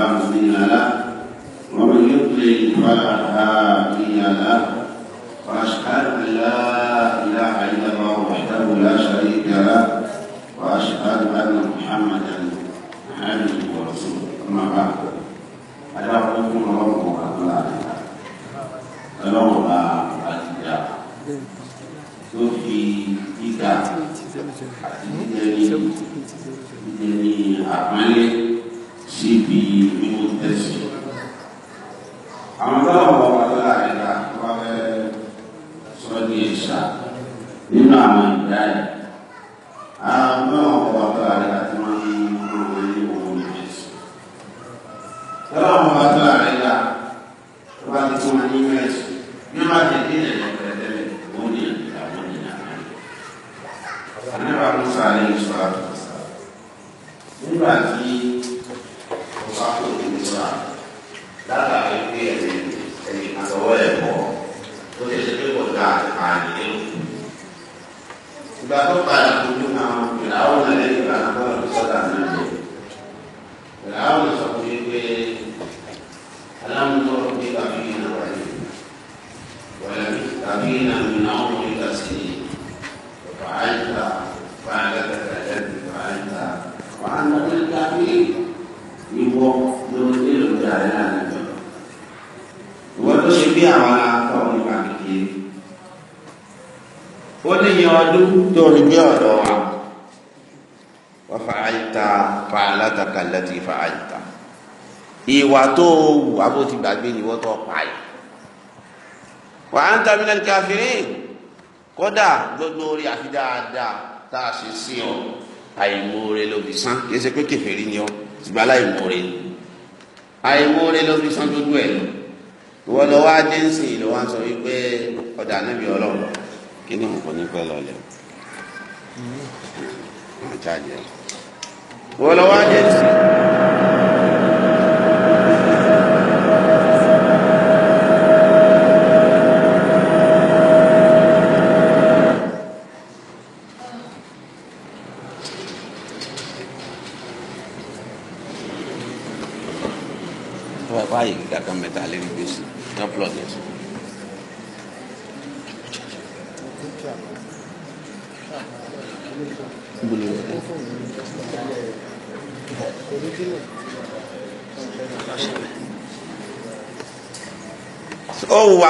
فلا له ومن يضلل فلا هادي له واشهد ان لا اله الا الله وحده لا شريك له واشهد ان محمدا عبده ورسوله اما بعد ادعوكم ربكم ورحمه الله ọlọ́wọ́ba àtijọ́ tó fi gíga àti jíjẹ ní àpọ́nlé. síbi mímú tẹ̀sí. àwọn táwọn ọba àtàlà àyíká wà fẹ́ sọ di ìṣà nínú àwọn ìgbà yìí àwọn táwọn ọba àtàlà àyíká ti ìwà tó wù abó ti gbàgbé ni wọ́n tó pa yìí wà á ń ta mílẹ̀ káfírí kódà gbogbo orí àfi tá a ṣe sí ọ àìmoore ló fi san kì í ṣe pé kèfèrí ni ọ ṣùgbọ́n aláìmoore ni àìmoore ló fi san gbogbo ẹ̀ lọ ìwọ lọ wá dé ń wá sọ wípé ọ̀dà níbi ọlọ́run kí ni mo kàn lọ́lẹ̀ wọ́n lọ hmm. wá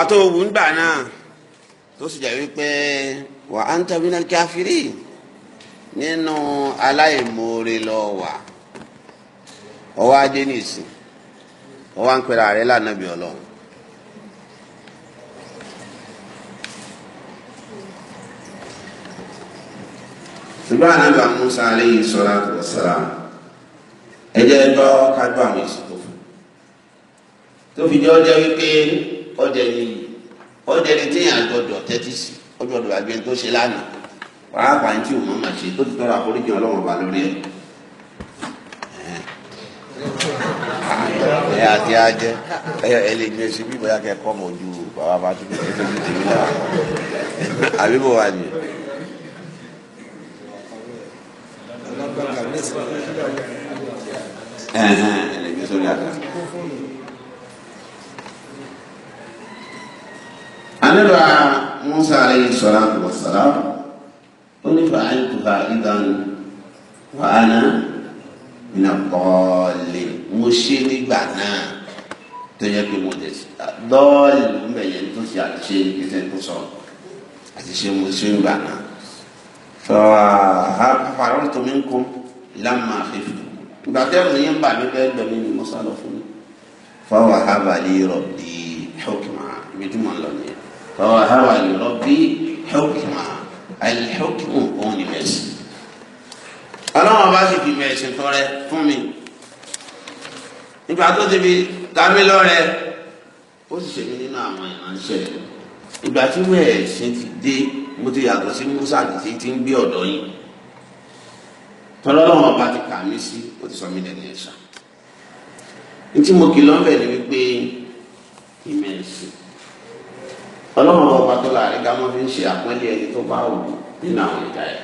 tó wù ń gbà náà tó sì jẹ́ wípé wà á ń tẹ̀wé náà káfírí nínú aláìmoore lọ wà ọwọ́ ajé nìsín ọwọ́ à ń pera rẹ̀ lánàbí ọlọ́run. ṣùgbọ́n ànábì Musa alayhi salatu wa salam ẹ jẹ́ gbọ́ kájú àwọn èsì tó fi jẹ́ ọjọ́ wípé ọjà ẹni ó dẹni téèyàn gbọdọ̀ tẹ́tí sí ó gbọdọ̀ àgbẹ̀ tó ṣe lánàá pàápàá ní òun máa ṣe tó ti tọrọ àforíjì ọlọ́run ọba lórí ẹ àti ajẹ ẹ lè gbé bí bóyá ju bàbá bá tó àníbà Musa alayhi salatu wa salam ó ní fa'altuha idan wa ana mina bọ́ọ̀lì mo ṣe nígbà náà tó yẹ pé mo lè dọ́ọ̀lì mo bẹ̀yẹ tó ṣe àṣe ìṣe tó sọ àti ṣe mo ṣe nígbà náà. ففررت منكم لما خفت بعدين يوم بعد كده من مصالح فوهب لي ربي حكما بجمع الله فوهب لربي حكما الحكم òun ni mẹ́sìn ọlọ́run bá sì fi mẹ́sìn tọrẹ fún mi nígbà tó ti fi dámí lọ́rẹ ó sì ṣèmi nínú àwọn ìránṣẹ́ ìgbà tí mẹ́sìn ti dé mo ti yàtọ̀ sí Musa àti ti ń gbé ọ̀dọ́ yìí tọ́lọ́lọ́run ọba ti kà mí sí ó ti sọ mí lẹ́nu ẹ̀ṣà ní tí mo kì lọ́nbẹ̀ ni wípé ìmẹ̀sìn ọlọ́run ọba tó láàrin ká wọ́n fi ń ṣe àpọ́nlé ẹni tó bá wù nínú àwọn ìjà ẹ̀.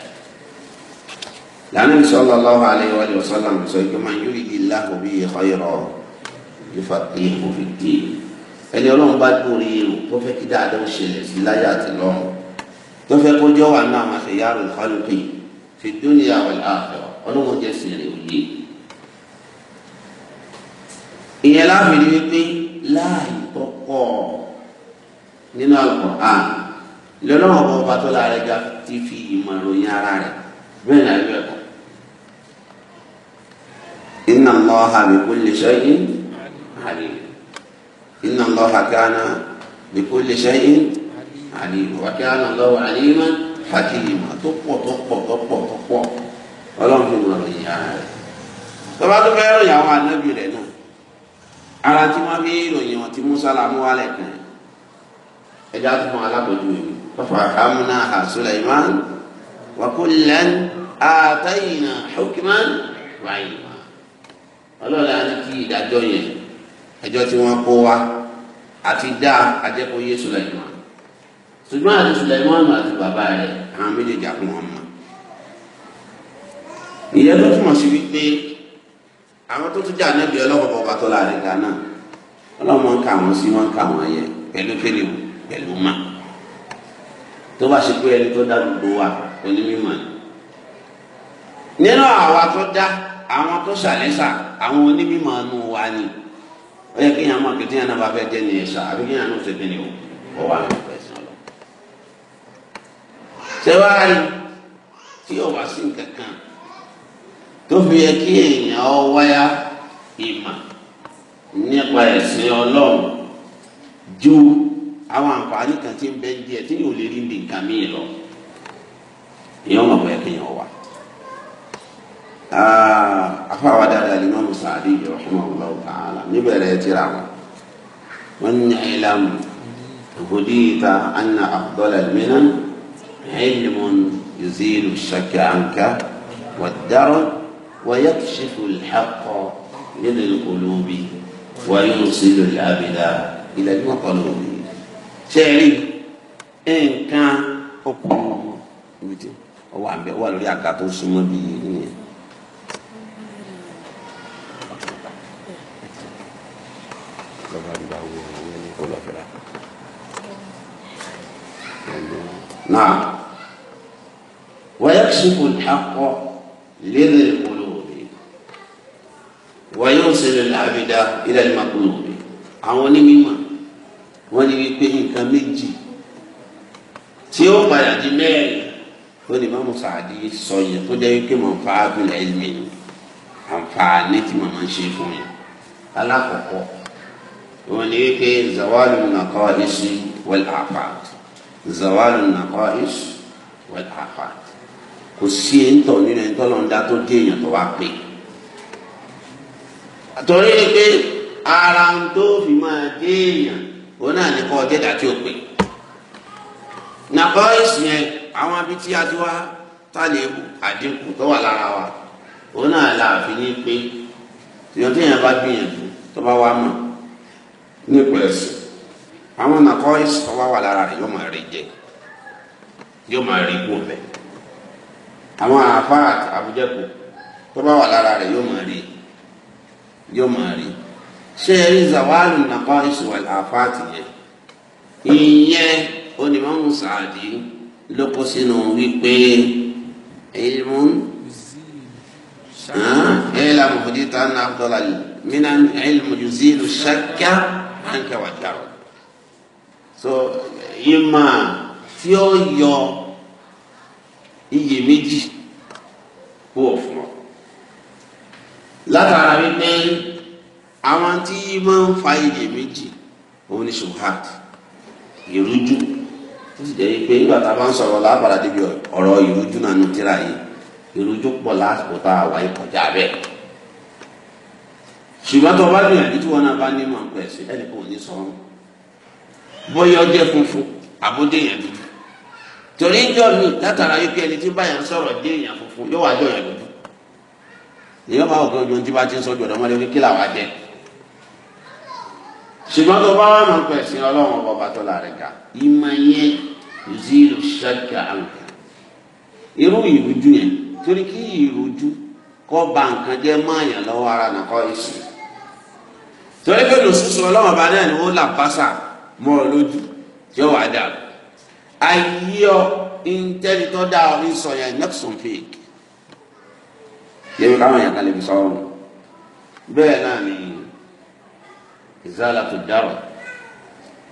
lànà sallallahu alaihi wa sallam sọ pé man yuridillahu bihi khayran yufaqihu fid-din ẹni ọlọ́run bá gbòòrò irun tó fẹ́ kí dáadáa ó ṣẹlẹ̀ sí láyé àti lọ́run tó fẹ́ kó jọ́ wà náà máa ṣe yára ìfọ́lùpì fi dunya wal akhirah ọlọ́run jẹ́ sèrè òye. ìyẹn láàbì nínú Al-Qur'an ìlọ́lọ́wọ́ ọba ọba tó lára ga ti fi ìmọ̀ ìròyìn ara rẹ̀ bẹ́ẹ̀ náà yọ ẹ̀kọ́. Inna Allaha bi kulli shay'in alim Inna Allaha kana bi kulli shay'in alim wa kana Allahu aliman hakima tó pọ̀ tó pọ̀ tó pọ̀ tó pọ̀ ọlọ́run fi ìmọ̀ ìròyìn ara rẹ̀ tọ́ba tó fẹ́ ròyìn àwọn anábì rẹ̀ náà ara tí wọ́n fi ròyìn wọn ti mú sálámù wálẹ̀ kan ẹja tó fún alábòjú ìwé fahamna ha Sulaiman wa kullan atayna hukman wa ilma ọlọ́ọ̀la ni kí ìdájọ́ yẹn ẹjọ́ tí wọ́n kó wa àti dá ajẹ́kọ̀ọ́yé Sulaiman ṣùgbọ́n àti Sulaiman àti bàbá rẹ̀ àwọn méjèèjì àkùn wọn mọ̀ ìyẹn ló túmọ̀ sí wípé àwọn tó tún jẹ́ ànábìá ọlọ́pàá tó láàrin gánà ọlọ́mọ ń kà wọ́n sí wọ́n ń kà wọ́n yẹ pẹ̀lú pẹ̀lú pẹ̀lú mà tó bá ṣe pé ẹni tó dá gbogbo wa onímọ̀ ni nínú àwa tó dá àwọn tó ṣàlẹ́sà àwọn onímọ̀ nù wa ni ó yẹ kí yàn mọ̀ kí tí yàn náà bá fẹ́ jẹ́ ní ẹ̀ṣà àbí kí yàn náà ṣe kí ni o kọ́ wa ní ọ̀pẹ̀ sí ọlọ́ ṣé wàá rí tí ò wá sí nǹkan kan tó fi yẹ kí èèyàn ọ wáyà ìmọ̀ nípa ẹ̀sìn ọlọ́run ju àwọn àǹfààní kan tin ń bẹ díẹ̀ tí yóò lè rí bí nǹkan míì lọ ìyẹn wọn bẹ kéèyàn wà. afáwa dáadáa ni mọ́mú sàádì yìí rahimahullahu ta'ala níbẹ̀rẹ̀ tíra wa wan ní ìlànà hudita anna afdal al-minan ilmun yuzilu shakka anka wad-darr ويكشف الحق للقلوب ويوصل العبد إلى المطلوب ṣẹ́ẹ̀rì nǹkan ọkùnrin ibi tí ó wà ń bẹ ó wà lórí àga tó súnmọ́ bí nìyẹn. náà wọ́yẹ́ sùkùn dákọ̀ lérè olóore wọ́yẹ́ òṣèlú làbídá ilẹ̀ ìmàkùnrin àwọn onímọ̀ wọ́n ní wípé nǹkan méjì tí ó padà di mẹ́rin ó ní mọ́mú sàdí sọ yẹn tó jẹ́ wípé mọ̀ fà á bí ẹ̀mí àǹfààní tí màmá ń ṣe fún yẹn alákọ̀ọ́kọ́ wọ́n ní wípé zawalu nàkọ́ iṣu wal afat zawalu nàkọ́ iṣu wal afat kò sí ẹ̀ńtọ̀ nínú ẹ̀ńtọ́ lọ́ndà tó dé èèyàn tó wá pè torí pé ara ń tó fi máa dé èèyàn òun náà ní kọ́ ọjọ́ ìdá tí ó pè nàkọ́ ìsìn yẹn àwọn abí tí a ti wá tá lè àdínkù tó wà lára wa òun náà là fi ní pé tìyàn tí yẹn bá gbìyànjú tó bá wá mọ̀ nípa ẹ̀sìn àwọn nàkọ́ ìsìn tó bá wà lára rẹ̀ yóò máa rí jẹ yóò máa rí kú bẹ́ẹ̀ àwọn àfáà àbújẹ́kù tó bá wà lára rẹ̀ yóò máa rí yóò máa rí ṣé ẹ rí zawalu nàkọ́ ìṣòwòl àfáàtì yẹ ìyẹn onímọ̀mù sàádì ló kó sínú wípé ìlmù ẹ̀ẹ́lá mọ̀fọ́dítà náà abdullahi mina ìlmù yuzilu ṣákíá ànkẹ́ wà járọ̀ so ìmọ̀ tí ó yọ iyèméjì kú ọ̀fun látara wípé àwọn tí máa ń fa iye méjì òun ni subhat ìrújú ó sì jẹ́ pé nígbà tá a bá ń sọ̀rọ̀ lábàrá débi ọ̀rọ̀ ìrújú náà ní tíra yìí ìrújú pọ̀ lásìkò tá a wà yìí kọjá bẹ́ẹ̀ ṣùgbọ́n tó o bá gbìyànjú tí wọn náà bá ní màá pẹ̀ sí ẹnì kan ò ní sọ ọ́n bóyá ọjẹ́ funfun àbójé yẹn dúdú torí ìjọ mi látara yìí pé ẹni tí báyà ń sọ̀rọ̀ dé èèyàn funfun yóò wá jọ yẹn dúdú èèyàn máa wọ̀ kí ọjọ́ tí bá ti ń sọ́jú ọ̀dọ́mọdé kí làwọn á jẹ́ ṣùgbọ́n tó bá wà máa ń pẹ̀sìn ọlọ́run ọba ọba tó láre ga ìmọ̀ yẹn zero ṣáàkì àlùkò irú ìrújú yẹn torí kí ìrújú kọ́ ba nǹkan jẹ́ máàyàn lọ́wọ́ ara nàkọ́ ìsìn torí pé lòṣùṣù ọlọ́run ọba náà ni ó là pásà mọ́ ọ lójú tí ó wàá dà ayé ọ ìńtẹ́ni tó dá ọ ní sọ yẹn nexon fake yẹ́n káwọn yàtọ̀ lè fi sọ ọ́ bẹ́ẹ̀ náà ni ìzáàlà tó dárọ̀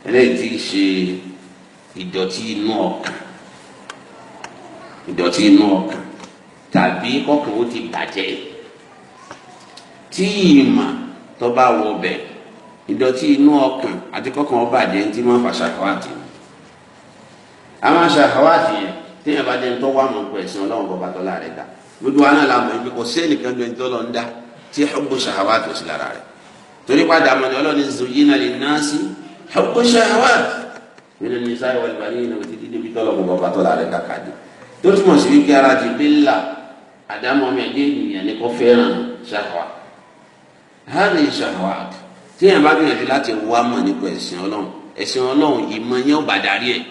eléyìí tí í ṣe ìdọ̀tí inú ọkàn ìdọ̀tí inú ọkàn tàbí ọkàn ó ti bàjẹ́ tí ìmọ̀ tó bá wọ bẹ̀ ìdọ̀tí inú ọkàn àti kọ́kàn ó bàjẹ́ tí máa ń fa ṣàkọ́wàtì àwọn aṣàkọ́wàtì yẹn bá jẹ́ ń tọ́wọ́ àmọ́ pẹ̀ sí ọlọ́run bọ́ba tọ́lá rẹ̀ dá gbogbo wa náà la mọ̀ ẹni kò sẹ́ẹ̀lì kan ju ẹni tó lọ ń dá tí ọgbọ́n ṣàkọ́wàtì ò sí lára rẹ̀ torí padà àmọ́ ọlọ́ni zòyìn àlè náà sí ọkọ ṣàwà nínú ní sáyẹn wọlé wàlẹ́ yìí náà títí débi tọ́lọ̀ gbogbo ọba tọ́lọ̀ rẹ̀ kàkà dé tó túmọ̀ sí wípé ara jù bí ńlá àdámọ́ mi àdé ènìyàn ni kò fẹ́ràn ṣàwà hàní ṣàwà tí èèyàn bá gbìyànjú láti wá mọ̀ nípa ẹ̀sìn ọlọ́run ẹ̀sìn ọlọ́run ìmọ̀ yẹn ò bá darí ẹ̀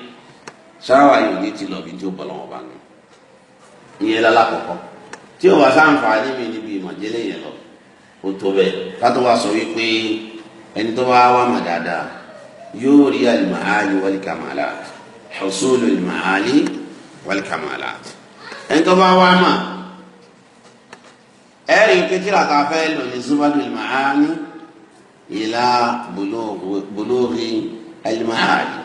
ṣàwà yóò ní ti lọ bí tí ó bọ̀ lọ́wọ́ kó tó bẹ́ẹ̀ kátó wá sọ wípé ẹni tó wá wá mà dáadáa yóò rí alimaali walikamaala husulu alimaali walikamaala ẹni tó bá wá mà ẹ̀rí kékeré àtàfẹ́ lónìí zubadu alimaali ìlà bulughi alimaali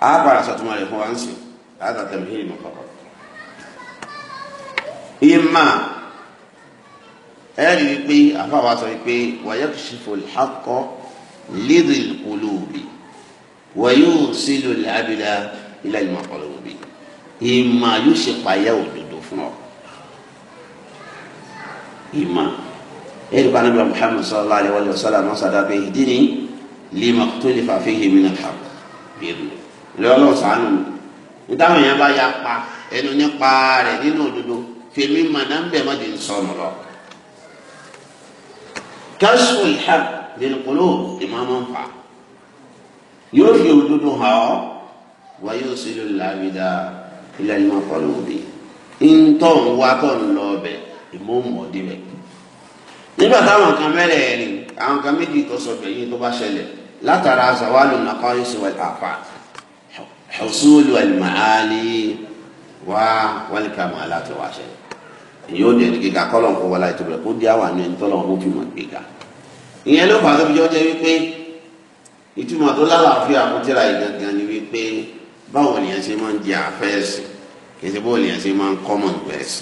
a bára sọtúmọ̀ rẹ̀ fún wa ń sìn látàtẹ̀mí hìrì mọ́kàkọ́. ìmà ẹ̀rí wípé àfàwà sọ wípé wàyẹ̀kùsìfò lẹ́kọ̀ọ́ lédè olóòbí wàyẹ̀wòsílò làbílà ilà ìmọ̀ ọ̀lọ́bí ìmọ̀ yóò ṣe payá òdodo fún ọ. ìmọ̀ ẹ̀rí kan níbi Muhammad sallallahu alayhi wa sallam náà sọ̀dọ̀ pé ìdí ni lima tó lè fà fihì mí náà hàn bẹ́ẹ̀ni lọ́lọ́ sànù mi bá ya pa ẹnu nípa rẹ̀ nínú òdodo fèmí màdàmbẹ̀ má di nsọ́nù lọ. كشف al للقلوب lil منفع ìmọ̀ وجودها ń fà yóò fi òdodo hàn ọ́ wa yusilu al-abida ila al-maqlubi ntọ́ ń wá tọ́ ń lọ ọbẹ̀ ìmọ̀ ń mọ̀ débẹ̀ nígbà táwọn kan mẹ́rẹ̀ rìn àwọn kan méjì tó sọ bẹ̀yìn tó bá ṣẹlẹ̀ látara zawalu naqais wal-afat husul wal-maali wá wal-kamalat wá ṣẹlẹ̀ èyí ó dẹ̀ ní gíga kọ́lọ̀ ń kó wọlé àìtó bẹ̀rẹ̀ kó dí àwọn àmì ẹni tọ́lọ̀ ń fi mọ̀ gbéga ìyẹn ló fàá tóbi jọjẹ wípé ìtumọ̀ tó lálàáfíà àkútìrà ìgangan ni wípé báwo nìyẹn ṣe máa ń jẹ àfẹ́ẹ̀sì kì í ṣe báwo nìyẹn ṣe máa ń kọ́mọ̀ ìgbẹ́sì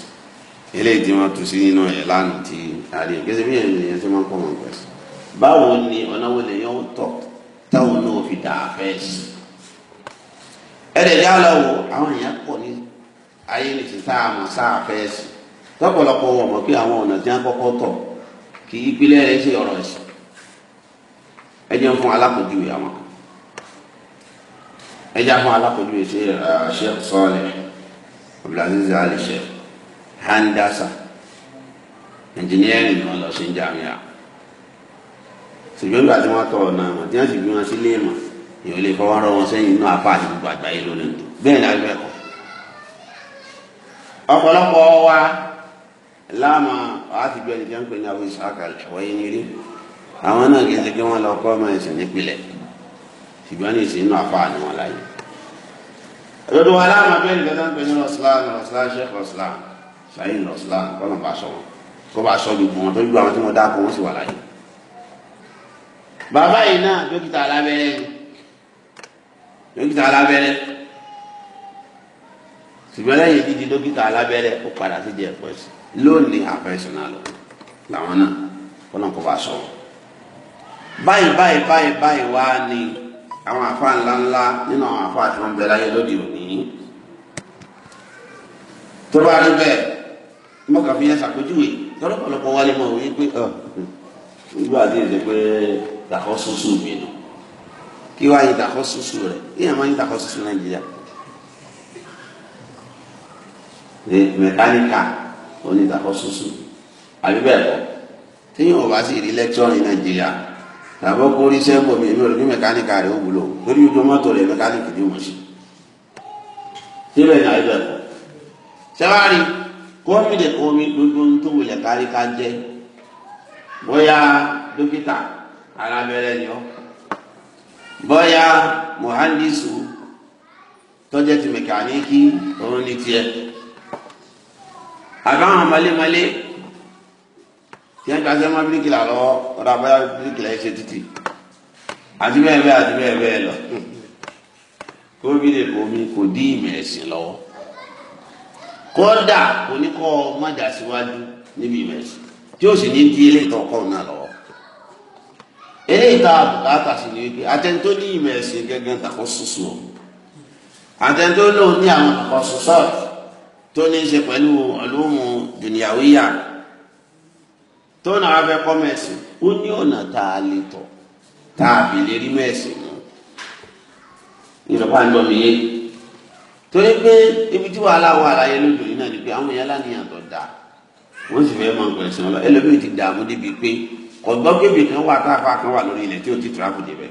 eléyìí tí wọ́n tún sí nínú ẹ̀ lánàá ti àrí kì í ṣe bí ènìyàn ṣe máa ń kọ́mọ̀ ìgbẹ́sì báwo ni ọ̀nà wo lè yọ̀ tọ̀ táwọn náà fi dà àfẹ́ẹ̀sì ẹ̀rẹ̀dẹ̀ aláwọ̀ àwọn èèyàn pọ̀ ní ayé ní ti tá a mọ̀ sáà fẹ́ẹ̀sì wọ̀ mọ̀ pé ẹ jẹ́ fún alákòjúwe àwọn ẹ jẹ́ fún alákòjúwe ṣe Sheikh Saleh Abdulaziz Ali Sheikh Handasa ẹnjìníẹ́rì ni wọ́n lọ sí jàmíà ṣùgbọ́n ìgbà tí wọ́n tọ̀ ọ̀nà àmọ́ tí wọ́n sì gbé wọn sílé ìmọ̀ èèyàn lè fọwọ́ rọ́ wọn sẹ́yìn inú apá àti gbogbo àgbáyé lónìí tó bẹ́ẹ̀ ni àgbẹ̀ kọ́ ọ̀pọ̀lọpọ̀ wa láàmú àti gbẹ̀dẹ̀ tí wọ́n ń pè ní Abu Ishaq al-Huwayniri àwọn náà kì í ṣe kí wọ́n lọ kọ́ ọmọ ẹ̀sìn nípìnlẹ̀ ṣùgbọ́n ní ìsìn inú àfáà ni wọ́n láyé. lọ́dún wa láwọn abẹ́rẹ́ ìjọba ń pè ní rọ̀ṣìlán rọ̀ṣìlán sheikh rọ̀ṣìlán ṣayín rọ̀ṣìlán kọ́nà bá sọ wọn kó bá sọ gbogbo wọn tó gbogbo àwọn tí wọ́n dáko wọ́n sì wà láyé. bàbá yìí náà dókítà alábẹ́rẹ́ dókítà alábẹ́rẹ́ ṣùgbọ́n lẹ́yìn dídi dókítà alábẹ́rẹ́ ó padà sí di ẹ̀pẹ́ lónìí àfẹ́sọ̀nà lọ làwọn náà kọ́nà kó bá sọ wọn báyìí báyìí báyìí báyìí wá ni, àwọn àfa ńláńlá nínú àwọn àfa tí wọ́n bẹ láyé lóde òní tó bá rí bẹ́ẹ̀ mo kàn fi yẹn ṣàpèjúwe lọ́pọ̀lọpọ̀ wálé mọ̀ wí pé ìlú àti èdè pé dàkọ́ ṣoṣo mi nù kí wàá yí dàkọ́ ṣoṣo rẹ̀ kí yẹn máa yí dàkọ́ ṣoṣo nàìjíríà mẹkáníkà onídàkọ́ ṣoṣo àbí bẹ́ẹ̀ kọ́ téèyàn ò bá sì rí lẹ́kítọ́rì nàìjíríà tàbí kó rí sẹ́gbọ̀n mi èmi ò ní mẹkáníkà rẹ̀ ó wúlò torí ojú mọ́tò rẹ̀ mẹkáníkì ni mo ṣe. síbẹ̀ ní àyè bẹ̀rẹ̀ sẹ́wárì kọ́mídé omi gbogbo tó wulẹ̀ kárí ká jẹ́ bóyá dókítà alábẹ́rẹ́ ni ọ́ bóyá mohandisu tọ́jẹ́ ti mẹkáníkì òun ní tiẹ̀ àbáwọn malémalé tí wọn gbàgbé má bíríkìlà lọ́wọ́ ọ̀rọ̀ abáyá bíríkìlà Adi ṣe títì adi bẹ́ẹ̀ bẹ́ẹ̀ àti bẹ́ẹ̀ bẹ́ẹ̀ lọ covid omi kò dín ìmọ̀ ẹ̀sìn lọ́wọ́ kódà kò ni kọ́ má dà síwájú níbi ìmọ̀ ẹ̀sìn tí ó sì ní di eléyìí tó kọ́ náà lọ́wọ́ eléyìí tá a bùkátà sí ni wípé àtẹ̀ntó ní ìmọ̀ ẹ̀sìn gẹ́gẹ́ takọ́ soso àtẹ̀ntó lòun ní àwọn takọ́ soso tó ní í ṣe pẹ̀lú ọlọ́mù dùnìyàwó yàrá tó náà wá fẹ́ kọ́ mẹ́sìn ó ní ọ̀nà tá a lè tọ̀ tá a bì lè rí mẹ́sìn mọ́ ìrọ̀pá ń gbọ́ mi yé torí pé ibi tí wàhálà wà láyé lódò yìí náà ni pé àwọn yẹn láníyàn tó dáa wọ́n sì fẹ́ mọ nǹkan ẹ̀sìn ọlọ́ ẹlòmíì ti dààmú débi pé kọ̀gbọ́n kébì kan wà káfá kan wà lórí ilẹ̀ tí ó ti tìrápù débẹ̀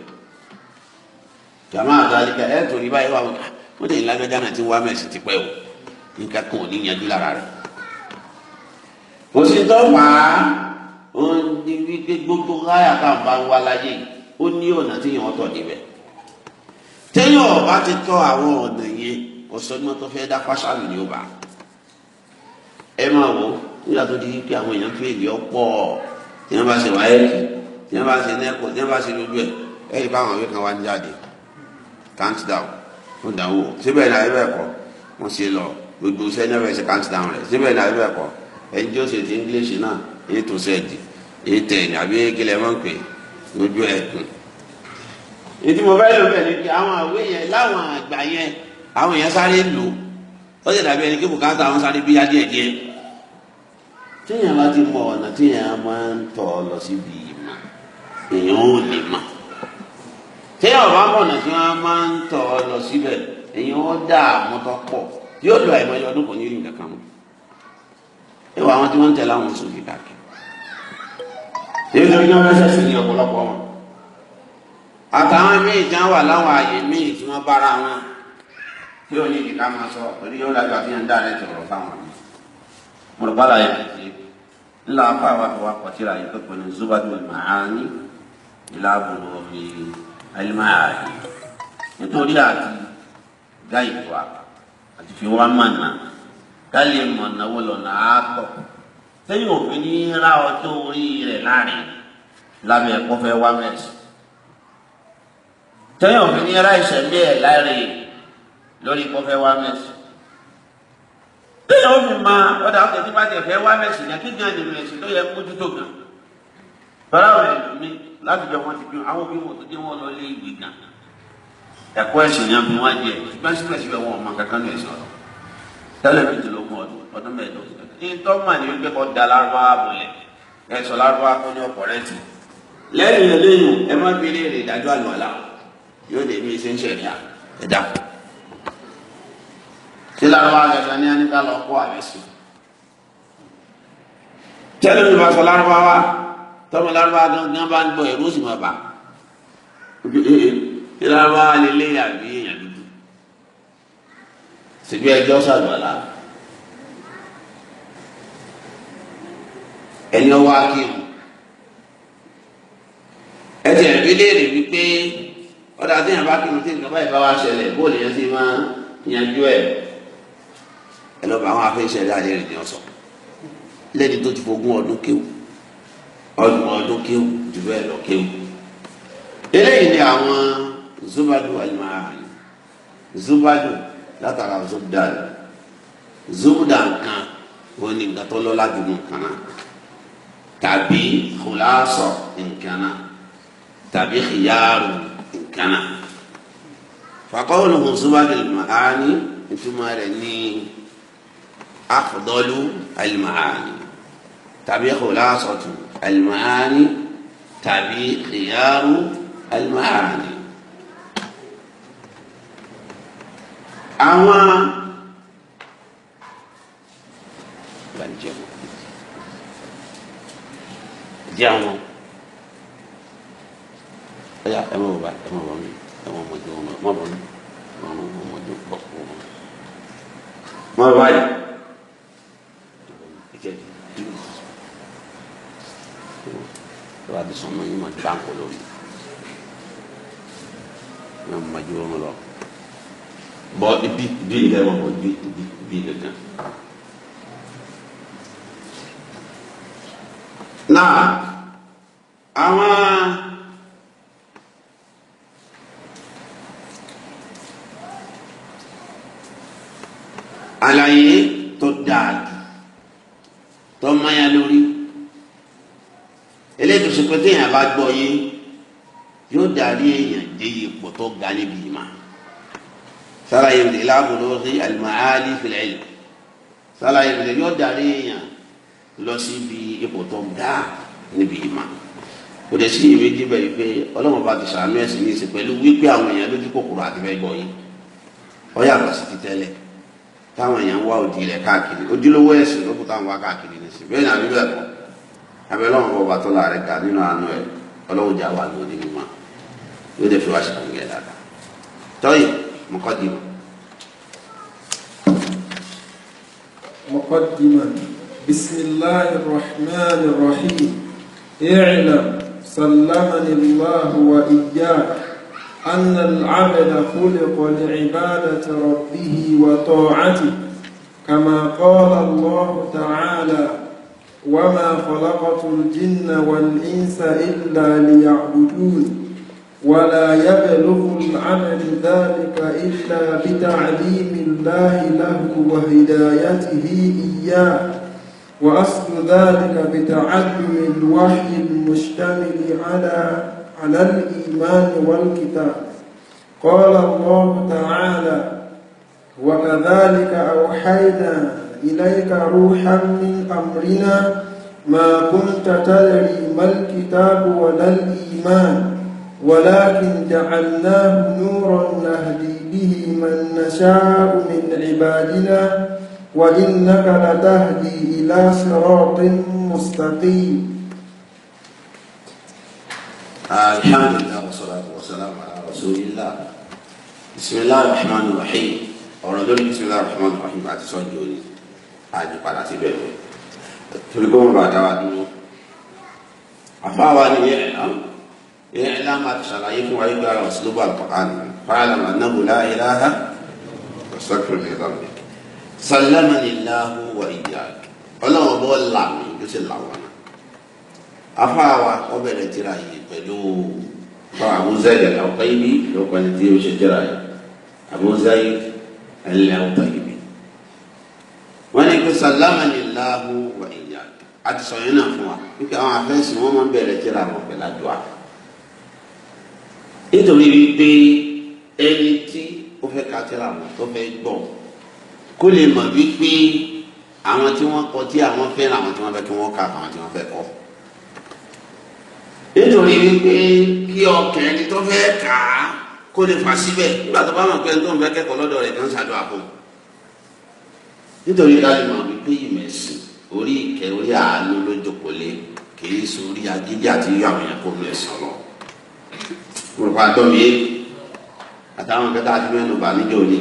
jàmá àtàlíkà ẹ̀ torí báyìí wà wọ́n tẹ̀yìn lágbájá náà ti wá mẹ́sì ti pẹ́ o nǹkan kan ò ní yanjú lára rẹ̀ kò sí tó fà ó ní wípé gbogbo káyà tá à ń bá wá láyé ó ní ọ̀nà tí yàn tọ̀ níbẹ̀ téèyàn ọba ti tọ́ àwọn ọ̀nà yẹn ọ̀sọ́gbọ́n tó fẹ́ dá fásánù ni ó bá ẹ máa wò nígbà tó di wípé àwọn èèyàn tó èlé ọ̀pọ̀ tí wọ́n bá ṣe wáyẹ́kì tí wọ́n bá ṣe nẹ́kọ̀ tí wọ́n bá ṣe lójú ẹ̀ ẹ̀ rí báwọn ìwé kan wá ń jáde count down wọ́n dàn síbẹ̀ náà ẹ bẹ̀ wọ́n ṣe lọ gbogbo sẹ́ni ọ̀rẹ́ ṣe count down rẹ̀ síbẹ̀ náà ẹ bẹ̀ kọ́ ẹ̀ ń ṣe ti English náà eight to seven eight ten àbí kílẹ̀ máa ń pè lójú ẹ̀kún. ètò mo fẹ́ lò bẹ́ẹ̀ ni pé àwọn àwé yẹn láwọn àgbà yẹn àwọn yẹn sáré lò ó sì dàbí ẹni kí bùkátà àwọn sáré bíyá díẹ̀ díẹ̀. téèyàn bá ti mọ ọ̀nà téèyàn máa ń tọ̀ lọ síbi ìmọ̀ èèyàn ò lè mọ̀ téèyàn bá mọ̀ ọ̀nà tí wọ́n máa ń tọ̀ lọ síbẹ̀ èèyàn ó dààmú tó pọ̀ yóò lo àìmọye ọdún kò ní rí kan mọ́. ẹ wọ àwọn tí wọ́n ń tẹ̀lé àwọn sùn kìkàkì nítorí náà wọ́n ṣẹ̀ṣẹ̀ ní ọ̀pọ̀lọpọ̀ wọn. àtàwọn míì jẹ́ wà láwọn ààyè míì tí wọ́n bára wọn tí ò ní ìdí ká máa sọ torí yóò dájú àfihàn dáadáa ti ọ̀rọ̀ fáwọn mi. mo rò bàlàyé kìí ńlá apá wa fi wá kọtíra yìí pẹ̀pẹ̀ ní zubadu maani ìlà bulughi alimaani nítorí àti gáyìí wa àti fi wá mànà ká lè mọ̀nà wọlọ̀nà àátọ̀ sẹ́yìn òfin ní ra ọjọ́ orí rẹ̀ láàrin lábẹ́ ẹ̀kọ́ fẹ́ wá mẹ́sì sẹ́yìn òfin ní ra ìṣẹ̀lẹ̀ ẹ̀ láàrin lórí ẹ̀kọ́ fẹ́ wá mẹ́sì sẹ́yìn òfin máa ọ̀dà ọ̀dà tí bá fẹ́ wá mẹ́sì ní akéde àná mẹ́sì tó yẹ kó tútó gan bàrà rẹ̀ mi láti jọ wọn ti bí àwọn òbí wọn tó dé wọn lọ lé ìwé gan ẹ̀kọ́ ẹ̀sìn yẹn bí wọ́n jẹ sípẹ́sípẹ́sípẹ́ wọn ọmọ kankan ní ẹ̀sìn ọ̀rọ̀ tẹ́lẹ̀ mi ti lógún ọdún ọdún mẹ́ẹ̀ẹ́dọ́gbọ̀n ntọ́mà ni wípé kọ́ da lárúbáwá bolẹ̀ ẹ sọ lárúbáwá kọ́ ní ọ̀pọ̀ rẹ̀ tì lẹ́yìn eléyìí ẹ má fi léèrè ìdájọ́ àlùwàlà yóò dé bí ṣe ń ṣẹ̀rí à ẹ dá sí lárúbáwá gẹ̀gẹ́ ní ẹni ká lọ kó àbẹ̀sí tẹ́lẹ̀ mi máa sọ lárúbáwá tọ́mọ lárúbáwá gangan bá ń gbọ́ ẹ̀rú sì máa bà sí lárúbáwá lélẹ́yà bí èèyàn dúdú síbi ẹjọ́ sàgbàlá. ẹni ọwọ́ akéwù ẹ ti ẹ̀bí léèrè wípé ọ̀dà tí yàn bá kí mi tí nǹkan báyìí bá wá ṣẹlẹ̀ bóòlù yẹn ti máa yanjú ẹ̀ ẹ lọ́ọ́ bá àwọn afẹ́ṣẹ́lẹ̀ àdéhùn ni ọ̀sán lẹ́ni tó ti fogún ọdún kéwù ọdún ọdún kéwù jù bẹ́ẹ̀ lọ kéwù eléyìí ni àwọn zubadu alimahari zubadu látara zubdan zubdan kan òun ni nǹkan tó lọ́lá jù kan náà tàbí kòláṣọ nǹkanna tàbí kìyàrú nǹkanna fàkọ́wọ́n mùsùlùmá àlùmáàní ìtumọ̀ rẹ̀ ní afdọ́lù àlùmáàní tàbí kòláṣọ tù àlùmáàní tàbí kìyàrú àlùmáàní. àwọn. Thank you jẹun o ẹyà ẹ mọ̀ bá ẹ mọ̀ bá mi ẹ mọ̀ mọ̀jọ ọmọ mọ̀ bá mi ẹ mọ̀ mọ̀jọ bọ̀ ọmọ. mọ̀ báyìí ẹ̀jẹ̀ dúró ẹ bá ti sọ ọmọ yìí mọ̀ ní báńkì lórí ẹ mọ̀ mọ̀jọ ọmọ lọ bọ̀ ibi ibi ilẹ̀ wọ̀ ibi ibi ibi ilẹ̀ kan. náà àwọn àlàyé tó dáa jù tó máyà lórí eléyìí tó ṣe pé téèyàn bá gbọ́ yé yóò darí èèyàn dé ipò tó ga níbi ìmọ̀ sálàyé ìlà àbúrò sí àlùmọ́ àálí sálàyé ìlà yóò darí èèyàn lọ síbi ipò tó ga níbi ìmọ̀ kò dẹ̀ sí ìrètí bẹ́ẹ̀ pé ọlọ́run bá ti sàánú ẹ̀sìn ní ìsìn pẹ̀lú wípé àwọn èèyàn lójú kòkòrò àti bẹ́ẹ̀ gbọ́ yìí ọ yàtọ̀ sí ti tẹ́lẹ̀ táwọn èèyàn ń wá òdì rẹ̀ káàkiri ojúlówó ẹ̀sìn ló kù táwọn wá káàkiri nìsín bẹ́ẹ̀ ni àbí bẹ́ẹ̀ kọ́ abẹ́lọ́run bọ̀ bàtọ́ la rẹ̀ ga nínú àánú ẹ̀ ọlọ́run jà wà lóde mímọ́ yóò dẹ̀ fi wá ṣàkóyè dáadáa tọ́yì mọ́kọ́dìmọ̀. mọ́kọ́dìmọ̀ ni. بسم الله الرحمن الرحيم اعلم سلمني الله وإياك أن العبد خلق لعبادة ربه وطاعته كما قال الله تعالى وما خلقت الجن والإنس إلا ليعبدون ولا يبلغ العمل ذلك إلا بتعليم الله له وهدايته إياه وأصل ذلك بتعلم الوحي المشتمل على على الإيمان والكتاب قال الله تعالى وكذلك أوحينا إليك روحا من أمرنا ما كنت تدري ما الكتاب ولا الإيمان ولكن جعلناه نورا نهدي به من نشاء من عبادنا وإنك لتهدي إلى صراط مستقيم الحمد لله والصلاة والسلام على رسول الله بسم الله الرحمن الرحيم ọ̀rọ̀ lórí bisimilá rahman rahim àti sọ́njú ni àjùpadà sí bẹ́ẹ̀ torí kó wọn bá dáwà dúró àfáwa ni yẹ ẹ̀lá yẹ ẹ̀lá máa ti ṣàlàyé fún wa yígbára ọ̀sùn ló bá àlùkò àná fáàlà màá náà bò láàyè láhà ọ̀sọ́kùnrin ìlànà sàlámàlìláhu wà ìyàg ọlọ́run bọ́ là mí ló sì là wà náà afáwa ọbẹ̀rẹ̀ tíra yìí pẹ̀lú àbúzáyé àwòtáyébí ló pa ní tí ó ṣe tíra yìí àbúzáyé ẹ̀lẹ́ àwòtáyébí wọ́n ní pé sàlámàlìláhu wà ìyàg àti sọ̀yìn náà fún wa wípé àwọn afẹ́sìn wọn máa ń bẹ̀rẹ̀ tíra wọn pẹ̀lú àdúrà nítorí wípé ẹni tí ó fẹ́ ka tíra wọn tó fẹ́ gbọ́n kó lè mọ̀ wípé àwọn tí wọ́n kọ tí àwọn fẹ́ràn àwọn tí wọ́n fẹ́ kí wọ́n kà àwọn tí wọ́n fẹ́ kọ́ nítorí wípé kí ọkàn ẹni tó fẹ́ kà á kó lè fà síbẹ̀ nígbà tó bá mọ̀ pé ẹni tó ń fẹ́ kẹ́kọ̀ọ́ lọ́dọ̀ rẹ̀ kan ṣàdúrà fún un nítorí láti mọ̀ wípé ìmẹ̀sìn orí ìkẹ́ orí àánú ló jókòó lé kìí sórí agídí àti yíyọ àwọn èèyàn kó lu ẹ̀sán lọ. mo rò pa àtọ́ mi yé àtàwọn kẹta àti mẹ́nu bà níjọ́ òní.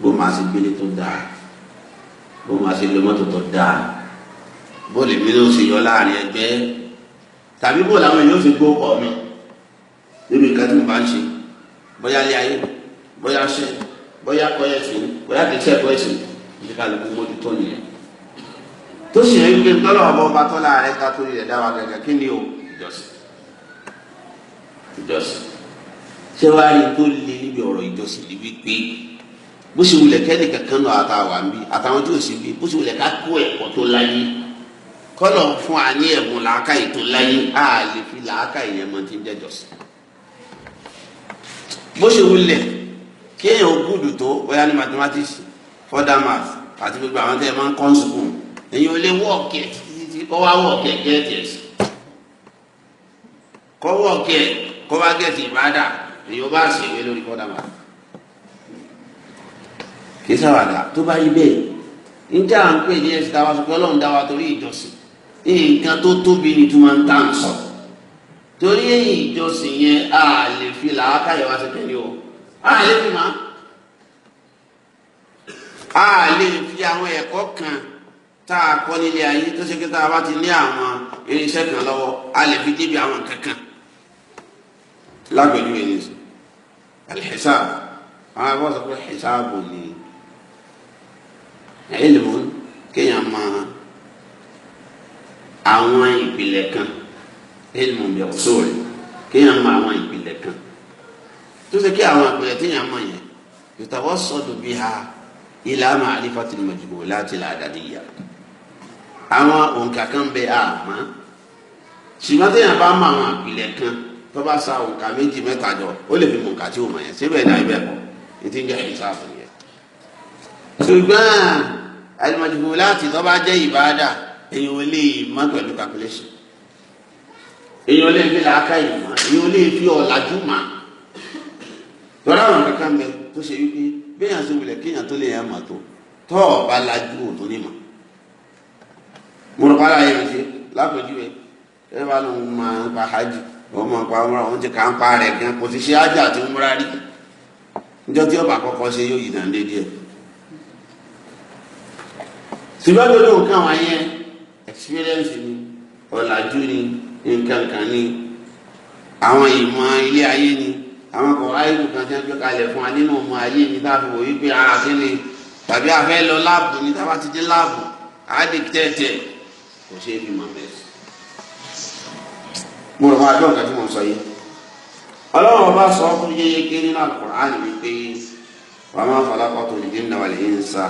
bó máa ṣe gbélé tó dáa bó máa ṣe lo mọ́tò tó dáa bó lè mi ló ṣe yọ láàrin ẹgbẹ́ tàbí bó làwọn èèyàn fi gbó pọ̀ mi nínú nǹkan tí mo bá ń ṣe bóyá ilé ayé bóyá ṣe bóyá kọ́ ẹ̀sìn bóyá kì í ṣe ẹ̀kọ́ ẹ̀sìn ní kálukú mójútó nìyẹn tó sì ń gbé tọ́lọ̀ ọba ọba tọ́lá rẹ̀ ká torí rẹ̀ dáwà gẹ́gẹ́ kí ni o ìjọsìn ìjọsìn ṣé wàá rí tó le níbi ọ̀rọ̀ ìjọsìn níbi pé bó ṣe wulẹ̀ kẹ́ni kankan náà àtàwà ń bí àtàwọn tí ò sí bí bó ṣe wulẹ̀ ká kó ẹ̀kọ́ tó láyé kọ́lọ̀ fún wa ní ẹ̀bùn làákàyè tó láyé á lè fi làákàyè yẹn mọ tí ń jẹ́jọ́ sí. bó ṣe wulẹ̀ kéèyàn gúdù tó bóyá ní mathematics further math àti gbogbo àwọn tẹ́ ẹ máa ń kọ́ sùkúù èyí ò lè wọ́ọ̀kì ẹ̀ títí kọ́ wá wọ́ọ̀kì ẹ̀ gẹ́ẹ̀tì ẹ̀ kọ́ wọ́ọ̀kì kọ́ wá math kì í ṣàwàdà tó bá yí bẹ́ẹ̀ níjà à ń pè ní ẹsẹ̀ táwa sọ pé ọlọ́run dá wa torí ìjọsìn nǹkan tó tóbi ni tó máa ń tà ń sọ torí ìjọsìn yẹn a lè fi làákàyè wá sí tẹ̀lé o a lè fi máa a lè fi àwọn ẹ̀kọ́ kan tá a kọ́ nílé ayé tó ṣe pé tá a bá ti ní àwọn irinṣẹ́ kan lọ́wọ́ a lè fi débi àwọn kankan lágbèlú yẹn ní alhisab àwọn abọ́ pé hisabu ni ẹlẹmọ kéèyàn mọ àwọn ìpìlẹ̀ kan ẹlẹmọ bẹ ọsọ rẹ kéèyàn mọ àwọn ìpìlẹ̀ kan tó ṣe kí àwọn àpẹẹrẹ téèyàn mọ yẹn yòtàwọ sọdọ bí ha ilà máa alifati mọjúbò láti là àdàdìyà àwọn òǹkà kan bẹ àmọ́ ṣùgbọ́n téèyàn bá mọ àwọn ìpìlẹ̀ kan tó bá sa òǹkà méjì mẹ́ta jọ ó lè fi mọ tí ò mọ yẹn síbẹ̀ náà ibẹ̀ kọ́ ètí ṣùgbọ́n alimọ̀dìbò láti tó bá jẹ́ ìbáadà èyàn ò lè mọ́ pẹ̀lú calculation èyàn ò lè fi làákà ìmọ̀ èyàn ò lè fi ọ̀làjú mọ̀ tọ́lá àwọn kankan bẹ tó ṣe wípé béèyàn ṣe wulẹ̀ kéèyàn tó lè yàn mọ̀ tó tọ́ ọ̀ bá lajú òtó ní mọ̀ mo rọ̀ pálá yẹn ṣe lápẹ̀júwe ẹ bá lóun máa pa hajj òun máa pa ọmọ òun ti kà pa rẹ̀ gan kò ti ṣe ájà àti múra rí níjọ́ tí ọba ṣùgbọ́n lórí nǹkan àwọn yẹn experience ni ọ̀làjú ni nǹkan kan ni àwọn ìmọ̀ ilé ayé ni àwọn kọ̀ọ̀rọ̀ ayé kan tí wọ́n gbé kalẹ̀ fún wa nínú ọmọ ayé mi tá a fi wò yí pé ara kí ni tàbí a fẹ́ lọ láàbù ni tá a bá ti dé láàbù á dé tẹ́tẹ́ kò ṣe é fi mọ̀ bẹ́ẹ̀. mo rọ̀ wá gbọ́n nǹkan tí mo sọ yìí ọlọ́run ọba sọ fún yéyéké nínú Al-Qur'an wípé wàá máa fọlá kọ́tù ìdí ìnáwó ilé ń sa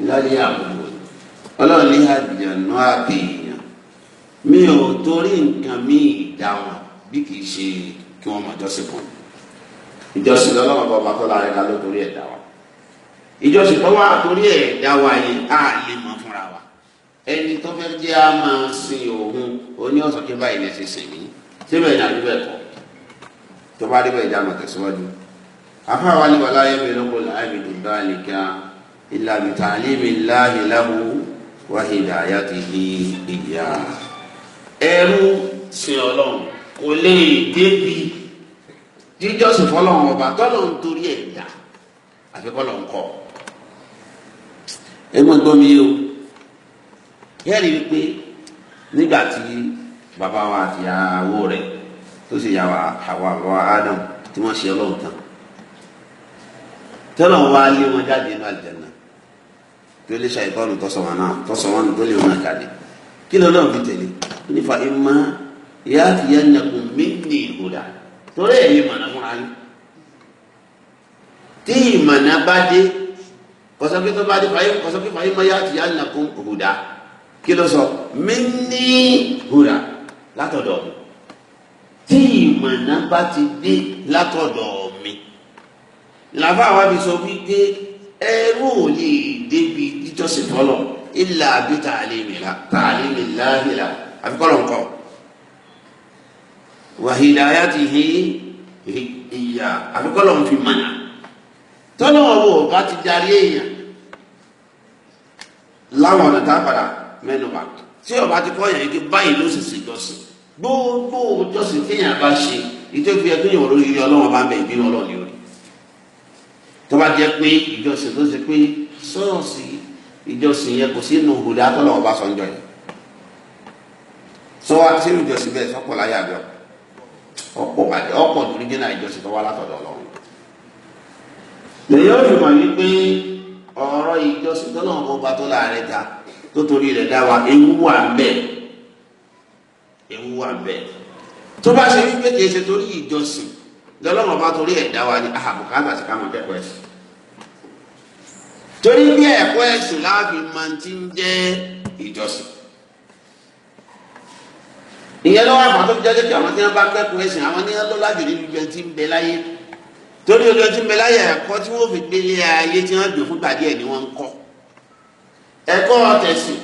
ìlàlẹ́ àbúrò ọlọ́run ní àjànú àbèèyàn mi ò torí nǹkan mi ìdá wọn bí kì í ṣe kí wọ́n máa jọ́sìn fún mi ìjọsìn lọ́lọ́run bọ́ba tó lára ẹ̀ka ló torí ẹ̀dá wa ìjọsìn tó wà torí ẹ̀dá wa yìí á lè mọ fúnra wa ẹni tó fẹ́ jẹ́ á máa sin òun oní ọ̀sán kí báyìí lè ṣe sìn mí síbẹ̀ ní àdúgbò ẹ̀kọ́ tó bá débẹ̀ ìjà máa tẹ̀síwájú afáwa ni wàlá ayé mi lọ́kọ̀ọ́ láàbì dùn dáa nìkan ìlànà tàlímì láàbì láwùú wáhìlì àyàtìlì ìyá ẹrú sin ọlọ́run kò lè débi jíjọ́sìn fọlọ́run ọba tọ́lọ́run torí ẹ̀ yá àfi kọ́lọ́run kọ́ ẹ mọ̀ gbọ́ mi o yẹ́rì wípé nígbà tí bàbá wa àti àwọ̀ rẹ̀ tó sì yà wá àwọn àbọ̀ Ádámù tí wọ́n ṣe ọlọ́run tán tọ́lọ́run wá lé wọn jáde ní àlùjánnà tó lè ṣàìbọ́ọ̀nù tọ́sọ̀wọ́nù tó lè wọn àkàdé kí lọ́nà fi tẹ̀lé nífa ìmọ̀ ìyá àtìyá nàkùn mí ní ìhùdà torí ẹ̀yin mọ̀nà fúnra yín tí ìmọ̀nà bá dé kọ̀sọ́kí tó bá dé kọ̀sọ́kí fàyè mọ̀ ìyá àtìyá nàkùn ìhùdà kí ló sọ mí ní ìhùdà látọ̀dọ̀ mi tí ìmọ̀nà bá ti dé látọ̀dọ̀ mi làbá wa fi sọ wípé ẹrú ò lè débi ìjọsìn fọlọ ilà bí tààlímìlá tààlímìlá nílà àfikọ́lọ̀ nǹkan wàhílà ayáti hí ìyá àfikọ́lọ̀ ń fi mọ̀nà tọ́lọ́ ọ̀rọ̀ bá ti darí èèyàn láwọn ọ̀nà tá a padà mẹ́nu bá tí ọba ti kọ́ yẹn ike báyìí ló sì ṣe jọ́sìn gbogbo jọ́sìn kéèyàn bá ṣe ìtẹ́kùn yẹn kéèyàn olórí ọlọ́wọ́n bá ń bẹ ìbínú ọlọ́ọ̀ni tó bá jẹ́ pé ìjọsìn tó ṣe pé sọ́ọ̀sì ìjọsìn yẹn kò sínú òde atọ́lọ́wọ́ bá sọ ń jọ yẹn sọ wa sínú ìjọsìn bẹ́ẹ̀ sọ́pọ̀ láyé àbẹ̀ ọ̀pọ̀ bàjẹ́ ọ̀pọ̀ lórí jẹ́nà ìjọsìn tó wá látọ̀dọ̀ ọlọ́run lèyìn ọ̀rọ̀ mọ̀ wípé ọ̀rọ̀ ìjọsìn tọ́lọ́wọ́ bá tó láàrẹ̀ ta tó torí rẹ̀ dá wa ewu wà bẹ́ẹ̀ ewu wà bẹ́ẹ̀ tó bá ṣe wípé kì í ṣe torí ìjọsìn lọ́lọ́run bá torí ẹ̀dá wa ní àbùkátà sí káwọn kẹ́kọ̀ọ́ ẹ̀sìn torí bí ẹ̀kọ́ ẹ̀sìn láàfin máa ti ń jẹ́ ìjọsìn ìyẹn lọ́wọ́ àwọn tó jẹ́ kí àwọn tí wọ́n bá kẹ́kọ̀ọ́ ẹ̀sìn àwọn ní wọ́n lọ́lá jù nínú ibi tí ń bẹ láyé torí olú ẹtí ń bẹ láyé ẹ̀kọ́ tí wọ́n fi gbélé ayé tí wọ́n dùn fúngbà díẹ̀ ni wọ́n ń kọ́ ẹ̀kọ́ tẹ̀sìn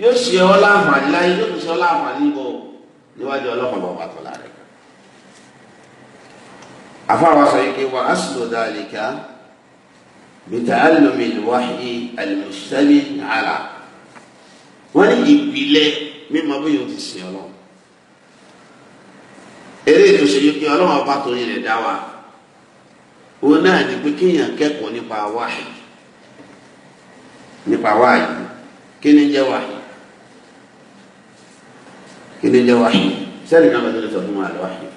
yóò ṣe ọ́ láǹfààní láyé yóò ṣe ọ́ láǹfààní bọ̀ níwájú ọlọ́kàn bọ̀ pàtó lára rẹ̀ afáwa sọ yìí pé wà á sùn lọ́dà àlìkà bìtà àlùmí wáyé àlùmùsítẹ́lì nàlà wọ́n ní ìpìlẹ̀ mímọ bóyá o ti sìn ọ́ lọ. eré ètò ìṣèlú pé ọlọ́run ọba tó yin rẹ̀ dá wa òun náà ní pé kéèyàn kẹ́kọ̀ọ́ nípa wáyé nípa wáyé kí ni jẹ́ wáyé kí ni jẹ́ wáyé sẹ́ni náà bá tó lè sọ fún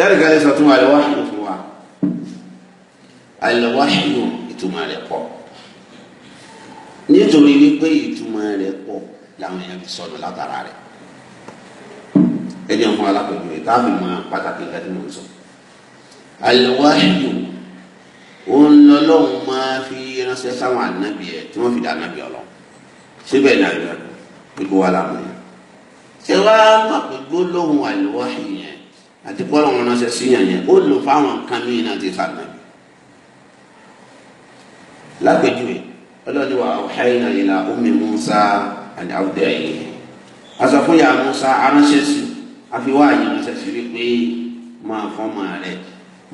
sẹ́ẹ̀rì kan lè sọ tó máa lè wáhìlú fún wa àlẹ́wáhìlú ìtumọ̀ rẹ̀ pọ̀ nítorí wípé ìtumọ̀ rẹ̀ pọ̀ làwọn èèyàn fi sọnù látara rẹ̀ ẹni ọmọ alákòjú rẹ̀ káfí máa pàtàkì ìgbà tí mo ń sọ àlẹ́wáhìlú òun lọ́lọ́run máa fi ránṣẹ́ sáwọn ànábì ẹ̀ tí wọ́n fi dá ànábì ọlọ́ síbẹ̀ ní àgbẹ̀ gbogbo wa làwọn ṣé wàá má gbogbo lóhùn àlẹ́wáhìlú yẹn àti pọ́lọ̀ wọn ránṣẹ́ sí yàn yẹn ó lò fáwọn nǹkan míì náà ti sànà. lápèjúwe ọlọ́ni wa ọ̀hẹ́yìn náà ìlà omi Musa àti àwùjọ yìí aṣọ fún yà Musa aránṣẹ́ sí àfiwá yìí ránṣẹ́ sí wípé máa fọ́ máa rẹ̀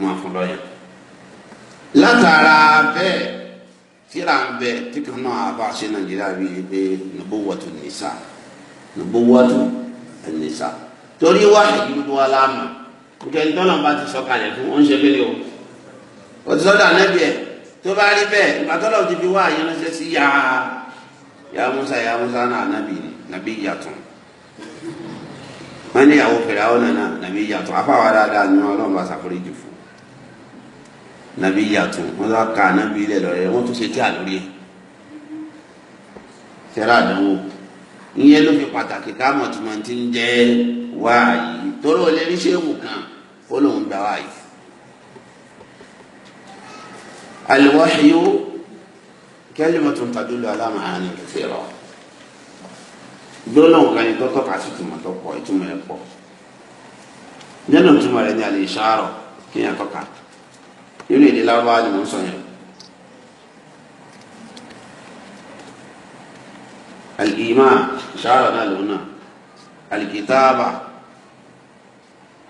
máa fọ́ lọ́yàn. látara bẹ́ẹ̀ tíra ń bẹ tí náà a bá ṣe Nàìjíríà bíi pé nubuwatu nìsa nubuwatu nìsa torí wáyé gbogbo wa nkẹ́ni tọ́lọ̀ bá ti sọ kalẹ̀ fún ó ń ṣe kéde o ó ti ẹ̀ tó bá rí bẹ́ẹ̀ ìgbà ti fi wá sí ya ya musa ya musa náà ànábì nàbí yàtọ̀ wọ́n ní ìyàwó fèrè àwọn nana nàbí yàtọ̀ afáwa dáadáa ni wọn ọlọ́run bá sàkórí jù fún nàbí wọn ka ànábì ilẹ̀ lọ́rẹ́ wọn tún ṣe tí ẹ̀ àdánwò ìyẹn ló fi pàtàkì ń kan ó lóun gbà wáyé. alwahyu kalimatun tadullu ala ma'ani kathira gbólóhùn kan ní tọ́tọ́ kà sí ìtumọ̀ tó pọ̀ ìtumọ̀ ẹ̀ pọ̀ nínú ìtumọ̀ rẹ̀ ní alẹ́ ìṣàárọ̀ kí ni nínú èdè lárúbáwá ni mò ń sọ yẹn. al ìṣàárọ̀ náà lòun náà al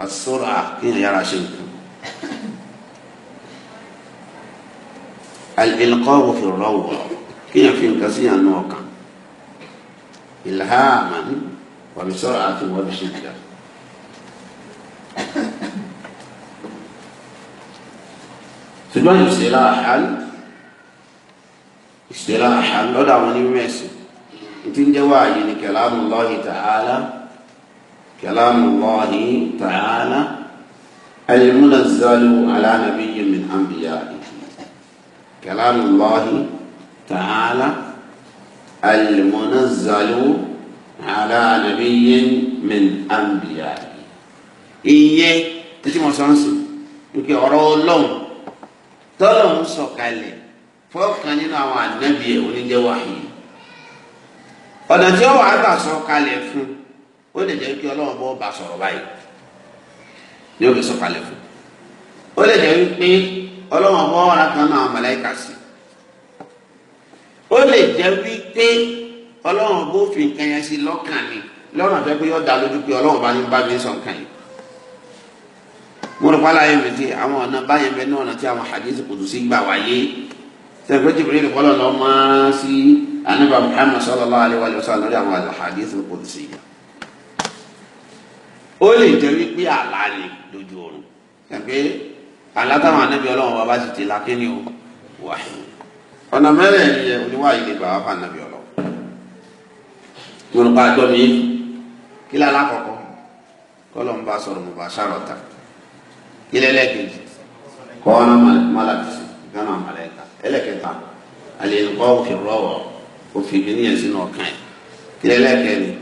àsọ̀rọ̀ àkínyàn yára ṣe nǹkan. al-ilqa'u fi raw'a kínyàn fi nǹkan sí yàn ní ọkàn ilhaman wa bi sur'ati wa bi shidda. ṣùgbọ́n istilahan istilahan lọ́dọ̀ àwọn onímọ̀ ẹ̀sìn ìtí ń jẹ́ wáyé ní kalamullahi ta'ala. كلام الله تعالى المنزل على نبي من أنبيائه كلام الله تعالى المنزل على نبي من أنبيائه إيه تتي مصانسو يكي أرى الله تلهم سوكالي فوق كان ينعوى النبي ونجي وحي ọ̀nà tí ó wà ó lè jẹ́ kí ọlọ́run bọ́ bá sọ̀rọ̀ báyìí ní òbí sọ̀kalẹ̀ fún ó lè jẹ́ wípé ọlọ́run bọ́ ọ̀rá kan náà màláíkà sí ó lè jẹ́ wípé ọlọ́run bó fi nǹkan yẹn sí lọ́kàn ni lọ́nà tó pé yọ da lójú pé ọlọ́run bá ní bá mi sọ nǹkan yìí mo rò pálá yẹn fìdí àwọn ọ̀nà báyẹn bẹ náà ọ̀nà àwọn hadith kudusi gbà wáyé sẹ́gbẹ́ Jibril kọ́lọ́ lọ́ máa sí anábà Muhammad sallallahu alaihi wa sallam lórí àwọn hadith kudusi yìí ó lè jẹ́ wípé àlá ni lójú oorun ẹgbẹ́ àlá táwọn anábì ọlọ́run bàbá sì ti la kéènì o wà ọ̀nà mẹ́rẹ̀ẹ̀rin yẹ oníwàyí lè bàbá fún anábì ọlọ́run yorùbá àjọ mi kí lálá kọ̀kọ́ kọ́lọ̀ ń bá sọ̀rọ̀ mo bá ṣàròtà kí lẹ́lẹ́kejì kọ́ ọ́nà mọ́làbísì gánà mọ́lẹ́ka ẹlẹ́kẹta àlè ń kọ́ òfin rọ́wọ́ òfin mi níyẹn sínú ọ̀kan ẹ̀ kí lẹ́lẹ́kẹrin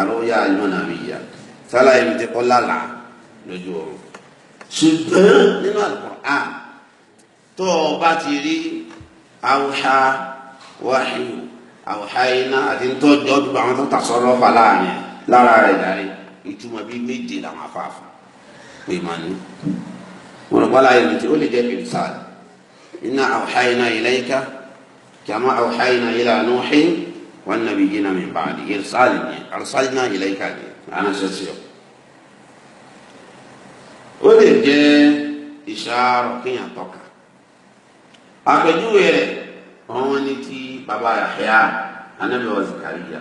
àròyà ayọ̀nàmíyà sálà ibi tí kọ́ lálà lójú ọ̀run ṣùgbọ́n nínú Al-Qur'an tó o bá ti rí awuha wáhíù awuha iná àti ntọ́jú ọdún àwọn tó tasọ́rọ́ fà láàrin lára rẹ̀ dárí ìtumọ̀ bíi méje làwọn afáfà pé màá ní wọn lọ gbọ́dọ̀ ayélujára tí ó lè jẹ́ ìrìsáàlì inna awuha iná ilayka kama awuha iná ila Nuhin wọn nabi yina min baadi irsali ni arsalina ilayka ni ana sẹsẹ o lè jẹ ìṣàrò kéèyàn tọ́ka àpèjúwe rẹ wọn ni ti baba Yahya anabi wa Zakariya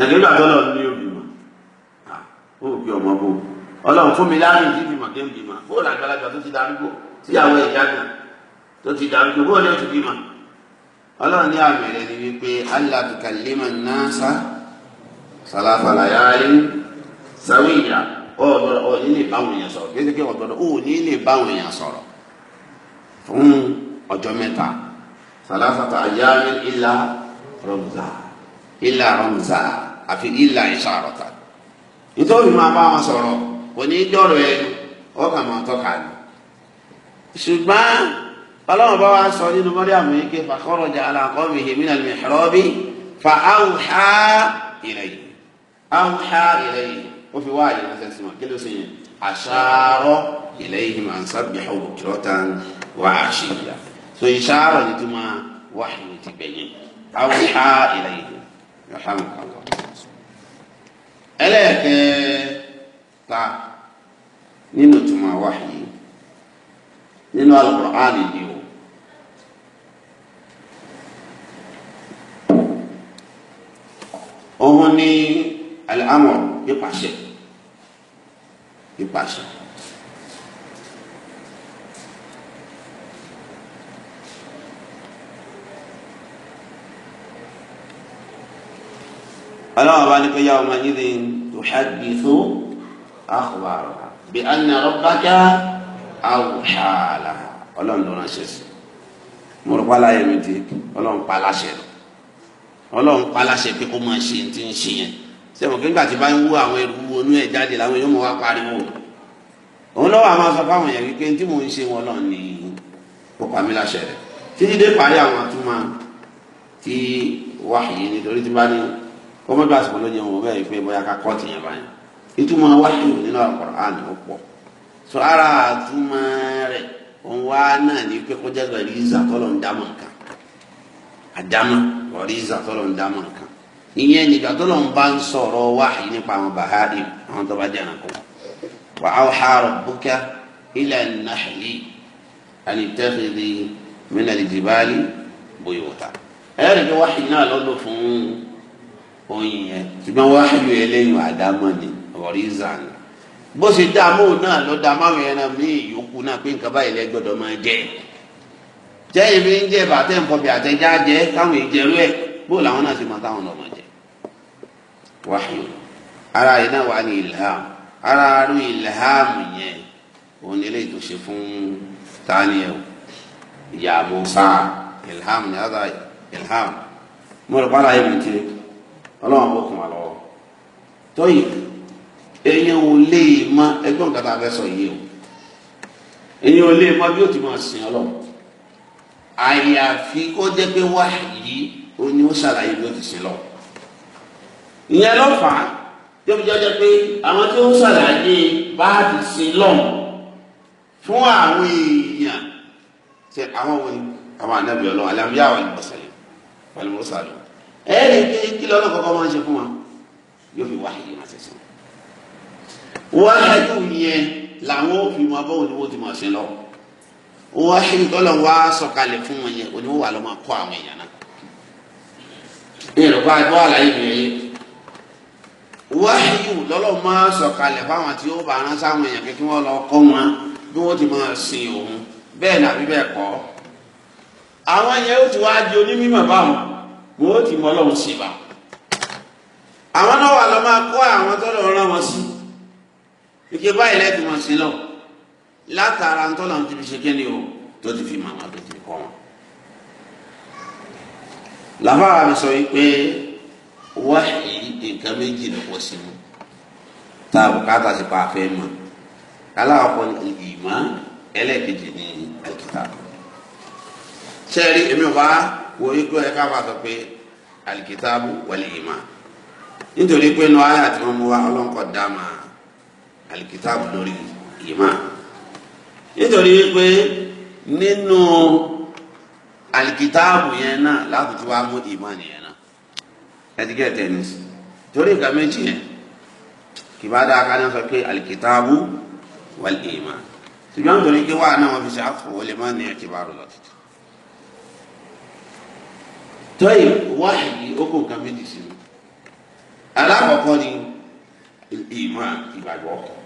ẹgbẹgbẹ àtọlọ ní òbí ma ó bí ọmọ bò Ọlọ́run fún mi láàrin tí bímọ kí n bímọ bó làgbàlagbà tó ti darúgbó tíyàwó ẹja náà tó ti darúgbó bó ni ó ti bímọ ọlọ́run ní àmì rẹ̀ ni wípé alábìkà lèmọ̀ náà sá sàlàfàlà yáyé sàwíyà ọ̀dọ̀rọ̀ ò ní lè báwọn èèyàn sọ̀rọ̀ kí ló ọ̀dọ̀rọ̀ ò ní lè báwọn èèyàn sọ̀rọ̀ fún ọjọ́ mẹ́ta sàlàfàtà yáyé ilà rọmùzà ilà rọmùzà àfi ilà ìṣàrọ̀tà nítorí máa bá wọn sọ̀rọ̀ kò ní í dọ̀rọ̀ ẹnu ọkàn máa tọ́ka ni ṣùgbọ́n ọlọ́run bá wa sọ nínú mọ́ríàmù yìí ké fàkọ́rọ̀jà aláàkọ́mì hèmínà mìíràbí fa áwùhá ìrẹ̀yìn áwùhá ìrẹ̀yìn ó fi wá àyè lọ́sẹ̀ sí wọn kí ló sì yẹn àṣàrọ̀ ìlẹ́yìn máa ń sábẹ̀ ọ̀bù kìrọ̀tàn wà á ṣe ìyá so ìṣàrọ̀ ni tó máa wà ní ti bẹ̀yìn áwùhá ìrẹ̀yìn yọ̀hámù ẹlẹ́ẹ̀kẹta nínú tó máa wà yìí nínú alukọ̀rọ̀ òun ní àmọ̀ ìpàṣẹ ìpàṣẹ. ọlọ́wọ́ bá ní pé yá ọmọ yìí ni tuhadithu akhbaraha bí anna rabbaka awhalaha ọlọ́run ló ránṣẹ́ sí mo láyé mi ti ọlọ́run pa láṣẹ lọ ọlọ́run paláṣẹ pé kó máa ṣe ti ń ṣe yẹn sẹ́wọ̀n kí nígbà tí bá ń wú àwọn ẹrù onú ẹ̀ jáde làwọn yóò mọ̀ wá pariwo òun lọ́wọ́ àwọn aṣọ fáwọn èèyàn wípé tí mò ń ṣe wọn náà ni kó pa mí láṣẹ rẹ̀ títí dé parí àwọn àtúmọ̀ tí wáyé nítorí tí bá ní kọ́mọ́dọ̀ àsìkò ló jẹun bẹ́ẹ̀ wípé bóyá ká kọ́ọ̀tì yẹn báyìí ìtumọ̀ wáyé nínú Al-Qur'an ó pọ̀ sọ ara àtúmọ̀ rẹ̀ òun wá náà ní pé kó jẹ́ àdámà ọ̀rísà tọ́lọ̀ ń dámà kan ìyẹn nígbà tọ́lọ̀ ń bá ń sọ̀rọ̀ wáhì nípa àwọn bàhárì àwọn tó bá jẹ́ ẹranko wà á wà á rabbuka ila an-nahli an ittakhidhi min al-jibali buyuta ẹ̀rì pé wáhì náà lọ́dọ̀ fún oyin yẹn ṣùgbọ́n wáhì yẹn lẹ́yìn àdámà ni ọ̀rísà ni bó ṣe dá amóhùn náà lọ́dọ̀ amáhùn yẹn náà mí ìyókù náà pé nǹkan báyìí lẹ́gbọ́dọ̀ máa jẹ́ jẹ́ ibi ń jẹ́ bàtẹ́ nǹkan bí àtẹjá jẹ́ káwọn ìjẹrú ẹ̀ bó làwọn náà ṣe máa táwọn ọmọ jẹ. wáyé ara yìí náà wà ní ilham ara arú ilham yẹn òun ni eléyìí tó ṣe fún Daniel ìyá Musa ilham ni ada ilham mo rò pàrọ̀ ayé mi ti ọlọ́run ó kún wa lọ́wọ́ tóyìn èèyàn ò lè mọ ẹgbọ́n kàtà fẹ́ sọ yìí o èèyàn ò lè mọ bí ó ti máa sìn ọlọ́run àyàfi kó jẹ́ pé wáyé ó ní ó ṣàlàyé bí ó ti ṣe lọ. ìyẹn ló fà á tó fi jọjọ pé àwọn tí ó ń ṣàlàyé bá ti ṣe lọ fún àwọn èèyàn ṣe àwọn wo ni àwọn ànábì Ọlọ́run alábíyá wà ní bọsẹlẹ wà ní mọsálù ẹ ẹ lè kí lọ́nà kọ́kọ́ máa ń ṣe fún wa yóò fi wáyé máa ṣe sùn wáyé yóò yẹn làwọn ò fi máa bọ́wọ́ ni wọ́n ti máa ṣe lọ́wọ́ wáṣíwì tọ́lọ̀ wá sọ̀kalẹ̀ fún wọn yẹn oníwó wà lọ́mọ kọ́ àwọn èèyàn náà. ìrọ̀pá ẹ̀fọ́ àlàyé mi yé wáṣíwì lọ́lọ́ máa sọ̀kalẹ̀ fáwọn tí ó bá rán sáwọn èèyàn pé kí wọ́n lọ kọ́ wọn bí wọ́n ti máa sin òun bẹ́ẹ̀ ni àbí bẹ́ẹ̀ kọ́. àwọn yẹn ó ti wá di onímọ̀ báwọn wọ́n ti mọ ọlọ́run sí ibà. àwọn náà wà lọ́ máa àwọn tọ́lọ̀ rán wọn sí. ìkẹ́ báyìí wọn sí lọ́wọ́ látara ń tọ́lá ń ti fi ṣe kíni o tó ti fi màmá tó ti kọ́ wọn. làbára mi sọ yìí pé wáyé nǹkan méjì ló pọ̀ sí mi tá a bùkátà sí pa àfẹ́ mọ̀ aláwọ̀kọ́ ni ìmọ̀ ẹlẹ́ẹ̀kejì ní àlìkìtà. sẹ́ẹ̀rí èmi ò bá wo igbó ẹ̀ ká máa sọ pé àlìkìtà wọlé ìmọ̀ nítorí pé inú ayé àti wọn wa ọlọ́nkọ̀ dá máa àlìkìtà lórí ìmọ̀ nítorí wípé nínú alikitaabu yẹn náà látúntò wa mú ìmánì yẹn náà ẹtikẹ́ tẹ́nísì torí nǹkan méjì yẹn kì bá dáa ká ní wọ́n sọ pé alikitaabu wal ìmán ṣùgbọ́n nítorí pé wàá náà wọ́n fi ṣe àfọwọ́lẹ̀ má ní ẹ̀kí bá rò lọ títí. wáyé ó nǹkan méjì sí mi alákọ̀ọ́kọ́ ni ìmán ìgbàgbọ́ ọkọ̀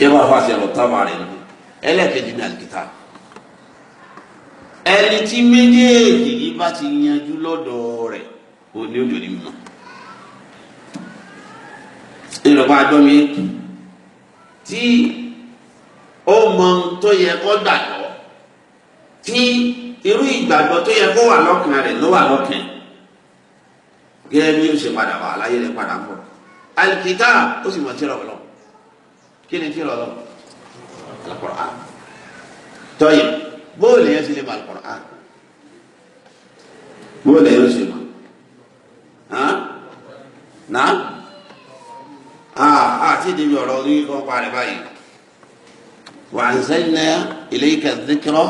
yẹ bá fa àṣẹ ọ̀tá máa rẹ̀ lóde ẹlẹ́ẹ̀kejì ní àlìkìtà ẹni tí méjèèjì yìí bá ti yanjú lọ́dọ̀ rẹ̀ òní òjò ní mímọ́ ìrọ̀pá àjọmí tí ó mọ tó yẹ kó gbàgbọ́ tí irú ìgbàgbọ́ tó yẹ kó wà lọ́kàn rẹ̀ ló wà lọ́kàn gẹ́gẹ́ bí ó ṣe padà wà láyé rẹ̀ padà ń bọ̀ àlìkìtà ó sì mọ̀ tí ìrọ̀pá lọ́kàn kí ni tírà lọ alukọrọan tọyẹ bóòlù yẹn ti lè ma alukọrọan bóòlù yẹn ti lè ma hàn nà á àti ìdíbi ọ̀rọ̀ orí kan parí báyìí wa anzalna ilayka dhikra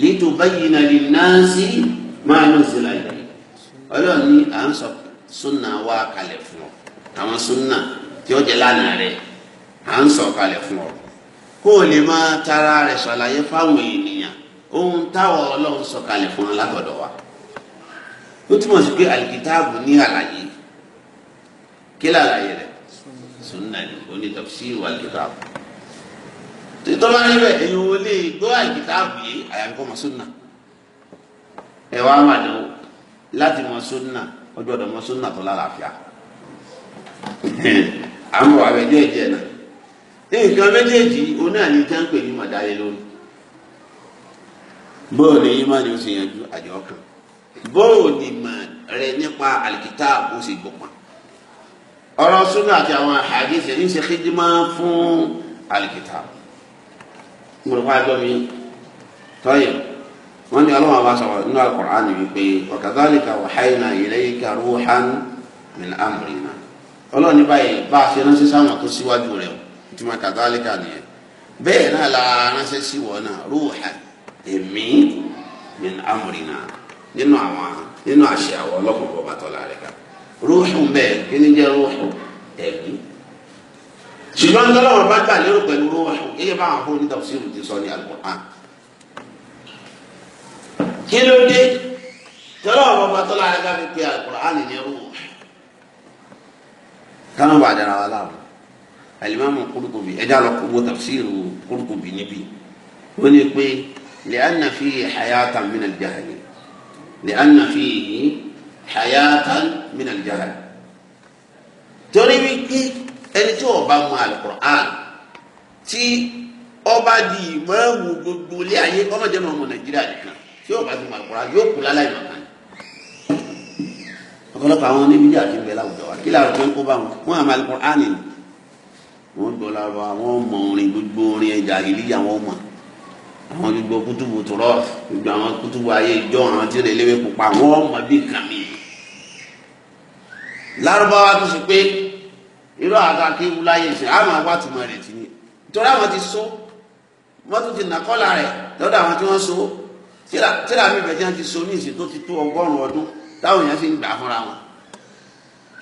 litubayyina linnasi ma nuzila ilayhi ọlọ́run ní à ń sọ súnà wá kalẹ̀ fún ọ àwọn súnà tí ó jẹ lánàá rẹ̀ à ń sọ̀kalẹ̀ fún ọ kó o lè máa tara rẹ̀ ṣàlàyé fáwọn ènìyàn ohun táwọn ọlọ́run sọ̀kalẹ̀ fún ọ látọ̀dọ̀ wa ó túmọ̀ sí pé àlìkìtáàbù ní àlàyé kí làlàyé rẹ̀ sunna ni onítọ̀sí wà àlìkìtáàbù tọ́lá níbẹ̀ èyí wo lè gbọ́ àlìkìtáàbù yìí àyàfi kọ́ mọ̀ sunna ẹ wá máa dánwò láti mọ̀ sunna ọjọ́ ọ̀dọ̀ mọ̀ sunna tó lálàáfíà àmọ́ àbẹ̀jọ́ ìjẹ́ náà nǹkan méjèèjì òun náà ní tán pè ní mọ̀dálé lórí bóò ní yíma ni ó ṣe yanjú àjọ kan bóò ní mà rẹ nípa àlìkítà ó ṣe gbọ̀pọ̀ ọ̀rọ̀ súnà àti àwọn àhàdíṣe ń ṣe kíjímá fún àlìkítà mo rò pa ẹjọ́ mi tọ́yẹ̀ wọ́n ní ọlọ́wọ́n bá sọ̀rọ̀ nínú Al-Qur'ani wípé wa kadhalika wahayna ilayka ruhan min amrina ọlọ́ọ̀ni báyìí bá a ṣe ránṣẹ́ sáwọn tó síwájú rẹ̀ o ìtumọ̀ kàtàlíkà nìyẹn bẹ́ẹ̀ náà la ránṣẹ́ sí wọn náà rúùhà èmi min amúrinà nínú àwọn nínú àṣẹ àwọn ọlọ́kùnrin bọ̀ bàtọ́ la rẹ̀ ká rúùhù bẹ́ẹ̀ kí ni jẹ́ rúùhù ẹ̀mí ṣùgbọ́n tọ́lọ́wọ́n bá gbà lérò pẹ̀lú rúùhù gẹ́gẹ́ bá àwọn fún onítàwọ́sírù ti sọ ní Al-Qur'an kí ló dé tọ́lọ́wọ́n bá tọ́lá rẹ̀ fi pe Al-Qur'an ní rúùhù kánú bàjẹ́ náà wà láàbù alimami kurukubi ẹja lọ kubo tafsiru kurukubi níbí ó ní pé lè anna fi hayatan minal jahali lè anna fi hayatan minal jahali torí wípé ẹni tí ó bá mọ̀ alukur'an tí ọba di ìmọ̀ọ́mù gbogbo ilé ayé ọlọ́jẹ́ mọ̀ ọmọ nàìjíríà nìkan tí ó bá ti mọ̀ alukur'an yóò kú láláì mọ̀ kan ọ̀pọ̀lọpọ̀ àwọn oníbíjà ti bẹ̀ láwùjọ wa kí làwọn tó ń kó bá wọn wọn àmọ́ alukur'an nìyí wọ́n gbọ́ lárúbá àwọn ọmọ orin gbogbo orin ẹ̀jà ìlíyà wọn mọ̀ àwọn gbogbo kútùbù tòrọ gbogbo àwọn kútùbù ayé ìjọ àwọn tí rèléwé pupa àwọn ọmọ bíi kàmí. lárúbá wa tó sọ pé irú àga kí wúláyé ṣe àwọn àwọn àtùmọ̀ rẹ̀ ti ní torí àwọn ti so wọ́n tún ti nàkọ́là rẹ̀ lọ́dọ̀ àwọn tí wọ́n so tíra mi bẹ̀ tí wọ́n ti so ní ìsìn tó ti tó ọgọ́rùn ọdún táwọn èèyàn fi ń gbà fúnra wọn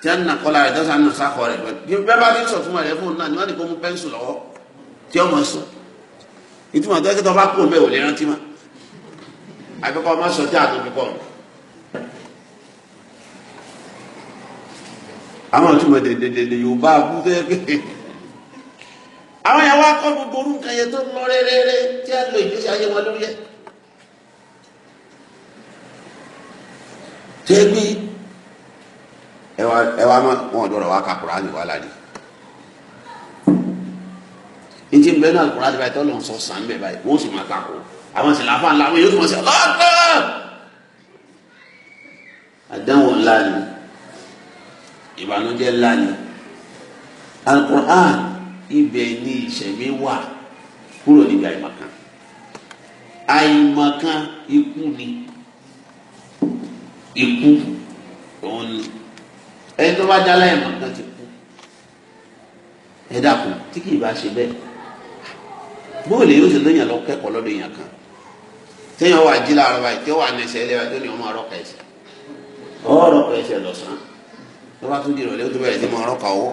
tí a nà kọ́lá rẹ̀ tẹ́sán nù sákọ̀ rẹ̀ bẹ́ẹ̀ bá ti sọ fún rẹ̀ fún náà ni wọ́n ti kó mú pẹ́ńsù lọ́wọ́ tí ọmọ sọ ìtumọ̀ tó yẹ kí tó bá kú òun bẹ́ẹ̀ ò lè rántí ma àkọ́kọ́ ọmọ sọ tí a tó fi kọ́ ọ. àwọn ìtumọ̀ dèdèdèdè yorùbá abúlé kéèké àwọn yẹn wá kọ́ gbogbo orú nǹkan yẹn tó lọ rẹ́rẹ́rẹ́ tí a lo ìgbésí ayé wọn lórí ẹ̀ ẹ wá mọ wọn dọrọ wá ka kuraani wà lálẹ́ n ti bẹ náà kuraani báyìí tọ́lọ̀ sọ sàn bẹ́ẹ̀ báyìí wọ́n sì máa ta ko àwọn sì láfa ńlá wọn yóò tún wọn sẹ ọ̀tọ̀ àdánwò ńlá ni ìbànújẹ́ ńlá ni alukur'an ibẹ̀ ni ìṣẹ̀mí wà kúrò níbi àìmọ̀kan àìmọ̀kan ikú ni ikú òun ni ẹni tó bá jálá ẹ̀ mọ̀ọ́ká ti kú ẹ dàpọ̀ tí kì í bá ṣe bẹ́ẹ̀ bóòlù yóò ṣe lóyìn lọ kẹ́kọ̀ọ́ lọ́dọ̀ èèyàn kan téèyàn wà jí láàárọ̀ báyìí tí ó wà nẹsẹ̀ ilé wa tó ní ọmọ ọrọ̀kọ̀ ẹsẹ̀ ọrọ̀kọ̀ ẹsẹ̀ lọ́sàn-án tó bá tún di ìrọ̀lẹ́ tó bẹ̀rẹ̀ sí mọ ọrọ̀kọ̀ ọwọ́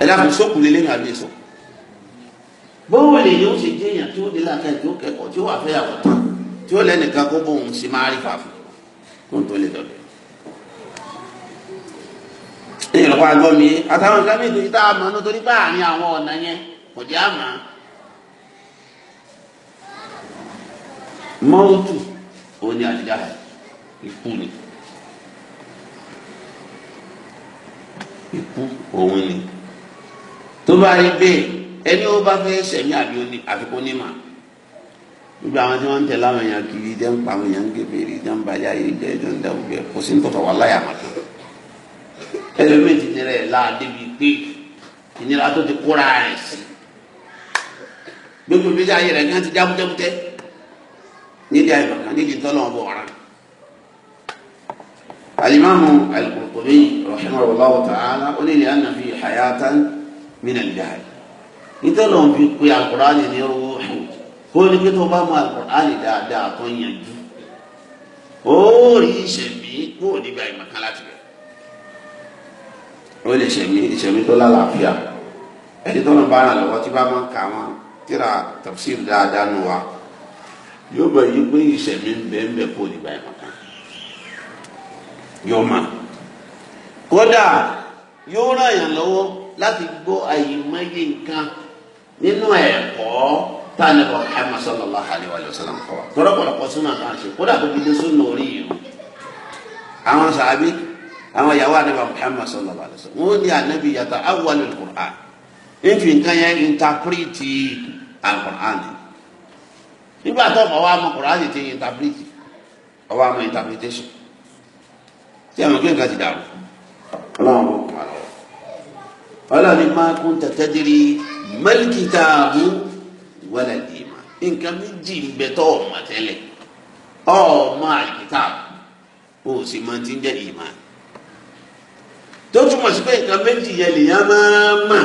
ẹ dàpọ̀ sókùnrin lẹ́yìn àbí sọ bóòlù yóò ṣe jẹ́yàn tí dé láàkẹ́ tí kẹ́kọ̀ọ́ tí ó wà fẹ́yàwó tán tí ó lẹ́nìkan kó bóun ṣe máa rí fàfún kó tó lè dọ̀dọ̀ ní ìlọ́pọ̀ agbọ́ mi àtàwọn nǹkan mìíràn yìí tá a mọ̀ ọ́nà torí pé àárín àwọn ọ̀nà yẹn kò mọ́ọ̀tù àdìdá ikú ni ikú òun ni tó bá gbogbo àwọn tí wọ́n ń tẹ̀lé àwọn èèyàn kiri jẹ́ ń pa àwọn èèyàn ń gé bèrè jẹ́ ń balẹ̀ ayé jẹ́ jọ ń dá òkè kò sí ń tọ̀tọ̀ wà láyà máa tó ẹlòmíì ti nira ẹ̀ láàdé bíi pé ìnira tó ti kóra rẹ̀ sí gbogbo ìgbésí ayé rẹ̀ gán ti já nídìí àyè bàkà nídìí tọ́lọ́ ọ̀bọ̀ ọ̀ràn. alimami al-Qurtubi ta'ala ó ní ìlànà fi hayatan min al-jahl nítorí ó ní kí tó bá mọ àlùkùránì dáadáa tó yanjú ó rí ìṣẹ̀mí kó o nígbà ìmọ̀kan láti bẹ̀. ó lè ṣẹ̀mí ìṣẹ̀mí tó lálàáfíà ẹni tó ń bá ara lọ́wọ́ tí bá máa ń kà wọ́n tíra tafsir dáadáa nù wa yóò bẹ̀ yí pé ìṣẹ̀mí ń bẹ̀ ń bẹ̀ kó o nígbà ìmọ̀kan yóò máa kódà yóò ràn yàn lọ́wọ́ láti gbọ́ àyè mẹ́yìn nǹkan nínú ẹ̀kọ́ tá a nẹ́bọ̀ Muhammad sallallahu alayhi wa sallam kọ́ wa tọ́lọ́pọ̀lọpọ̀ súnà náà ṣe kódà tó fi dé súnà orí yìí o àwọn sàbí àwọn ìyàwó àdébà Muhammad sallallahu alayhi wa sallam wọ́n ní ànábì yàtọ̀ awwal al-Qur'an nfi nǹkan intapiriti al-Qur'an nígbà tó ọmọ wa mọ Qur'an ti intapiriti ọwọ́ àmọ́ interpretation tí àwọn akéwìn kan ti dàrú ọlọ́run bó kún wa lọ́wọ́ ọlọ́run máa kún tẹ̀tẹ́ diri mal kitabu wàlà ìmà nǹkan méjì ń bẹ tọ́ ọ̀mà tẹ́lẹ̀ ọ̀ọ́mà àlìkítà ó sì máa ti ń jẹ́ ìmà tó túmọ̀ sí pé nǹkan méjì yẹn lèèyàn máa mà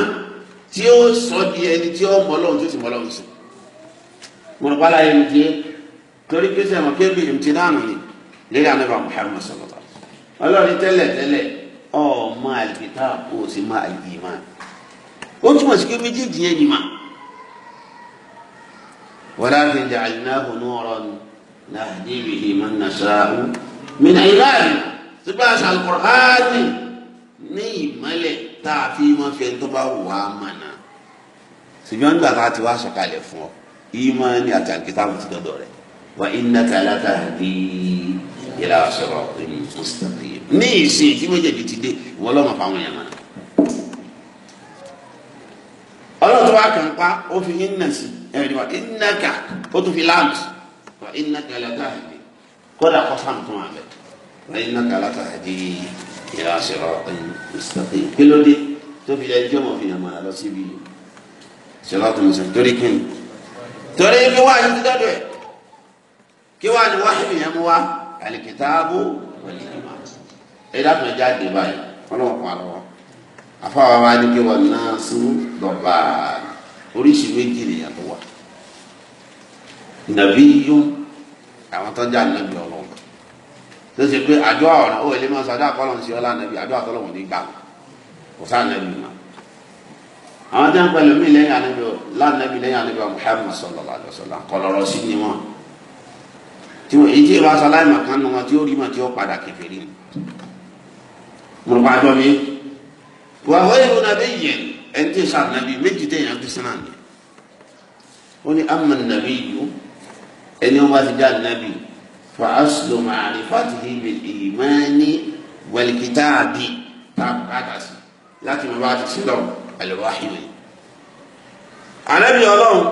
tí ó sọ di ẹni tí ó mọ ọlọ́run tó sì mọ ọlọ́run sí mo rò pálá ẹni tí torí pé sẹ́wọ̀n kébì ti dánù ni lórí anábà Muhammad sọlọ́tà ọlọ́run tẹ́lẹ̀ tẹ́lẹ̀ ọ̀ọ́mà àlìkítà ó sì máa yìí mà ó túmọ̀ sí pé méjèèjì yẹn yìí ولكن جعلناه نورا نهدي به من نشاء من عبادنا سباش القرآن ní ìmọ́lẹ̀ tá a fi máa fi ẹni tó bá wù á mọ̀nà ṣùgbọ́n nígbà tá a ti wá sọ̀kalẹ̀ fún ọ ìmọ̀ ni àtàkì táwọn ti dọ̀dọ̀ rẹ̀ wa innaka latahdi ila siratin mustaqim ní ìsìn tí méjèèjì ti dé ìwọ́lọ́mọ̀ fáwọn èèyàn mọ̀nà tó wá kàn pa ó fi iná sí ẹ̀rí wa iná kà ó tún fi láàmù wa iná kà látà àdé kódà kó fáwọn tó wà bẹ wa iná kà látà àdé ìyá sọ̀rọ̀ ìmùsítàkì kílódé tó fi lẹ jọmọ fi hàn máa lọ síbi sọ̀rọ̀ tó ń sọ torí kí ni torí kí wàá yìí dọdọ ẹ kí wàá ni wàá yìí yẹn mu wa àlìkìtàbù wọlé ẹ dàpọ̀ ẹ jáde báyìí wọn lọ kọ́ àlọ́ wa afáwa wa ni kí wọn náà sún dọ̀bà oríṣi méjì nìyẹn tó wà nàbí yún àwọn tó jẹ́ ànábì ọlọ́run tó ṣe pé àjọ ọ̀nà ó ilé máa sọ àdó àkọlọ́run sí ọlá nàbí àdó àtọ́lọ́run ní gbà kò sáà nàbí mọ́ àwọn tó ń pẹ̀lú mí lẹ́yìn ànábì lánàbí lẹ́yìn ànábì Muhammad sallallahu alaihi wasallam kọlọ̀rọ̀ sí ni wọn tí wọn èyí tí ìwà sọ láì màkàn nù wọn tí ó rí mọ̀ tí ó padà kẹfẹ́ rí mu. mo rò pa àjọ mi wà wáyé nàbí yẹn ẹni tí sàn nàbí méjì tẹ̀yìn àdúsánà ni ó ní àmà nàbí yìí ẹni wọn bá ti já nàbí fa asùlù màálí fàtìhì bìlì ìmáàní wẹ̀lìkìtà àbí tàbùkátà sí láti mọ̀ bá ti sílọ̀ àlùwáhìwì. ànábì ọlọ́run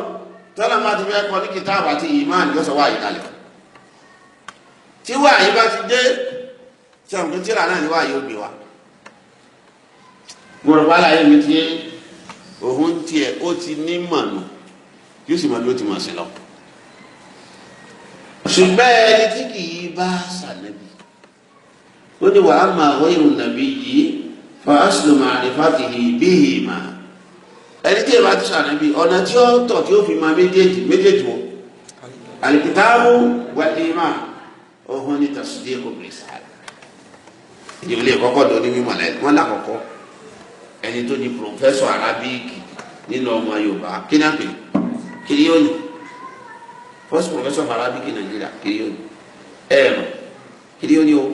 tọ́lá máa ti fẹ́ kọ́ ní kìtàbù àti ìmáàní lọ́sọ̀ wáyé kalẹ̀ tí wáyé bá ti dé tí àwọn kìtìrà náà ni wáyé ó gbé wa gbọdọ̀pá láyé mi ti òun tiẹ̀ ó ti ní mànù yóò sì máa bí ó ti máa sí lọ. ṣùgbọ́n ẹni tí kì í bá sànẹ́bí ó ní wàá máa wọ irun nàbí yìí fàásùlù máa rí fàtìhì bíhì máa ẹni tí èèyàn bá ti sànẹ́bí ọ̀nà tí ó tọ̀ tí ó fi máa méjèèjì méjèèjì wọ̀ alikitaabu wàlímà ọ̀hún ni tàṣídìí kò bèrè sáà ìdílé kọ́kọ́ lóní mímọ̀ lẹ́nu wọn lákọ̀ọ́kọ́ ẹni tó di pòfẹ́sọ̀ arábíìkì nínú ọmọ yorùbá kí ni kiriyoni first professor arabiki arabic in nigeria kiriyoni ẹ ẹ kiriyoni o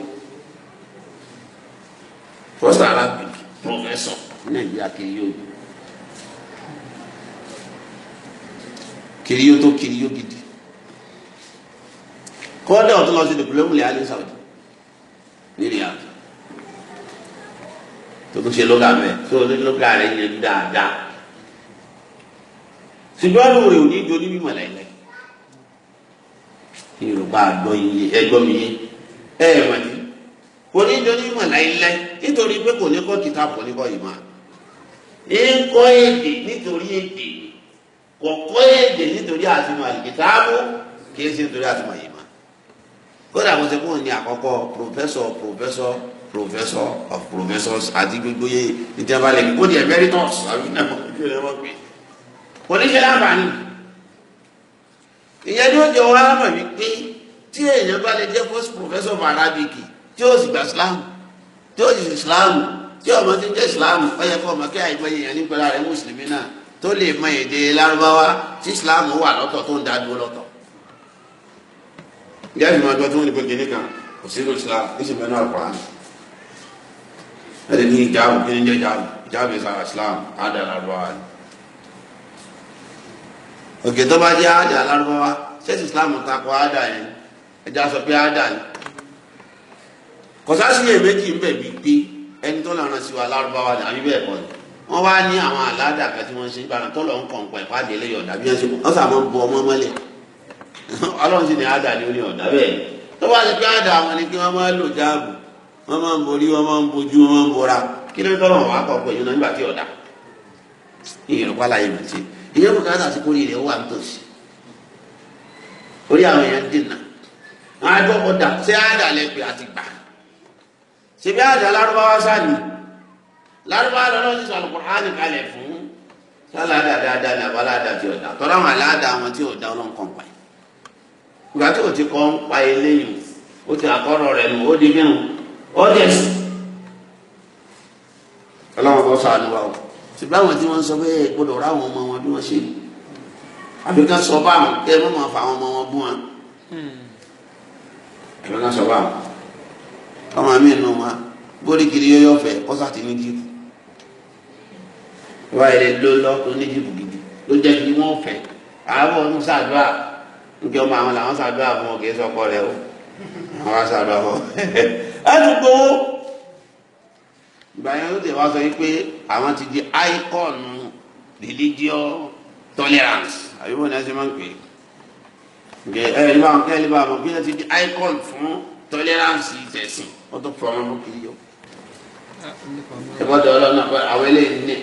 first arabiki professor in nigeria kiriyoni kiriyo tó kiriyo gidi kọ́ńdà ọ̀tún lọ sí dìpúlọ́mù lẹ́yìn alẹ́ sàwọ́dì nílẹ̀ yàtọ̀ tó tó ṣe lọ́gà mẹ́ tó lọ́gà rẹ̀ yẹn ju dáadáa ṣùgbọ́n lóun rè ò ní ju onímọ̀ lẹ́lẹ́ yorùbá àgbọ̀ iye ẹgbọ́ mi yé ẹ ẹ mọ̀ ní kò ní ju onímọ̀ lẹ́lẹ́ nítorí pé kò ní kọ́ kìtàbù ní kọ́ ìmọ̀ ń kọ́ èdè nítorí èdè kọ̀kọ́ èdè nítorí àtìmọ̀ àlìkìtàbù kì í ṣe nítorí àtìmọ̀ ìmọ̀ kódà mo ṣe fún òní àkọ́kọ́ pòfẹ́sọ̀ pòfẹ́sọ̀ professor of professors àti gbogbo yẹ ìjọba lè kó di emeritus àbí náà ojú rẹ wọ́n pè oníṣẹ́ láǹfààní ìyẹn ni ó jẹ wọn lámọ̀ wípé tí èèyàn bá lè jẹ́ first professor of Arabic tí ó sì gba Islam tí ó sì Islam tí ọmọ ti jẹ́ Islam ó yẹ kó ọmọ kí àìmọ̀ èèyàn nípa ara rẹ̀ mùsùlùmí náà tó lè mọ èdè lárúbáwá tí Islam wà lọ́tọ̀ tó ń dádúró lọ́tọ̀ ìyá ìfìmọ̀ ọjọ́ tó ń lè pe kìnìkan kò sínú Islam ní ìṣẹ̀mẹ́nu àpá ẹsẹ ní ìjáàbù kí ni jẹ ìjáàbù ìjáàbù ìsàlà islam àdà lárúbáwá ni òkè tó bá jẹ àdà lárúbáwá islam takọ àdà yẹn ẹja sọ pé àdà ni kọsásí yẹn méjì ń bẹ̀ bí gbé ẹni tó lọ́nà sí wa lárúbáwá ni àbí bẹ́ẹ̀ kọ́ ni wọ́n wá ní àwọn àládà kan tí wọ́n ṣe ìbára tó ń kọ̀ nǹkan ìpàdé lẹ́yìn ọ̀dà bí wọ́n ṣe wọ́n sàmọ́ bu ọmọ mọ́lẹ̀ ọlọ́run sì ní àdà ni ó ní ọ̀dà bẹ́ẹ̀ tó bá ti pé àdà wọn ni kí wọ́n máa lò jáàbù wọ́n máa ń borí wọ́n máa ń bojú wọ́n máa ń bora kí ló ń tọ́lọ̀ wọ́n á kọ̀ pẹ̀lú náà nígbà tí ọ̀dà ìyẹ̀rọ̀pá láyé mi ti ìyẹn kò káàtà sí kórè ilẹ̀ wà nítòsí orí àwọn èèyàn dènà wọn adó ọdà ṣé àdà lẹ́gbẹ̀ẹ́ àti gbà ṣèbí àdà lárúbáwá sáni lárúbáwá lọ́dọ̀ sísọ Al-Qur'ani kalẹ̀ fún sálàdà dáadáa ní abálàdà tí ọ̀dà tọ́lá wọn àlàdà wọn tí ọ̀dà ọlọ́nkàn pa ìgbà tí o ti kọ́ pa eléyìí o ti àkọ́rọ̀ rẹ̀ nù ó di mírun audience ọlọ́wọ́n bọ́ sàánú wa o ṣùgbọ́n àwọn tí wọ́n sọ pé gbọ́dọ̀ rá àwọn ọmọ wọn bí wọ́n ṣe ní àbí kan sọ bá àwọn kẹ́ ẹ mọ̀ fà àwọn ọmọ wọn bú wọn àbí kan sọ bá àwọn ọmọ mi nù wọn bórí kiri yóyọ fẹ ọsà ti ní jíìpù wáyé lè ló lọ tó ní jíìpù gidi ló jẹ́ kí wọ́n fẹ́ àwọn ọmọ sàdúrà nígbà ọmọ àwọn làwọn sàdúrà fún ọ kì í sọ ọkọ rẹ o àwọn aṣáájú afọ ẹtùgbò owó ìgbà yẹn ló tẹ̀ wá sọ yìí pé àwọn ti di icon religious tolerance àbí wọn ni wọn ti máa ń pè é ẹ ẹ ìbáwọn kẹ́lẹ́ bá wọn pé wọn ti di icon fún tolerance ìtẹ̀sìn wọn tó fọ ọmọ kiri yọ ẹ bọ́ dọ̀ ọlọ́run náà àwọn eléyìí ní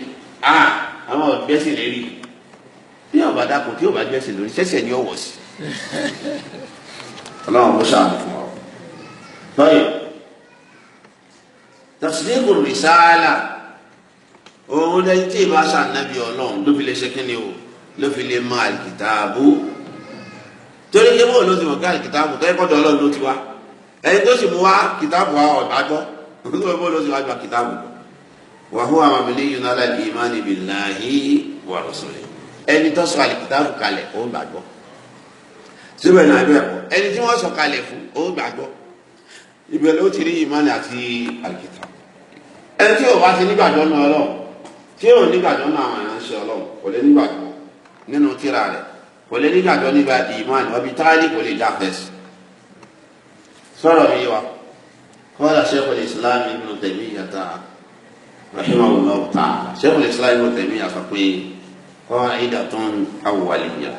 àwọn ọ̀gbẹ́sìn lè rí i bí ọba dàpọ̀ tí ọba gbẹ́sẹ̀ lórí sẹ́sẹ̀ ni ọwọ́ sí. ọlọ́run kò sáà fún ọ tọ́yọ̀ tẹ̀sídẹ́kù rìsáàlà òun lẹ́yìn tí ìbá sànàbí ọlọ́run ló fi lè ṣe kínní o ló fi lè mọ àlìkìtààbù torí pé bóun ló ti mọ̀ pé àlìkìtààbù tó yẹ kọ́ dọ̀ ọlọ́run ló ti wá ẹni tó sì mú wá kìtààbù wa ọ̀dájọ́ bóun ló ti wá gba kìtààbù wa huwa mabniyyun ala al-imani billahi wa rasulihi ẹni tó sọ àlìkìtààbù kalẹ̀ òun gbàgbọ́ síbẹ̀ náà ẹni tí wọ́n sọ kalẹ̀ fún òun gbàgbọ́ ibẹ̀ ló ti rí ìmánì àti àlùkìtà ẹni tí yóò bá ti nígbàjọ́ náà lọ tí yóò nígbàjọ́ náà àwọn ìránṣẹ́ ọlọ́run kò lè nígbàjọ́ nínú tíra rẹ̀ kò lè nígbàjọ́ nígbà ìmánì ọbí táyì kò lè dá fẹ́sì sọ̀rọ̀ mi wa kọ́lá sẹ́kọ̀lì islam ibn Taymiyyah rahimahullahu ta'ala sẹ́kọ̀lì islam ibn Taymiyyah sọ pé qa'idatun awwaliyyah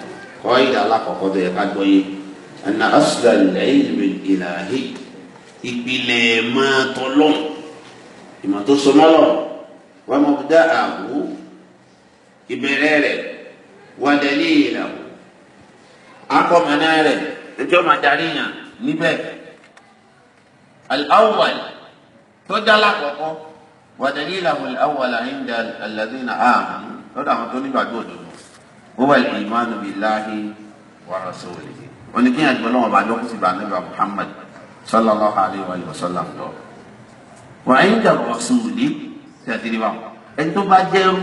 qaida alákọ̀ọ́kọ́ tó yẹ ká gbọ́ yé anna asla al-ilm al ìpìlẹ̀ ẹ̀mọ́ tọlọ́n ìmọ̀ tó so mọ́lọ̀ wọ́n mọ̀ dá àwò ìbẹ̀rẹ̀ rẹ̀ wọ́n dẹ̀lí ìlàwọ̀ akọ̀mọ̀nà rẹ̀ ẹjọ́ máa darí yàn níbẹ̀ al-awwal tó dá lákọ̀ọ́kọ́ wọ́n dẹ̀lí ìlàwọ̀ al-awwal inda alladhina amanu lọ́dọ̀ àwọn tó nígbàgbọ́ òdodo huwa al-imanu billahi wa rasulihi wọn ni kí n yàgbọ́ lọ́wọ́ bá lọ́kùsì sallallahu alayhi wa sallam lọ wà á yín dàgbà sùnwùlé tí a ti rí wa ẹni tó bá jẹun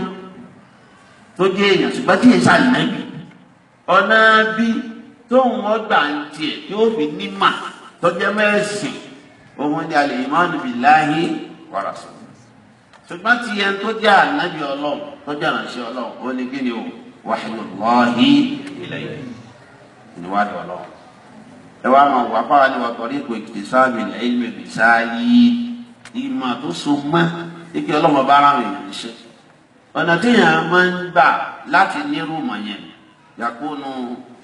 tó jẹ èèyàn ṣùgbọ́n tí èèyàn ṣàlùmẹ́bí ọ̀nà bí tóun ọgbà ń tiẹ̀ tí ó fi ní mà tọ́jẹ́ mẹ́sìn òun ni alẹ́ ìmánu billahi wa rasuluhu ṣùgbọ́n ti yẹn tó jẹ́ ànábì ọlọ́run tó jẹ́ àránṣẹ́ ọlọ́run ó ní kí ni o wàhálà lọ́hìn ilẹ̀ yìí ni wàá ẹ wá máa wà fáwọn àlewà tọ́lé kò èkìtì sáàmì ẹ̀yìn mi sáàyè ìmọ̀ tó so mọ́ ike ọlọ́mọ bá ara rìn ṣe ọ̀nà téèyàn máa ń gbà láti nírú mọ̀ yẹn yàkónú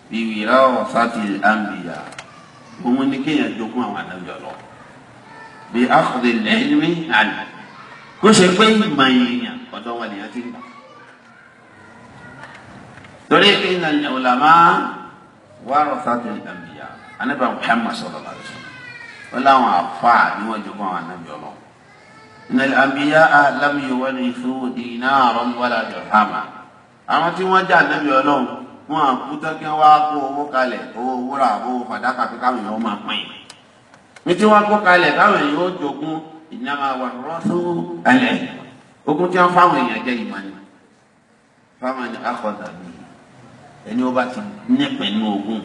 bìwìrà ọ̀sátì àmbìyà òun ni kéèyàn jogún àwọn àdájọ́ lọ bí akọ̀dé lẹ́yìn mi àná kó ṣe pé ìmọ̀ èèyàn ọ̀dọ́ wọn lèèyàn ti ń gbà torí pé ìlànà ìlànà wàrọ̀ sátì àmbìyà anábà Muhammad sallallahu alaihi wasallam ó láwọn àfa ni wọ́n jogún àwọn anábì ọlọ́run innal anbiya'a lam yuwarithu dinaran wala dirhama àwọn tí wọ́n já anábì ọlọ́run wọn àkútọ́ kí wọ́n wá kó owó kalẹ̀ owó wúrà owó fàdákà pé káwọn èèyàn máa pín in ní tí wọ́n kó kalẹ̀ káwọn èèyàn ó jogún innama warrathu alẹ́ ogun tí wọ́n fáwọn èèyàn jẹ́ ìmọ̀ ni fáwọn èèyàn akọ̀dà ẹni ó bá ti nípẹ̀ ní ogun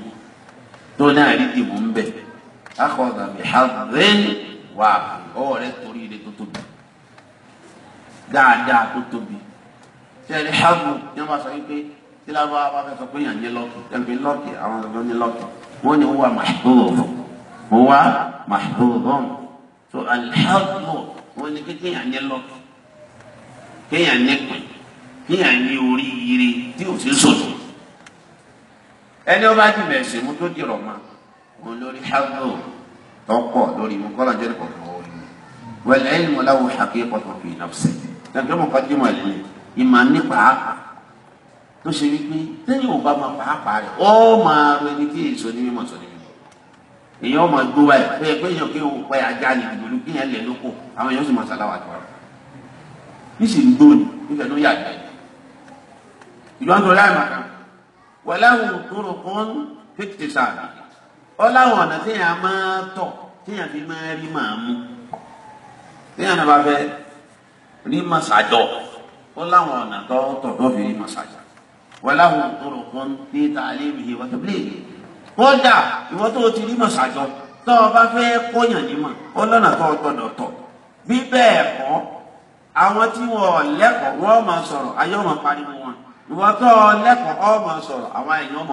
tó náà rí dìbò ń bẹ̀ akọ̀dà mi hàbẹ́ẹ̀n wà ọwọ́ rẹ torí ilé tó tóbi dáadáa tó tóbi sẹ́ni hàbù ní wọ́n sọ wípé tí lábọ́ bá fẹ́ sọ pé yàn ní lọ́kì tẹ̀lé lọ́kì àwọn ọ̀dọ́ ní lọ́kì wọ́n ní wọ́n wà màṣúrù wọ́n wà màṣúrù tó alhàbù wọ́n ní kékeré yàn ní lọ́kì kéèyàn ní pè kéèyàn ní oríire tí ò sí sọ̀tún ẹni ọba jìnnà ẹsẹ mo tó dìrọ ma mo lórí hábò tọpọ lórí mo kọ́ lọ́jọ́ nípa ọ̀dọ́ wọn wẹ̀lẹ̀ ẹ̀yìn mo láwọ àkíyè pọ̀tọ̀ fi nàfṣẹ̀ ẹgbẹ́ mo kọ́ dìmọ̀ ẹ̀lẹ́ ìmọ̀ nípa àpà tó ṣe wípé lẹ́yìn ọba máa pàápàá rẹ̀ ó máa rọ ẹni tí èso ní mímọ̀ sọ ní mímọ̀ èèyàn máa gbó wa ẹ̀ pé èèyàn kí òun pẹ́ ajá ni ìdòlú kí èèyàn lẹ̀ lóko àwọn èèyàn sì máa ṣàlàwà tó ara níṣìí ń gbóni nífẹ̀ẹ́ ló yà gbẹ̀ ìlú àńtọ́ láì máa kàn wọláhùn turuqun fìtìsáàdì ọláhùn ọ̀nà téèyàn máa tọ̀ téèyàn fi máa rí màá mú téèyàn náà bá fẹ́ rí màsàjọ́ ọláhùn ọ̀nà tó tọ̀ tó fi rí màsàjọ́ wọláhùn turuqun ní ta'limihi wa tablihi kódà ìwọ tó ti rí màsàjọ́ tó o bá fẹ́ kóyàn ní mà ọlọ́nà tó gbọ́dọ̀ tọ̀ bí bẹ́ẹ̀ kọ́ àwọn tí wọn lẹ́kọ̀ọ́ wọn máa sọ̀rọ̀ ayé wọn pariwo wọn. ìwọ lẹ́kọ̀ọ́ ọ sọ̀rọ̀ àwọn èèyàn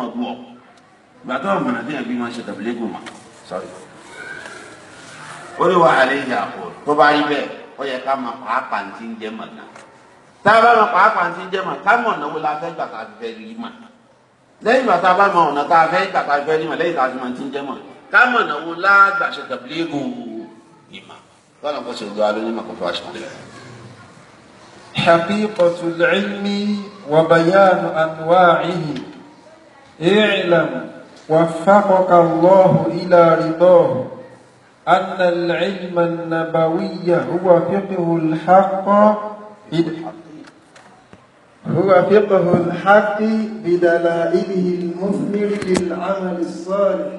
máa tó ọmọ nàbí ẹbí máa ṣe tàbílẹ́gùn mà sọ̀rọ̀ ó lè àpò tó bá rí bẹ́ẹ̀ ó yẹ ká máa pàápàá ti ń jẹ́ tá a bá máa pàápàá ti la fẹ́ gbà ká fẹ́ rí mà lẹ́yìn a bá ọ̀nà fẹ́ gbà ká fẹ́ rí mà lẹ́yìn máa ti ń jẹ́ ọ̀nà wo حقيقة العلم وبيان أنواعه اعلم وفقك الله إلى رضاه أن العلم النبوي هو فقه الحق هو فقه الحق بدلائله المثمر للعمل الصالح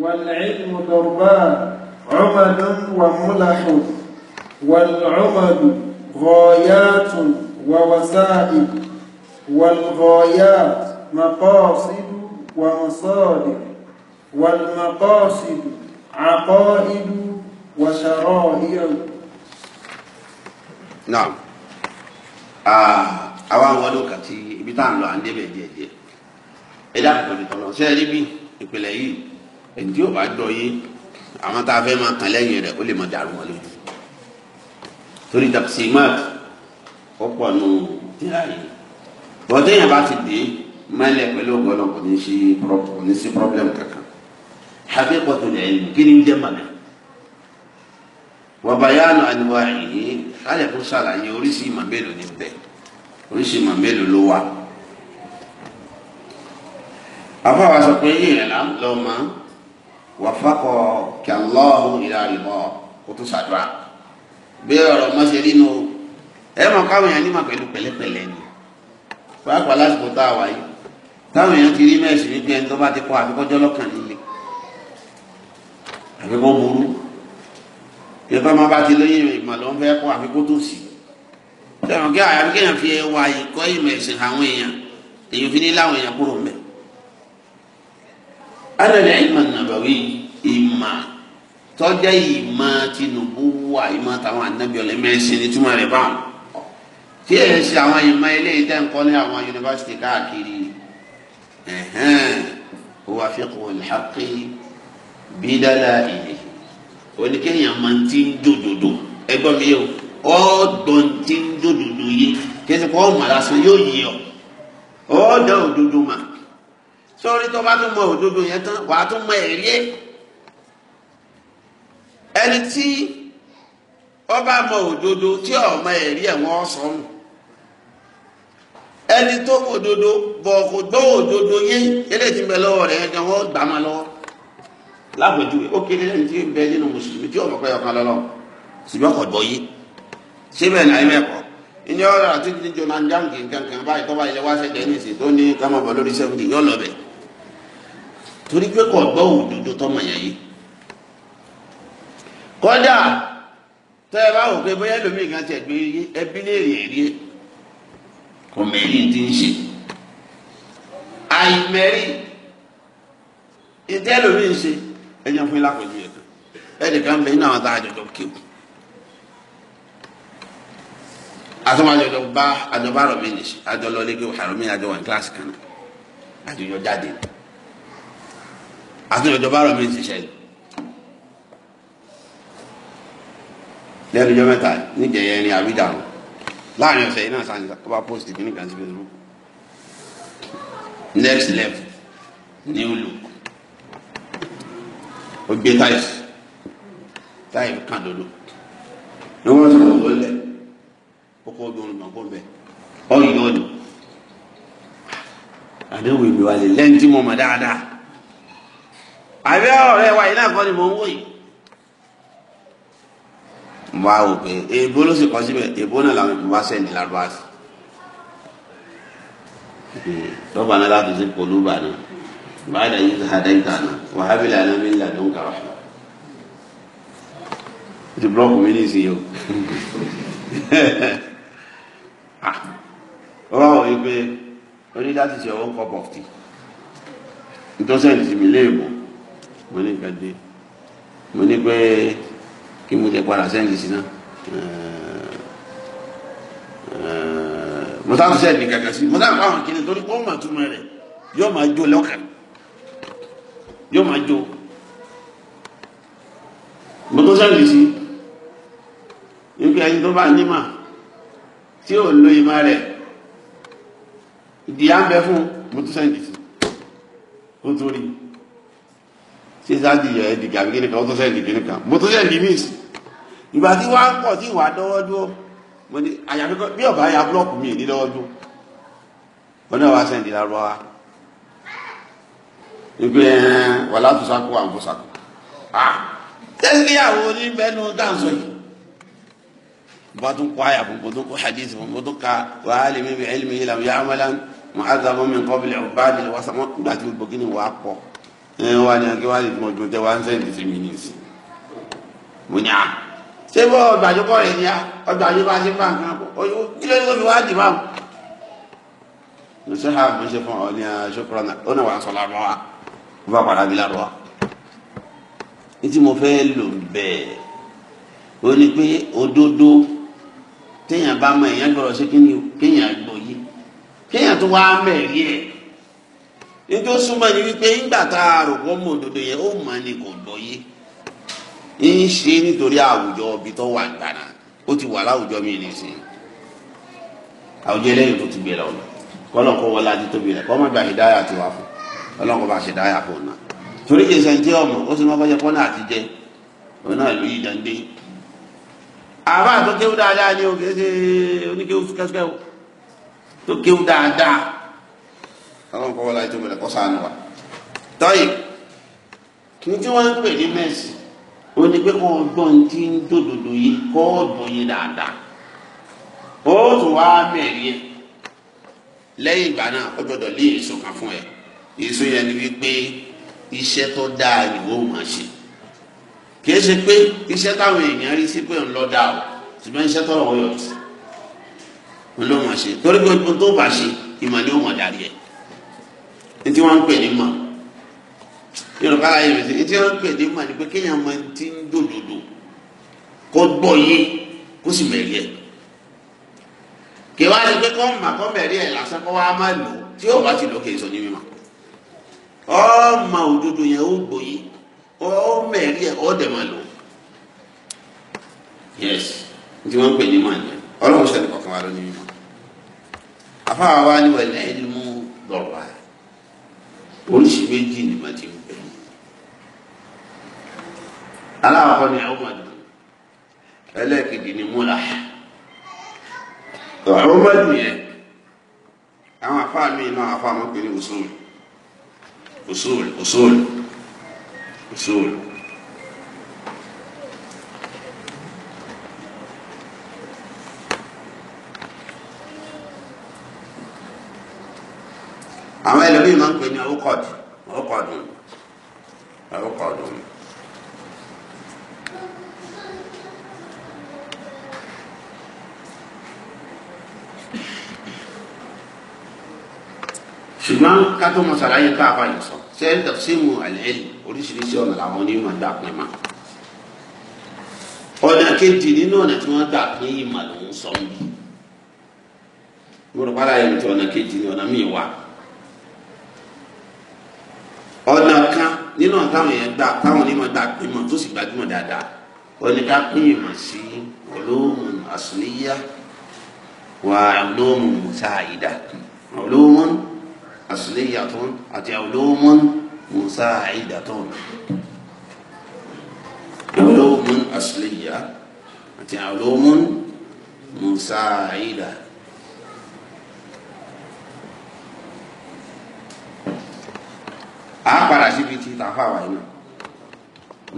والعلم ضربان عمد وملح والعمد غايات ووسائل والغايات مقاصد ومصادر والمقاصد عقائد وشرائع نعم àwa àwọn ọdún kan tí ibi tá à ń lọ à ń débẹ̀ díẹ̀díẹ̀ ẹ dáàbò mi tọ̀nà ṣe é rí bí ìpìlẹ̀ yìí èyí tí yóò bá gbọ́ yé àwọn tá a fẹ́ máa kàn lẹ́yìn rẹ̀ ó lè máa dàrú wọn lójú torí taksimat ọ̀pọ̀ nù tíra yìí bọ́dé yẹn bá ti dé mẹ́lẹ̀ pẹ̀lú ọ̀gọ́dọ̀ kò ní sí kò ní sí problem kankan haqiqatul ilm kí ni jẹ́ mọ̀nà wa bayanu anwa'ihi kálẹ̀ fún sàlàyé oríṣi ìmọ̀ mélòó ní bẹ́ẹ̀ oríṣi ìmọ̀ mélòó ló wà. afáwa sọ pé yìí rẹ̀ lọ́mọ wàfàkọ̀ kẹlọ́ọ̀hún ìlànà ìmọ̀ kó tó ṣàdúrà bí ọ̀rọ̀ ọmọ ṣe rí nu o ẹ mọ̀ káwọn èèyàn nímọ̀ pẹ̀lú pẹ̀lẹ́pẹ̀lẹ́ ni pàápàá lásìkò tá a wà yìí táwọn èèyàn ti rí mẹ́ẹ̀sì wípé ẹni tó bá ti kọ́ àbíkọ́jọ́ lọ́kàn líle àbíkọ́ burú ìyẹ́fẹ́ máa bá ti lóye ìmọ̀ ló ń fẹ́ kọ́ àbíkọ́ tó sì sẹ́wọ̀n kí àyàfi kéèyàn fi wà yìí kọ́ ìmọ̀ ẹ̀sìn àwọn èèyàn èyí fi ní láwọn èèyàn kúrò mẹ́. alẹ́ tọ́jà ìmọ̀ tinubu wà ìmọ̀ táwọn anábì ọ̀lẹ́mẹ̀sìn ní túmọ̀ rẹ̀ báwọn tí ẹ̀ ṣe àwọn ìmọ̀ ilé ìtẹ́ ńkọ́ ní àwọn yunifásitì káàkiri huwa fiqhu al-haqqi bídálà ìlẹ̀ oníkéèyàn máa ti ń dòdòdò ẹgbọ́n mi yóò ọ̀dọ̀ ti ń dòdòdò yé kẹsì kọ́ ọ̀mọ̀ lásán yóò yí ọ ọ̀dọ̀ òdodo mà sórí tó bá tún mọ òdodo yẹn tán wàá tún mọ ẹ̀rí ẹni tí ọba mọ òdodo tí ọmọ ẹ̀rí ẹ̀wọ̀n sọnù ẹni tó òdodo bọ̀ kò gbọ́ òdodo yé eléyìí ti bẹ lọ́wọ́ rẹ̀ ẹ̀jẹ̀ wọ́n gbà má lọ́wọ́ lápẹ̀jùwe ó kéré lẹ́yìn tí ń bẹ nínú mùsùlùmí tí ọmọ pẹ́yọ kan lọ́lọ́ ṣùgbọ́n kò gbọ́ yé ṣé bẹ́ẹ̀ náà ẹ̀mẹ́ kọ́ ìyẹn ọ̀rọ̀ àti ní jonah janki kankan báyìí tọ́ba ilé wáṣẹ jẹ́ ní ìsìn tó ní kámọ́bọ̀ lórí sẹ́wọ̀n yọ̀ lọ́bẹ̀ torí pé kò gbọ́ òdodo tọ́mọ̀ yẹn yìí kọjá tẹ́ ẹ bá wò pé bóyá ẹlòmíì kan ti ẹ̀gbẹ́ yé ẹbí léèrè èrè kò mẹ́rin ti ń ṣe àìmẹ́rin ìtẹ́ ẹlòmíì ń ṣe ẹ̀yàn fún ilá pẹ̀lú ẹ̀kan ẹnìkan bẹ nínú àwọn tá a jọjọ kéwù àtọ́mọ àjọjọ bá àjọba rọ̀ méjì àjọ lọ lé kéwù àrọ̀ méjì àjọ wà ní kíláàsì kan náà àjọjọ jáde àtọ́jọjọ bá rọ̀ méjì ṣẹlẹ̀ lẹ́nu jọ mẹ́ta níjẹ̀yẹ ni àbíjà wọn láàrin ọ̀sẹ̀ yìí náà sáà nígbà tó bá post ìpínlẹ̀ kan Facebook next level new look ó gbé táìs táì kan dodo ni wọ́n sọ̀rọ̀ wọ́n lẹ̀ ó kó gbọ́n gbọ́n kó bẹ̀ ọ́ yìí ọ̀dọ̀ àdéhùn ìgbéwálé lẹ́yìn tí mo mọ̀ dáadáa àbí ọ̀rẹ́ wa yìí náà kọ́ ni mò ń wò yìí mo wá wò pé èèbó ló sì kọ́ síbẹ̀ èèbó náà làwọn èèbó wá sẹ́ni lárúbá sí dọ́gba náà láti sí polúbà náà báyìí lẹ́yìn tó hadaita náà wàhábì lànà mi là ló ń kàrọ̀ ti búlọ́ọ̀kù mi ní ìsinyìí o wọ́n wọ̀ wípé oní láti ṣe ọwọ́ cup of tea nítorí sẹ́yìn ti mi léèbó mo ní nǹkan dé mo ní pé kí mo tẹ padà sẹ́ndì sí náà mo táwọn sẹ́ndì kankan sí mo táwọn fáwọn kìnìún torí pé ó mà túmọ̀ rẹ̀ yóò máa jó lọ́kàn yóò máa jó mo tó sẹ́ndì sí wípé ẹni tó bá nímà tí ò lo ìmọ̀ rẹ̀ ìdíyà ń bẹ mo tó sẹ́ndì sí kó tó rí ṣé sáà di ìyá ẹ̀ kan ó tó sẹ́ndì kí ni kan mo tó sẹ́ndì ní ìsìn ìgbà tí wàá pọ̀ tí ìwà dọ́wọ́ dúró bí ọ̀bá ya búlọ́ọ̀kù mi ní dọ́wọ́ dúró wọn náà wá sẹ́ndì lárúbá wa ìgbé wà látúnṣàkó àǹfọ̀ṣàkó à tẹ́síkìyàwó ní bẹ́nu dáǹsọ̀ yìí bá tún kọ́ àyà fún bó tún kọ́ hadith bó tún ka wa alimin bi ilmihi lam ya'malan mu'adhabun min qabli ibadi wàsàn wọn gbà tí gbogbo kíni wàá pọ̀ ẹ wà ní ṣé bọ́ ọgbàjúkọ rẹ̀ ni ọgbàjú bá ṣe bá nǹkan pọ̀ kí ló ní kó fi wá dì máa mú ṣe ha mo ṣe fún ọ ní aṣọkúrọ ah, náà ó náà wàá sọ lárọ wa ó bá padà bí lárọ wa ní tí mo fẹ́ lò bẹ́ẹ̀ ó ní pé òdodo téèyàn bá mọ èèyàn gbọ́dọ̀ ṣe kíni o kéèyàn gbòye kéèyàn tó wá mẹ́rí ẹ̀ nítorí súnmọ́ ni wípé ńgbà tá a rò pọ́ mọ òdodo yẹn ó mọ̀ ni kò gbòye ń ṣe nítorí àwùjọ ibi tó wà gbàrà ó ti wà láwùjọ mi nìsín àwùjọ eléyìí tó ti gbé lọ kọlọ kọ wọlé àti tóbi rẹ kọ má gba hidaya ti wá fún kọlọ kọ bá ṣe dáyà fún un náà torí kì í ṣe ń tí ọmọ ó sì máa fọyẹ kọ́nà àtijẹ òun náà ló yí dandé àbá tó kéwú dáadáa ni o kì í ṣe oníkéwú kẹsíkẹ o tó kéwú dáadáa kọlọ wọlé àti tóbi rẹ kọ sànù wa tọyì kí ni tí wọn ń pè ní mẹsì o ní pé kọ́ ọgbọ́n tí ń dòdòdò yìí kọ́ ọ̀dùn yìí dáadáa ó tún wá mẹ́rin yẹn lẹ́yìn ìgbà náà ó gbọ́dọ̀ lé èso kan fún ẹ èso yẹn ni wípé iṣẹ́ tó dáa ni máa ṣe kì í ṣe pé iṣẹ́ táwọn èèyàn rí sí pé ń lọ dáa o ṣùgbọ́n iṣẹ́ tọ̀rọ̀ wọ́n yọ̀ sí ń lọ́ máa ṣe torí pé ohun tó bá ṣe ìmọ̀ ni ó mọ̀ dárí ẹ̀ ní tí wọ́n ń pè ní mọ̀ yorùbá la yẹ bẹsẹ etí wọn pè ní ma ni pé kéèyàn máa ti ń dòdòdò kó gbọ́ yé kó sì mẹrí ẹ kí wàá di pé kó mà kó mẹrí ẹ lásán kó wàá má lò tí yóò bá ti lò kì í sọ ní mímọ̀ ọmọ òdodo yẹn ó gbòye ọ mẹrí ẹ ọ dẹ máa lò yes etí wọn pè ní ma ni Ọlọ́run sẹni kọkàn wa ló ní mímọ̀ afáwa wa ni wọlé ẹni mú lọrọ wa oríṣi méjì ni màá ti mú. ala ni ni Mulah Umar yẹn àwọn afá mi náà afá mi pè ní usul usul usul usul. ṣùgbọ́n kátó mọ̀sára yẹn tó àbá yẹn sọ sẹ́yìn tafsimu al-ilm oríṣiríṣi ọ̀nà làwọn onímọ̀ gbà pín ma ọ̀nà kejì nínú ọ̀nà tí wọ́n gbà pín ìmọ̀ ló ń sọ mí mo rò pàdé ayélujára ọ̀nà kejì ní ọ̀nà míì wá ọ̀nà kan nínú táwọn yẹn gbà táwọn onímọ̀ gbà pín mọ̀ tó sì gbajúmọ̀ dáadáa ọ̀nà ká pín ìmọ̀ sí ulum asliya wa ulum musaida ulum asliyatun àti ulumun musa'idatun ulumun asliya àti ulumun musa'ida. a padà síbi tí tàfà wáyé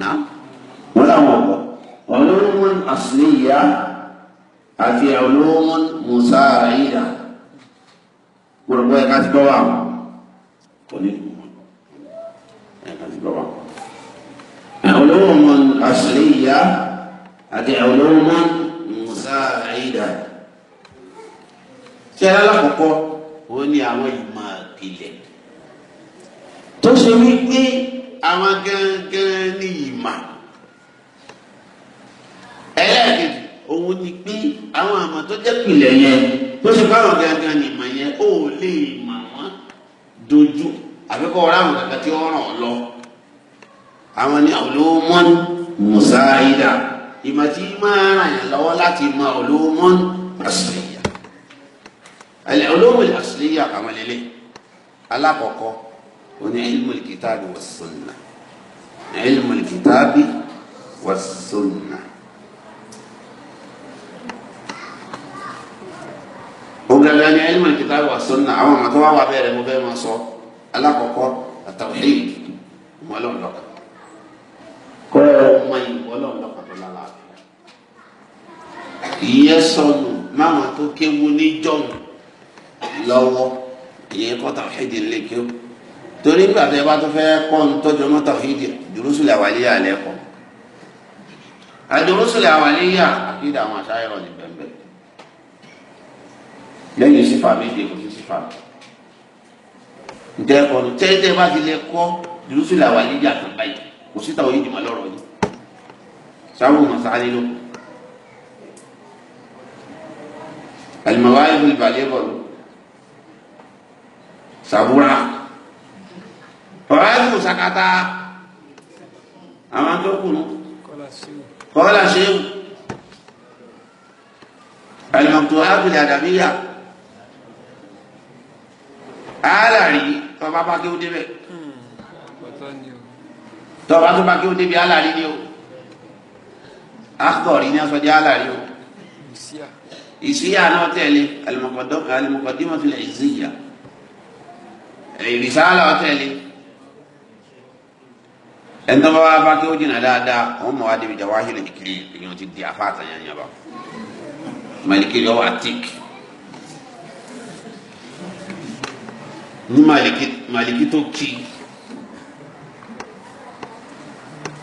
náà náà wọ́n láwọn ọ̀pọ̀ ulumun asliya àti ulumun musaa'ida gbogbo ẹ̀ka ti gbọ́ wà wọ́n onílùú ẹ̀ka ti gbọ́ wa. علوم أصلية àti علوم مساعدة ṣe alákọ̀ọ́kọ́ wọ́n ní àwọn ìmọ̀ ìpìlẹ̀ tó ṣe wípé àwọn gangan ní ìmọ̀ ẹlẹ́ẹ̀kejì òun ni pé àwọn àmọ̀ tó jẹ́ pìlẹ̀ yẹn tó ṣe fáwọn gangan ní ìmọ̀ yẹn ó lè mọ̀ wọ́n dojú àbí kọ́ ọ̀rọ̀ àwọn kankan tí ó ràn ọ́ lọ àwọn ni olóòmọ́n mùsáàyídà ìmọ̀ tí máa ràn yàn lọ́wọ́ láti mọ olóòmọ́n àṣìlẹ̀yà ẹ̀lẹ́ olóòmọ́n àṣìlẹ̀yà àwọn lélẹ̀ alákọ̀ọ́kọ́ oní ilmul kitabi was sunnah ilmul kitabi was sunnah. ó gẹ́gẹ́ kitabi was sunnah àwọn ọmọ tó wà bẹ́ẹ̀ rẹ̀ mo fẹ́ máa sọ. So alákọ̀ọ́kọ́ àtàwíìd ìmọ̀ ọlọ́run lọ́kàn kọ́ ọmọ ìmọ̀ ọlọ́run lọ́kàn tó lálá ìyẹn sọnù máwọn tó kéwu níjọ́nù lọ́wọ́ ìyẹn kọ́ tàwíìd lè ké o torí nígbà tó yẹ bá tó fẹ́ kọ́ ń tọ́jú ọmọ tàwíìd dùrúsùlẹ̀ àwàlẹ́ yà lẹ́kọ̀ọ́ àdùrúsùlẹ̀ àwàlẹ́ yà àkídà àwọn àṣà ẹ̀rọ ní bẹ̀m̀bẹ̀ lẹ́yìn sífà méje kò sí ntẹ kọnu tẹ́tẹ́ bá ti lẹ kọ́ dùrúsù làwà níbi àtàǹbá yìí kò síta òye jùmọ̀ lọ́rọ̀ yìí sáwọ́ mọ̀sálẹ́ ló kù. alimawaye bolo balẹ̀ bọ̀lù sàbúrà ọ̀rẹ́ kò sàkátà àwọn tó kù nù kọ́lá ṣéwù alimakutu ábìlì àdàbíyà alàrí tọba bá kí ó débẹ̀ tọba tó bá kí ó débẹ̀ alàrí ni o akọ̀rí ni aṣọ jẹ́ alàrí o ìṣíyà náà tẹ̀lé alimọ̀kọ̀dímọ̀tìlẹ̀ ìṣíyà ìrìsáàlà ọ̀tẹ̀lé ẹni tó bá wá bá kí ó jìnnà dáadáa òun mọ̀ wá débi jàwáhìrì nìkiri ìyọ̀n ti di afáàtà yẹn yẹn bá malikiri ọwọ́ àtìkì. ní màlìkí màlìkí tó kí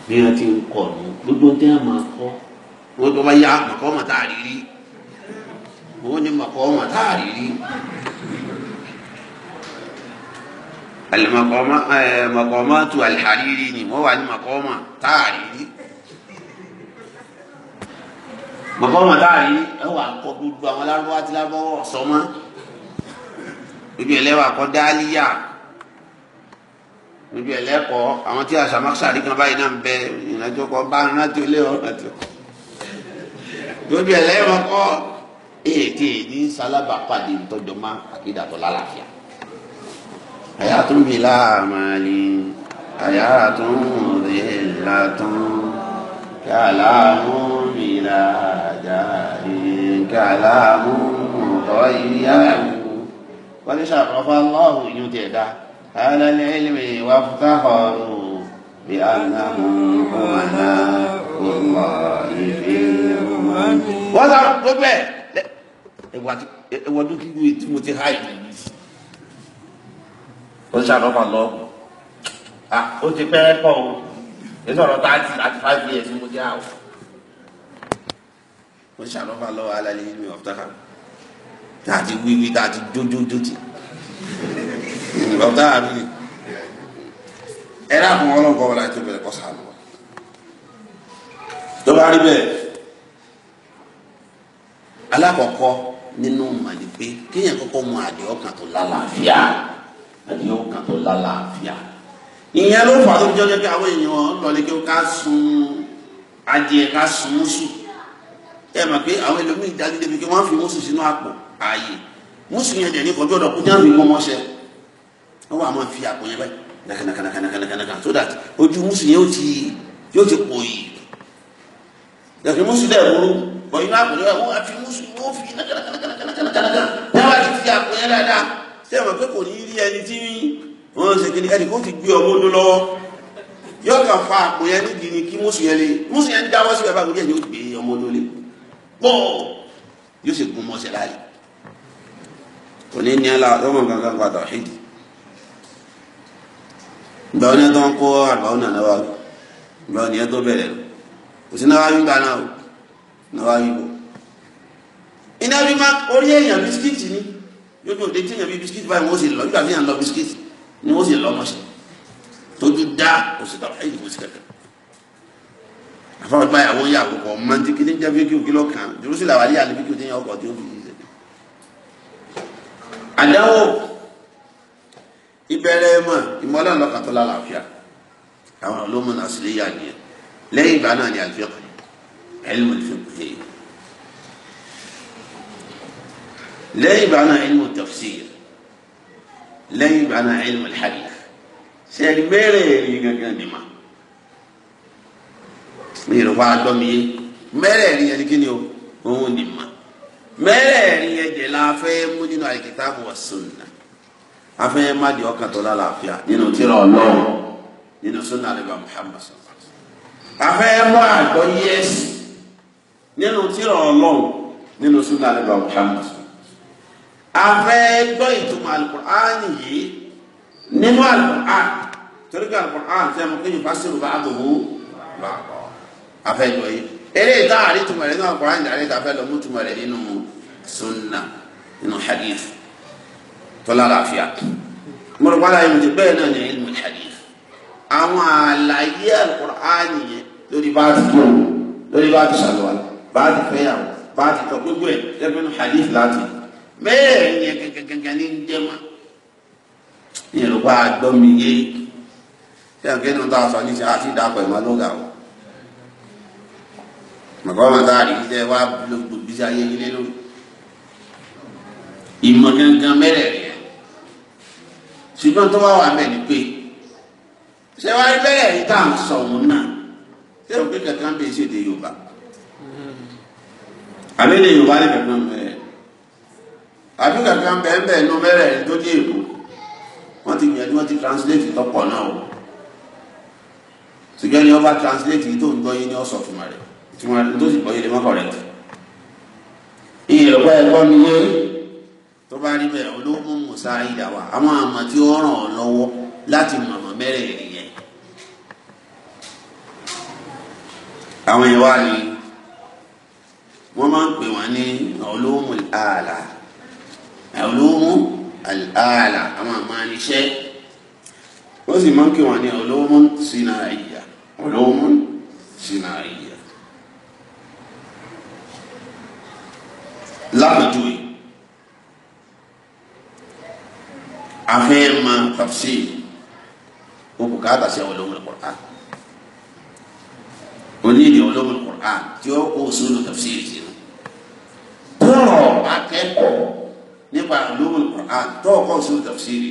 bí wọn ti ń kọ ní gbogbo tí wọn máa kọ wọn tó bá yá màkọ́ ọmọ tá a rí rí wọn ní màkọ́ ọmọ tá a rí rí alimakọma ẹẹ makọma tu alihariri ni wọn wà ní makọma tá a rí rí makọma tá àwọn alárúbáwá ti lárúbáwá ọ̀sọ́ mọ́ ojú ẹlẹ́wà kọ́ dáálíyà ojú ẹlẹ́kọ̀ọ́ àwọn tí àṣà mákṣàdí kan báyìí náà ń bẹ ìrìnàjò kọ́ bá ń rántí olé ọ̀ rántí ọ̀ ojú ẹlẹ́wà kọ́ èèké ní sálábà pàdé ìtọ́jọ́ má àkídàtọ̀ lálàáfíà àyà tó ń bi láàmàlì àyà tó ń rè látún kàlámù mi làjà kàlámù ọ̀yà mi wọ́n ní sàkọ́fà lọ́ọ̀hùn ìyún tiẹ̀ dá alẹ́ ilé wa fúta ọ̀rù bí anahu ọ̀nà ọ̀nà ìfẹ́ wọ́n sọ gbogbo ẹ̀ ẹ̀wọ̀n dúkìlú tí mo ti háì wọ́n sàkọ́fà lọ́ọ̀hùn ah ó ti pẹ́ pọ̀ o èso ọ̀rọ̀ thirty àti five years ni mo jẹ́ àwọn wọ́n sàkọ́fà lọ́wọ́ alẹ́ ilé wa fúta ọ̀rù tá a ti wíwí tá a ti jójójó ti lọ́tà àrí ẹ̀rọ àwọn ọlọ́nkọ́ wọn láti bẹ̀rẹ̀ kọ́ sàánù wa tó bá rí bẹ́ẹ̀ alákọ̀ọ́kọ́ nínú màdì pé kéèyàn kọ́kọ́ mọ àdìọ́ kan tó lálàáfíà àdìọ́ kan tó lálàáfíà ìyẹn ló fà á tó fi jọ́jọ́ pé àwọn èèyàn lọ́lẹ́ kí ó ká sun adìẹ ká sun mùsù ẹ mà pé àwọn ẹlòmíì dájú débi kí wọ́n fi mùsù sínú àpò ààyè wọ́n sì yẹn dẹ̀ ní kọjú ọ̀dọ̀ kó jáwé mọ́mọ́sẹ́ wọ́n wà máa fi àpò yẹn báyìí nàkànàkànàkànàkànàkà so that ojú mùsùlùmí yóò ti yóò ti pò yìí dàbí mùsùlùmí dẹ̀ wúrú bọ̀ inú àpò yẹn wọ́n fi mùsùlùmí wọ́n fi nàkànàkànàkànàkànàkà táwa ti fi àpò yẹn dáadáa sẹ́yìn mọ̀ pé kò ní rí ẹni tí wọ́n ṣe kiri ẹni kó ti gbé ọmọ ọdún lọ́wọ́ yóò kàn fa àpò yẹn níbi ni kí mùsùlùmí yẹn lè mùsùlùmí yẹn dáwọ́ sí bàbá àgbẹ̀dẹ̀ yóò gbé ọmọ ọdún lè pọ̀ yóò ṣe gun mọ́ṣẹ́ láàyè kò ní ní ẹ la yọmọ gangan padà ọ̀hídì gbà wọn yẹn tó ń kó àgbà wọn nàná wa gbà wọn yẹn tó bẹ̀rẹ̀ lọ kò sí náà wá wí gbà náà o náà wá wí bọ̀ iná bí má orí èèyàn bisikíìtì ni yóò dún òde tí èèyàn bí bisikíìtì báyìí wọ́n sì lọ nígbà tí lọ bisikíìtì ni wọ́n sì lọ ọmọ sí tójú dá òsì tàbí ẹ̀yìn kò sí kẹ̀kẹ́ àfọwọ́gbà yàwó yàwó kọ̀ mọ́ntì kí ní jẹ́ fíkì òkìlọ̀ kan jùlọ sí làwárí àlẹ́ fíkì òtẹ́yìn ọkọ̀ tí ó bì í. àdáwò ìbẹ̀rẹ̀ mọ̀ ìmọ̀lẹ́ ọlọ́kà tó lálàáfíà àwọn olómọ náà sì lè yà nìyẹn lẹ́yìn ìgbà náà ni àlùfẹ́ kan ẹlùmọ̀ ìfẹ́ kò tẹ̀ yìí lẹ́yìn ìgbà náà ẹlùmọ̀ tafsir lẹ́yìn ìgbà náà ẹlùmọ̀ hadith sẹ́ni mẹ́rẹ̀ẹ̀rin gangan ni ma mi ìrọ̀wá àgbọ̀mìyé mẹ́rẹ̀ẹ̀rin yẹn ni kí ni o òun ni ma. mẹ́rẹ̀ẹ̀rin yẹn dẹ̀ la fẹ́ mú nínú alikitaabu wa sunna afẹ́ má di ọkàn tó lálàáfíà nínú tírà ọlọ́run nínú sunna alẹ́ bá muhammad sọ̀rọ̀ afẹ́ mú àgbọ̀ yẹ́sì nínú tírà ọlọ́run nínú sunna alẹ́ bá muhammad sọ̀rọ̀ afẹ́ gbọ́ ìtumọ̀ alukur'an yìí nínú alukur'an torí ká alukur'an fẹ́ mu kí yunifásitì rúbà àbòwò bàbọ̀ afẹ́ gbọ́ yìí eléyìí tá yìí àrí tá a rẹ̀ nínú sunna nínú hadith tọ́lá àlàáfíà mọ̀rọ̀ wàhálà yìí ti bẹ́ẹ̀ náà ní ilmu hadith àwọn àlàyé alukur'an yẹn lórí bá ti tó lórí bá ti sàlùwàlà bá ti fẹ́yàwó bá ti tọ́ gbogbo ẹ̀ lẹ́gbẹ̀ẹ́ nínú hadith láti bẹ́ẹ̀ yẹn gẹ́gẹ́gẹ́gẹ́ ní jẹ́mà ní ìlúpa àgbọ̀mí yé ṣé àgbẹ̀nu tá a sọ ní ṣe àti ìdàpọ̀ ìmọ̀ ló ga o mọ̀kọ́ wọn tá a rí jẹ́ wá gbogbo ìgbésí lórí ìmọ̀ gangan mẹ́rẹ̀ẹ̀rin ṣùgbọ́n tó wá wà mẹ́ ni pé ṣé wàá rí mẹ́rẹ̀ẹ̀rin tá à ń sọ òun náà ṣé o pé kankan bẹ́ẹ̀ ṣe èdè Yorùbá àbí èdè Yorùbá lè kankan mẹ́rẹ̀ àbí kankan bẹ́ẹ̀ bẹ́ẹ̀ nu mẹ́rẹ̀ẹ̀rin tó dé èkó wọ́n ti gbìyànjú wọ́n ti translate tọ́pọ̀ náà o ṣùgbọ́n ni wọ́n bá translate yìí tó ń gbọ́ yé ni wọ́n sọ fún ma rẹ̀ tí wọ́n tó sì gbọ́ yé lè má kọ̀ rẹ̀ tì. ìyẹ̀wò ẹ̀kọ́ ni yé tó bá rí bẹ́ẹ̀ olóògùn musa ìdá wa àwọn àmọ́ tí ó ràn ọ́ lọ́wọ́ láti mọ̀ àmọ́ mẹ́rẹ̀ẹ̀rin yẹn. àwọn yẹn wá ní wọ́n máa ń pè wọ́n ní ulumul ààlà ulumul ààlà àwọn àmọ́ àníṣẹ́ ó sì máa ń pè wọ́n ní ulumul sinaiya ulumul sinaiya. lápẹjù yìí. afẹ́ ma tafsir o kò ká tàṣẹ wọlé wọlé Qur'an onídìí wọlé wọlé Qur'an tí ó kó sunu tafsir sí i tọrọ akẹ́kọ̀ọ́ nípa wọlé wọlé Qur'an tọ́ kó sunu tafsir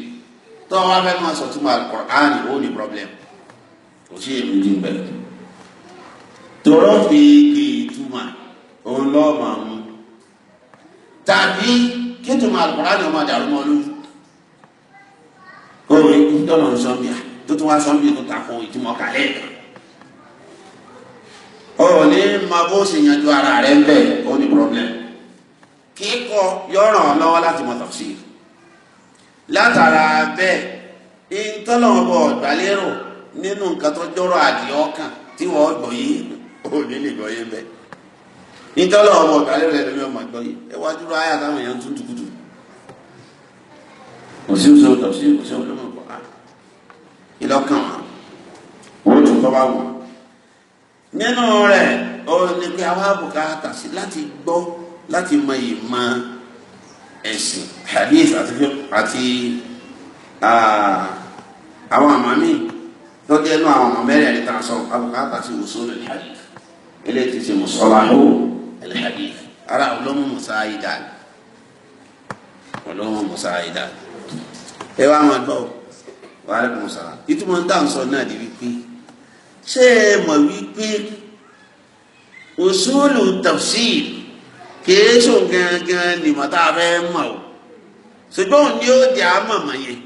tọ́ wa fẹ́ ma sọ̀tún ma Qur'an ó ní problem kò sí èmi dín bẹ́ẹ̀ tọrọ fi kì í túmọ̀ òun lọ́ọ́ máa mú tàbí kí Qur'an yóò ma dàrú mọ́ lójú ntọ́nà sọ́nbíà tó tún wá sọ́nbíà tó takò ìtumọ̀ kàlẹ́ kan. ọ̀rọ̀ ní ma bó ṣe yanjú ara rẹ̀ ń bẹ̀ ó ní problem. kíkọ yọ̀ràn ọ lọ́wọ́ láti mọ̀ tafsir. látara bẹ́ẹ̀ ntọ́nà ọ̀bọ̀ ọ̀gbálérò nínú nǹkan tó jọ́rọ̀ àdìẹ ọkàn tí wọ́n gbọ́ yìí ó ní lè gbọ́ yìí bẹ́ẹ̀. ntọ́nà ọ̀bọ̀ ọ̀gbálérò ẹ̀ lómi ọmọ gbọ́ yìí ẹ wá dúró ayé àtàwọn èèyàn tuntun kùtù. kò sí òṣèlú tafsir kò sí òṣèlú ìlọ́kàn wọn wọ́n tún tọ́ bá wọn. nínú rẹ̀ ó ní pé àwa bùkátà sí láti gbọ́ láti mọ ìmọ̀ ẹ̀sìn hadith àti àwọn àmọ́ mi tó dé inú àwọn ọmọ mẹ́rẹ̀ẹ̀rin tá a sọ àbùkátà sí usul al-hadith eléyìí ti ṣe musalahu al-hadith ara olóhùn musa ayidá olóhùn musa ayidá ẹ wá máa gbọ́ o wàhálà kò sọ̀rọ̀ ìtumọ̀ ń tà ń sọ náà di wípé ṣé ẹ mọ̀ wípé usulu tafsir kìí sùn gangan nìmọ̀ tá a fẹ́ mọ̀ o ṣùgbọ́n ní ó di àmọ̀mọ̀ yẹn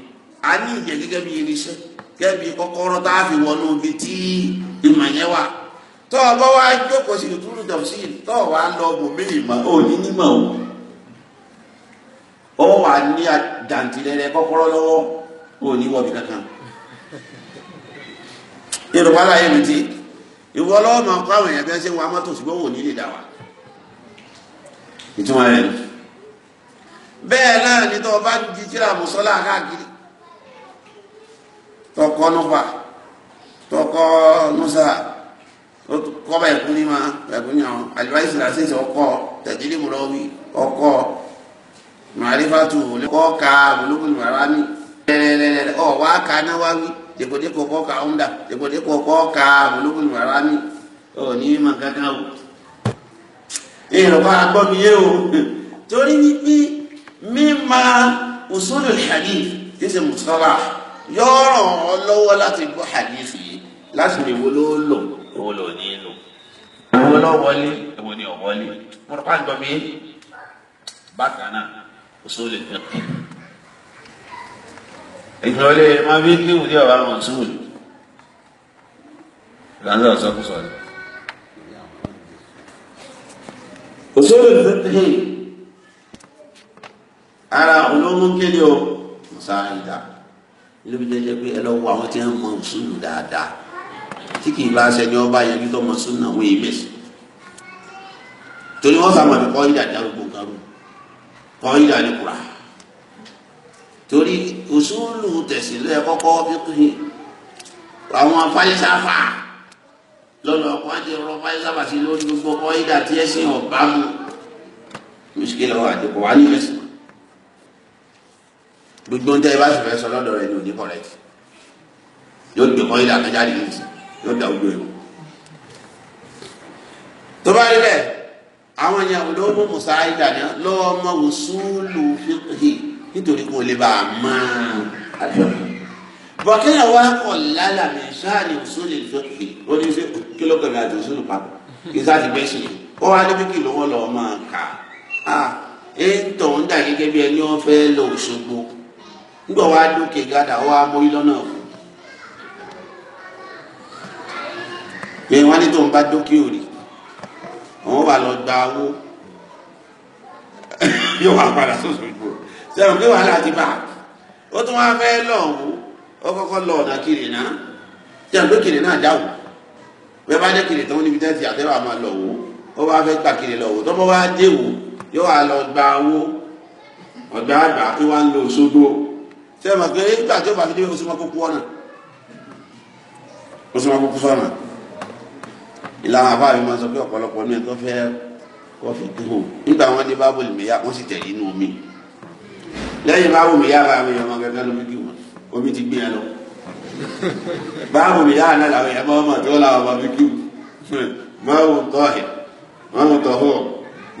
a ní ìyẹn gẹ́gẹ́ bí irinṣẹ́ gẹ́gẹ́ bí kọ́kọ́rọ́ tá a fi wọnú ibi tí ìmọ̀ yẹn wà tọ́ ọ bá wá jókòó sí usulu tafsir tọ́ ọ wá lọ bòmí ìmọ̀ ò ní nímọ̀ o ó wà ní dàǹtìrẹrẹ kọ́kọ́rọ́ lọ́wọ́ o ò ní wọbi kankan yorùbá láyé mi ti ìwọ lọ́wọ́ máa kọ́ àwọn èèyàn bẹ́ẹ̀ ṣe ń wa mọ́tò ṣùgbọ́n wò ní lè ìtumọ̀ rẹ̀ bẹ́ẹ̀ náà ni tó o bá di tíra mùsọ́lá káàkiri tọkọ nufa tọkọ nusa kọba ẹkùnrin ma ẹkùnrin àwọn alibaisi la ṣèṣe ọkọ tẹ̀sílẹ̀ mùlọ́wí ọkọ màrífàtù lẹ́kọ̀ọ́ ká mùlùkùn màrá mi lẹ́lẹ́lẹ́lẹ́ ọ̀ wá ka náwáwí dèkòdèkò kọ́ ka ọ̀ndà dèkòdèkò kọ́ ka olókùnrin wàrà mi ọ̀ ní mọ̀ kankan o. ìrọ̀pá gbọ́ mi yé o torí wípé mímà usulul hadith tí ṣe mùsọ́lá yọ̀ọ̀rọ̀ lọ́wọ́ láti gbọ́ hadith yìí láti lè wo ló lò èwo lò ní lò èwo lọ wọlé èwo ni ò wọlé mọ̀rọ̀pá gbọ́ mi bákan náà usulul fiqh. ìgbà wọlé máa bí kéwù ní ọ̀bá mọ̀ túwù ìlànà ọ̀sọ́kùsọ̀ ni. òṣèlú ìfẹ́tẹ̀ ara olóńgbò kéde o sáà pé ẹ mọ dáadáa tí kì í bá aṣẹ ni torí wọ́n kọ́ kọ́ torí òṣùlù tẹ̀sílú ẹ kọ́kọ́ fíkìhì àwọn afáyésáfà lọ́nà ọkọ̀ àti ọ̀rọ̀ afáyésáfà sí lórí gbogbo ọkọ̀ ìdá tí ẹ sìn ọ̀bá mu mùsùlùmí lọ́wọ́ àdìpọ̀ wà ní ìrẹsì gbogbo ń tẹ́ ẹ bá sì fẹ́ sọ lọ́dọ̀ rẹ ní òní kọ̀rẹ́tì yóò dùn kọ́ ìdá àtẹ́jáde ní ìsìn yóò dà ojú ewu. tó bá rí bẹ́ẹ̀ àwọn èèyàn ló mú musa ìdá ni lọ́wọ́ mọ́ wùsùlù fíkìhì nítorí kó lè bá a mọ àlùfáà bọ̀kẹ́yà wa kọ̀ lálàmì sáàlì òṣòlì ìfẹ́ ó ní ṣe kílọ̀kọ̀ mi àti òṣòlì papọ̀ ìsáàlì bẹ́ẹ̀ ṣe ó wá níbi kí lọ́wọ́ lọ́wọ́ máa kà á ẹ̀ ń tọ̀ ń dà gẹ́gẹ́ bí ẹni wọ́n fẹ́ lọ Òṣogbo nígbà wàá dókè gàdà wàá mórí lọ́nà òkú pé wọ́n ní tó ń bá dókè òrì wọ́n wà lọ gba owó yóò wá padà sóṣogbo. sẹ́wọ̀n pé wà ti bá ó tún wá fẹ́ lọ́hùn ó kọ́kọ́ lọ ọ̀nà kiri náà sẹ́wọ̀n pé kiri náà dáwò bẹ́ẹ̀ bá jẹ́ kiri tán níbi àtẹ́wà máa lọ ó bá fẹ́ gbà kiri lọ tó bá wá dé yóò wá lọ gba owó ọ̀gbà àgbà pé wá ń lo òṣogbo sẹ́wọ̀n pé nígbà bá fi dé oṣù mọ́kókó ọ̀nà oṣù mọ́kókó ìlànà àbáyọ máa sọ pé ọ̀pọ̀lọpọ̀ ní ẹ̀ tó fẹ́ tó nígbà wọn dé mẹ́yà wọ́n sì tẹ̀lé inú lẹ́yìn báwo mi yá báwo mi ọmọ gẹ́gẹ́ lómi kí wọn omi ti gbé yẹn lọ báwo mi yá àná làwọn yẹn mọ́mọ́ tó làwọn ọmọ mi kí wọn mọ́wọ́ tọ́hẹ̀ mọ́wọ́ tọ́họ́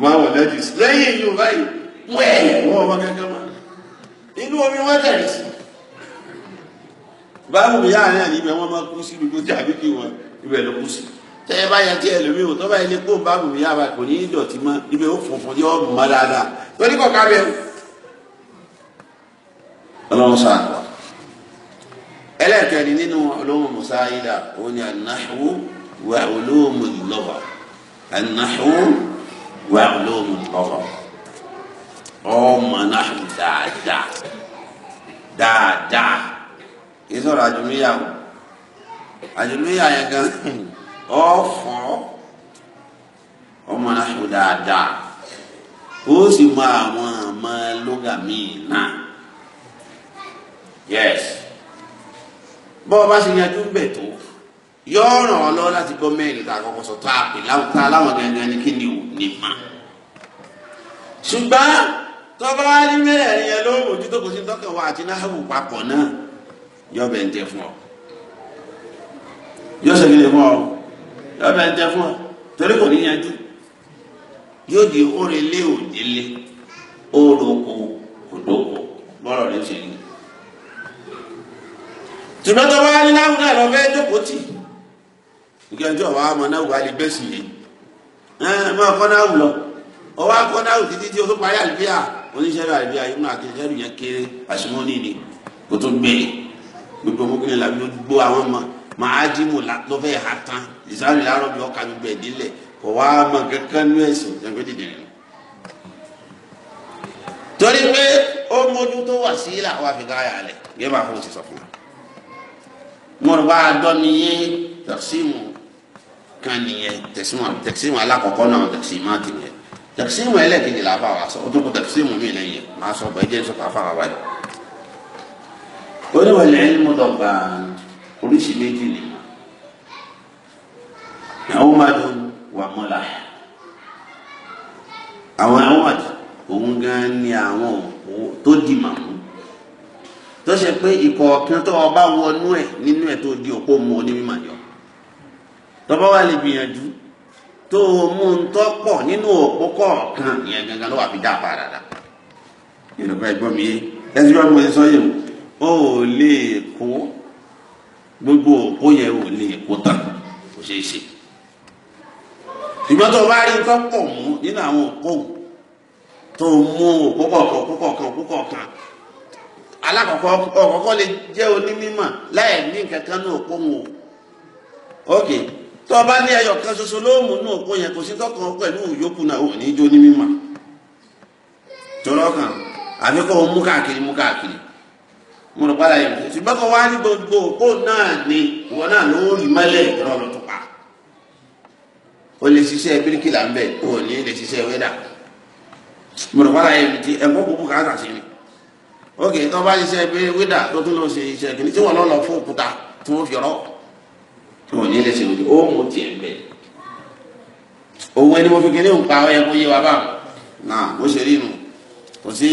mọ́wọ́ lẹ́jì lẹ́yìn yóò báyìí wẹ́ẹ̀ wọ́n ọmọ gẹ́gẹ́ mọ́ inú omi wọ́n tẹ̀lé sí báwo mi yá àná yẹn ibẹ̀ wọ́n máa kú sí ibi tó jà bí kí wọn ibẹ̀ ló kú sí tẹ bá yẹn tí ẹlòmíì ò tọ́ bá yẹn lé kó báwo mi yá àbá kò ní í dọ̀tí mọ́ ibẹ̀ ó funfun yọ ọ́ mọ́ dáadáa torí kọ̀ọ̀ká bẹ́ẹ̀ ọlọ́run sàánù wa ẹlẹ́ẹ̀kẹrin nínú ulum musa'ida òun ni an-nahwu wa ulum al-lugha an-nahwu wa ulum al-lugha ọmọ nahwu dáadáa dáadáa kì í sọ̀rọ̀ àjùmíyà o àjùmíyà yẹn gan ọ̀fọ̀ ọmọ nahwu dáadáa ó sì mọ àwọn ọmọ lọ́gà náà yes bọ́ ọ bá ṣe yanjú bẹ̀ tó yọ ràn ọ́ lọ́wọ́ láti gbọ́ mẹ́rin tá a kọ́kọ́ sọ tó a pè láwùká láwọn gangan ni kí ni ò ní ma ṣùgbọ́n tọ́ba wa ní mẹ́rẹ̀ẹ̀rin yẹn ló ń mójú tó kò sí tọ́kẹ̀ wa àti náhàbù papọ̀ náà yọ bẹ̀ ń tẹ fún ọ yọ sẹ́gi lè fún ọ yọ bẹ̀ ń tẹ fún ọ torí kò ní yanjú yóò di orelé òdílé oroko òdoko bọ́rọ̀ ló ṣe ní ṣùgbọ́n tó bá wá ní láwùn náà lọ fẹ́ jókòó tì ìgbà tí ọ̀wá ọmọ náà wà lè gbèsè yìí ẹ̀ máa kọ́ náà wù lọ ọwọ́ akọ́ náà wù títí tí o tó parí àlùfíà oníṣẹ́rù àlùfíà yìí máa kiri ṣẹ́rù yẹn kéré àṣemọ́nì ni kò tó gbé gbogbo ọmọ kìnìún làbí gbogbo àwọn ọmọ màá dì mú lọ fẹ́ ha tán ìsáàlù làárọ̀ bí ọkà gbogbo ẹ̀ nílẹ̀ kò wá mọ kankan nú ẹ̀sìn ẹgbẹ́ mo rò bá a dọ́ mi yé tẹ̀síìmù kan nìyẹn tẹ̀síìmù tẹ̀síìmù alákọ̀ọ́kọ́ náà tẹ̀síìmù àti nìyẹn tẹ̀síìmù ẹlẹ́kejì la fà wá sọ o tó kó tẹ̀síìmù mi lẹ́yìn màá sọ bẹ́ẹ̀ jẹ́ sọ káfà wá báyìí. oníwèlè ilmu dọ̀gba oríṣi méjì ni àwọn madu wà mọ́lá àwọn àwọn òun gan ni àwọn tó di màmú tó ṣe pé ìkọ̀ọ̀kan tó o bá wọnú ẹ̀ nínú ẹ̀ tó di òpó mu onímọ̀ yọ tó bá wà lè gbìyànjú tó o mú un nínú òpó kọ̀ọ̀kan ìyẹn gangan wà fi a padà dá mi yé ẹsẹ gbogbo òpó ò lè kó tán kò ṣeé ṣe ìgbọ́n tó o bá rí nǹkan pọ̀ alakọkọ ọkọkọ le jẹ́ onímọ̀ láì ní ní òpó ok tó o bá ní ẹyọ kan ṣoṣo lóòmù ní òpó yẹn kò sí tọkàn pẹ̀lú yòókù náà ò ní mú káàkiri mú káàkiri mo rò yẹn o lè ṣiṣẹ́ bíríkìlà o lè ṣiṣẹ́ wẹ́dà mo rò yẹn ẹ̀kọ́ ok tó bá ṣiṣẹ́ pé wídà tó tún lọ ṣe iṣẹ́ kìíní tí wọ́n lọ lọ fún òkúta tí wọ́n fi rọ́ tí wọ́n ní lè ṣe lòdì ó mú tiẹ̀ bẹ̀. òun ẹni mo fi kìíní òǹkà ọ kó yé wa bá nà mo ṣe rí nu kò sí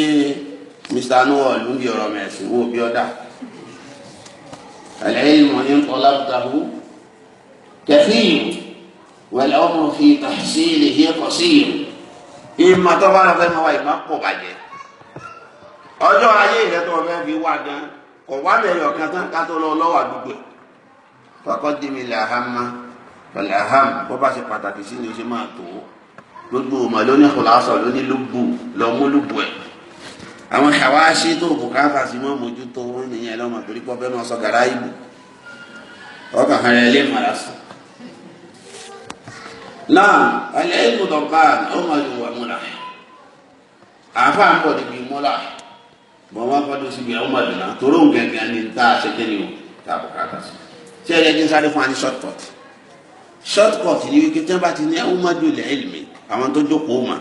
mr noel ló ń di ọ̀rọ̀ mẹ́sìn wo bí ọ̀dà العلم إن طلبته كثير والعمر في تحصيله قصير إما طبعا غير ما وإما قبعه ọjọ́ ayé rẹ tó fẹ́ fi wá gan kò wá bẹ̀rẹ̀ ọ̀kan tán ká tó lọ lọ́wọ́ àdúgbò kọ̀ọ̀kan dèmi làhámà làhám bó bá ṣe pàtàkì sí ni o ṣe máa tó gbogbo ọmọ lóní ọ̀làṣọ lóní lóbu lọ́mú lóbu ẹ̀ àwọn ṣàwáṣí tó kù káfà sí mọ́ mójútó wọn nìyẹn lọ́mọ torí pọ́ bẹ́ẹ̀ máa sọ gàrá ìbò ọkàn kan rẹ̀ lé màrà sùn. náà alẹ́ ìbùdókàn ọmọ ìlú múlá àáfàá ń bọ̀ níbi múlá bọ́n wá pàdé síbi àwọn màdùnà tóró gẹ̀gẹ̀ ni tá a ṣe kéde o tá a bọ̀ káàkà sí. ṣé ẹ jẹ́ kí n sáré fún wa ní short cut short cut ni wípé tí wọ́n bá ti ní àwọn màdùnà ilmi àwọn tó jókòó mà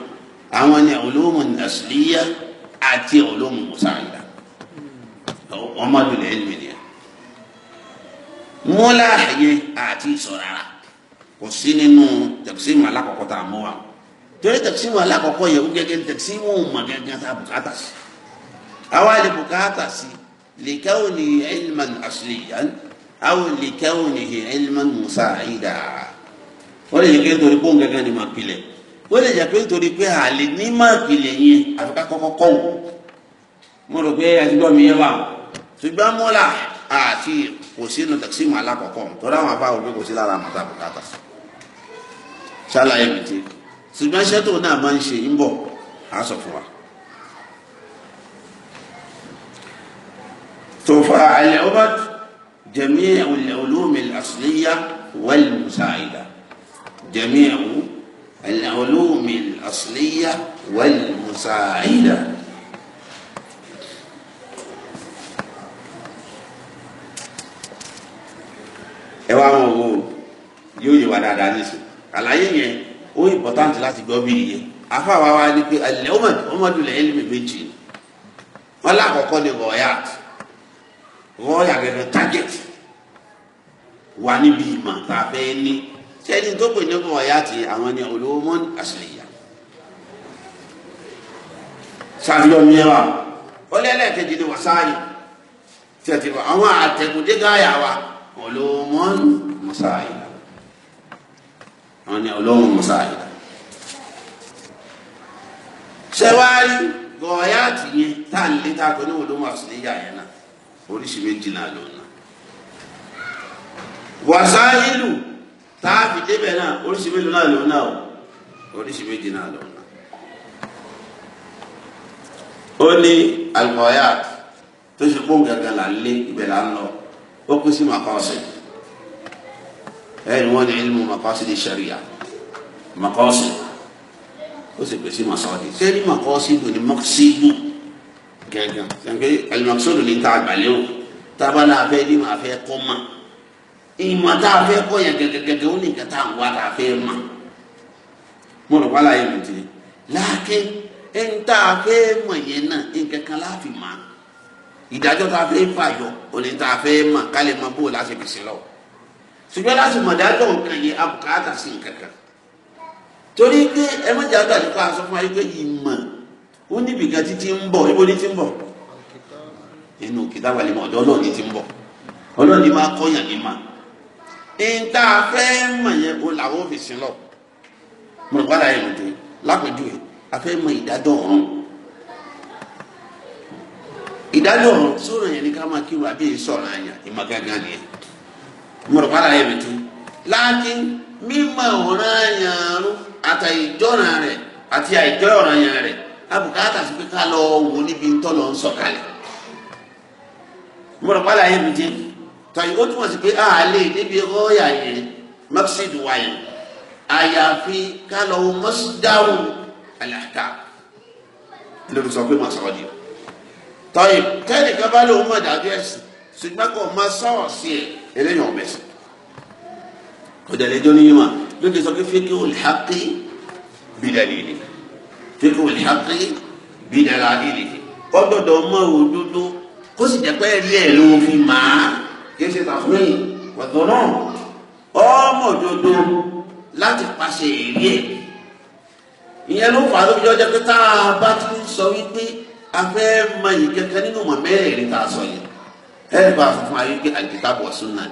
àwọn ni olóòmù asliya àti olóòmù musaida àwọn màdùnà ilmi ni múlá àyè àti ìsọ̀rara kò sí nínú tẹ̀síìmù alákọ̀ọ́kọ́ tá a mú wa torí tẹ̀síìmù alákọ̀ọ́kọ́ yẹ kó gẹ́gẹ́ tẹ̀síìmù mọ̀ tá a bùkátà sí àwa lè bùkátà sí lìkẹ́wònì ilman asliyan àwọn lìkẹ́wònì ilman musaida wọ́n lè jẹ́ pé nítorí pọ́ùn gángan ni màá pilẹ̀ wọ́n lè jẹ́ pé nítorí pé àlè ní màá pilẹ̀ yẹn àfikà kọ́kọ́ kọ́wọ́ mo rò pé àtijọ́ mi yẹ wà ṣùgbọ́n mọ́là àti kò sínú tẹ̀síìmù alákọ̀ọ́kọ́ tọ́lá àwọn afáwọn pé kò sí lára àmọ́tà bùkátà sí ṣàlàyé mi ti ṣùgbọ́n iṣẹ́ tó náà máa ń ṣe ń bọ̀ á wa. تفاع العبد جميع العلوم الأصلية والمساعدة جميع العلوم الأصلية والمساعدة ẹ wá wọn wo yóò yẹ wá dáadáa ní sùn àlàyé yẹn ó important láti gbọ́ bí yẹ afa wa wa ni pé alẹ́ ọmọdún lẹ́yìn méjì wọn lákọ̀ọ́kọ́ ni bọ̀ọ́yà tó wọ́n yàgẹ̀dẹ̀ target wà níbi ìmọ̀ tá a fẹ́ ní sẹ́ni tó pè ní ọkọ̀ ọ̀yá ti àwọn ni olówó àṣìlẹ̀yà sàfihàn mi wa ó lẹ́lẹ̀ kejì ni wàsáàyè tẹ̀tì wa àwọn àtẹ̀kùdé gáyà wa olówó mọ̀sáàyè àwọn ni olówó mọ̀sáàyè sẹ́wárí gọ̀ọ́yá tìyẹn tá à ń lé tá a kò ní olówó àṣìlẹ̀yà yẹn oríṣi méjì náà ló ná wàsá ìlú táàbì débẹ̀ náà oríṣi méjì náà ló ná o oríṣi méjì náà ló ná ó ní alimoyat tó ṣe kó gàgà là ń lé ibẹ̀ là ń lọ ó kú sí maqasid ẹni wọ́n ní ilmu maqasid sharia maqasid ó sì pèsè maqasid sẹ́ni maqasid ló ní maqasid gẹ́gẹ́ sẹ́ńké alimakisodo ni tá a gbàlẹ́ o tábà náà fẹ́ ní màá fẹ́ kọ́ ma ìmọ̀ tá a fẹ́ kọ́ yẹn gẹ́gẹ́gẹ́gẹ́ ó ní nǹkan tá à ń wá tá a fẹ́ ma mo rò wá láyé mi ti láàké ń tá a fẹ́ mọ̀ yẹn náà nǹkan kan láàfin ma ìdájọ́ tá a fẹ́ fàyọ òní tá a fẹ́ mọ̀ kálí ma bó o láti fi sí ṣùgbọ́n láti mọ̀ dájọ́ nǹkan yẹn abùkátà sí nǹkan kan torí pé ẹ ó níbi kan títí ń bọ̀ ibo ni ti ń bọ̀ inú kìtàbà lè mọ̀ ọ̀dọ̀ ọlọ́run ni ti ń bọ̀ ọlọ́run ni máa kọ́yàn ní ma nta fẹ́ mọ̀ yẹn o làwọn fi sin lọ mo rò wàhálà yẹn lòdì lápẹjùwe a fẹ́ mọ̀ ìdájọ́ ọ̀run ìdájọ́ ọ̀run sọ̀rọ̀ yẹn ni ká máa kírun àbí sọ̀rọ̀ àyàn ìmọ̀ gángan nìyẹn mo rò wàhálà yẹn lòdì láti mímọ̀ ọ̀ràn àyàn àtàìjọ́ràn rẹ̀ àti àìjọ́ràn àyàn rẹ̀ abùkátà sí pé ká lọ wò níbi ntọ́ lọ ń sọ̀kalẹ̀ mo rò pálá yẹn mi jẹ́ tọ́yìn ó túmọ̀ sí pé a lè débi rọ́ọ̀yà yẹn maqsid wáyé àyàfi ká lọ wò masdaru àlàkà lórí sọ pé màá sọ̀rọ̀ di tọ́yìn tẹ́nìkan bá lóun mọ̀ dájú ẹ̀sìn ṣùgbọ́n kò máa sọ̀rọ̀ sí ẹ̀ eléyìí ọ̀bẹ̀ sí kò dẹ̀ lẹ́jọ́ lókè sọ pé fíkì olùhàkì bídàlì ni fíkú ìhàkì bídàrà ìlì ọgbọ́dọ̀ mọ òdodo kó sì jẹ́ pé ẹ̀rí ẹ̀ ló fi máa kí ṣe tàfúnì pẹ̀tọ́ náà ọmọ òdodo láti pàṣẹ èrí ẹ̀ ìyẹn ló fà á lóbi ọjọ́ pé tá a bá ti ń sọ wípé a fẹ́ mọ yìí kankan nínú mọ̀ mẹ́rẹ̀ẹ̀rin tá a sọ yẹn ẹ̀rí bá fún wa wípé àgbẹ̀tàbọ̀ sún náà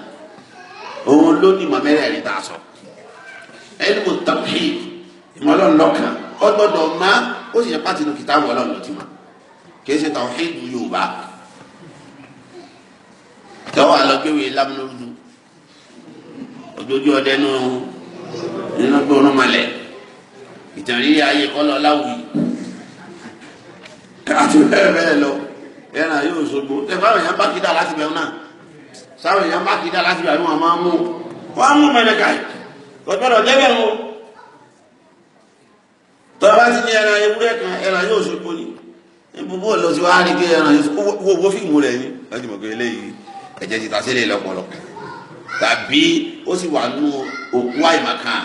òun ló ní mọ̀ mẹ́rẹ̀ẹ̀rin tá a sọ ẹ̀rí mo tàbí ìmọ̀lọ́ọ̀lọ́kàn ọgbọ́dọ̀ má ó sì yẹ pàtì nù kìtà wọ́n lọ́nà tí ma kìí ṣe tàwọn hídù yorùbá tẹ́wọ́ àlọ́gbéwé lámúlòdù ojojú ọdẹ nù nínú gbóòórùn malẹ̀ ìtẹ̀rí ayé kọ́lọ́ láwùí àti bẹ́ẹ̀ bẹ́ẹ̀ lọ ẹ̀ràn yóò ṣogbo ẹ̀ fáwọn èèyàn bá kìdá láti bẹ̀rù náà sáwọn èèyàn bá kìdá láti bẹ̀rù àwọn máa mú wọn á mú mẹ́lẹ̀ká ọ̀gbẹ́rọ̀ jẹ́bẹ̀rún tọ́ bá ti ní ẹran ewúrẹ́ kan ẹran yóò ṣogbo ni ibùbù lọ sí wàá rí pé ẹran wo wo fíìmù rẹ ni láti mọ̀ pé eléyìí ẹ̀jẹ̀ ti ta sílẹ̀ lọ́pọ̀lọpọ̀ tàbí ó sì wà nù òkú àìmọ̀kan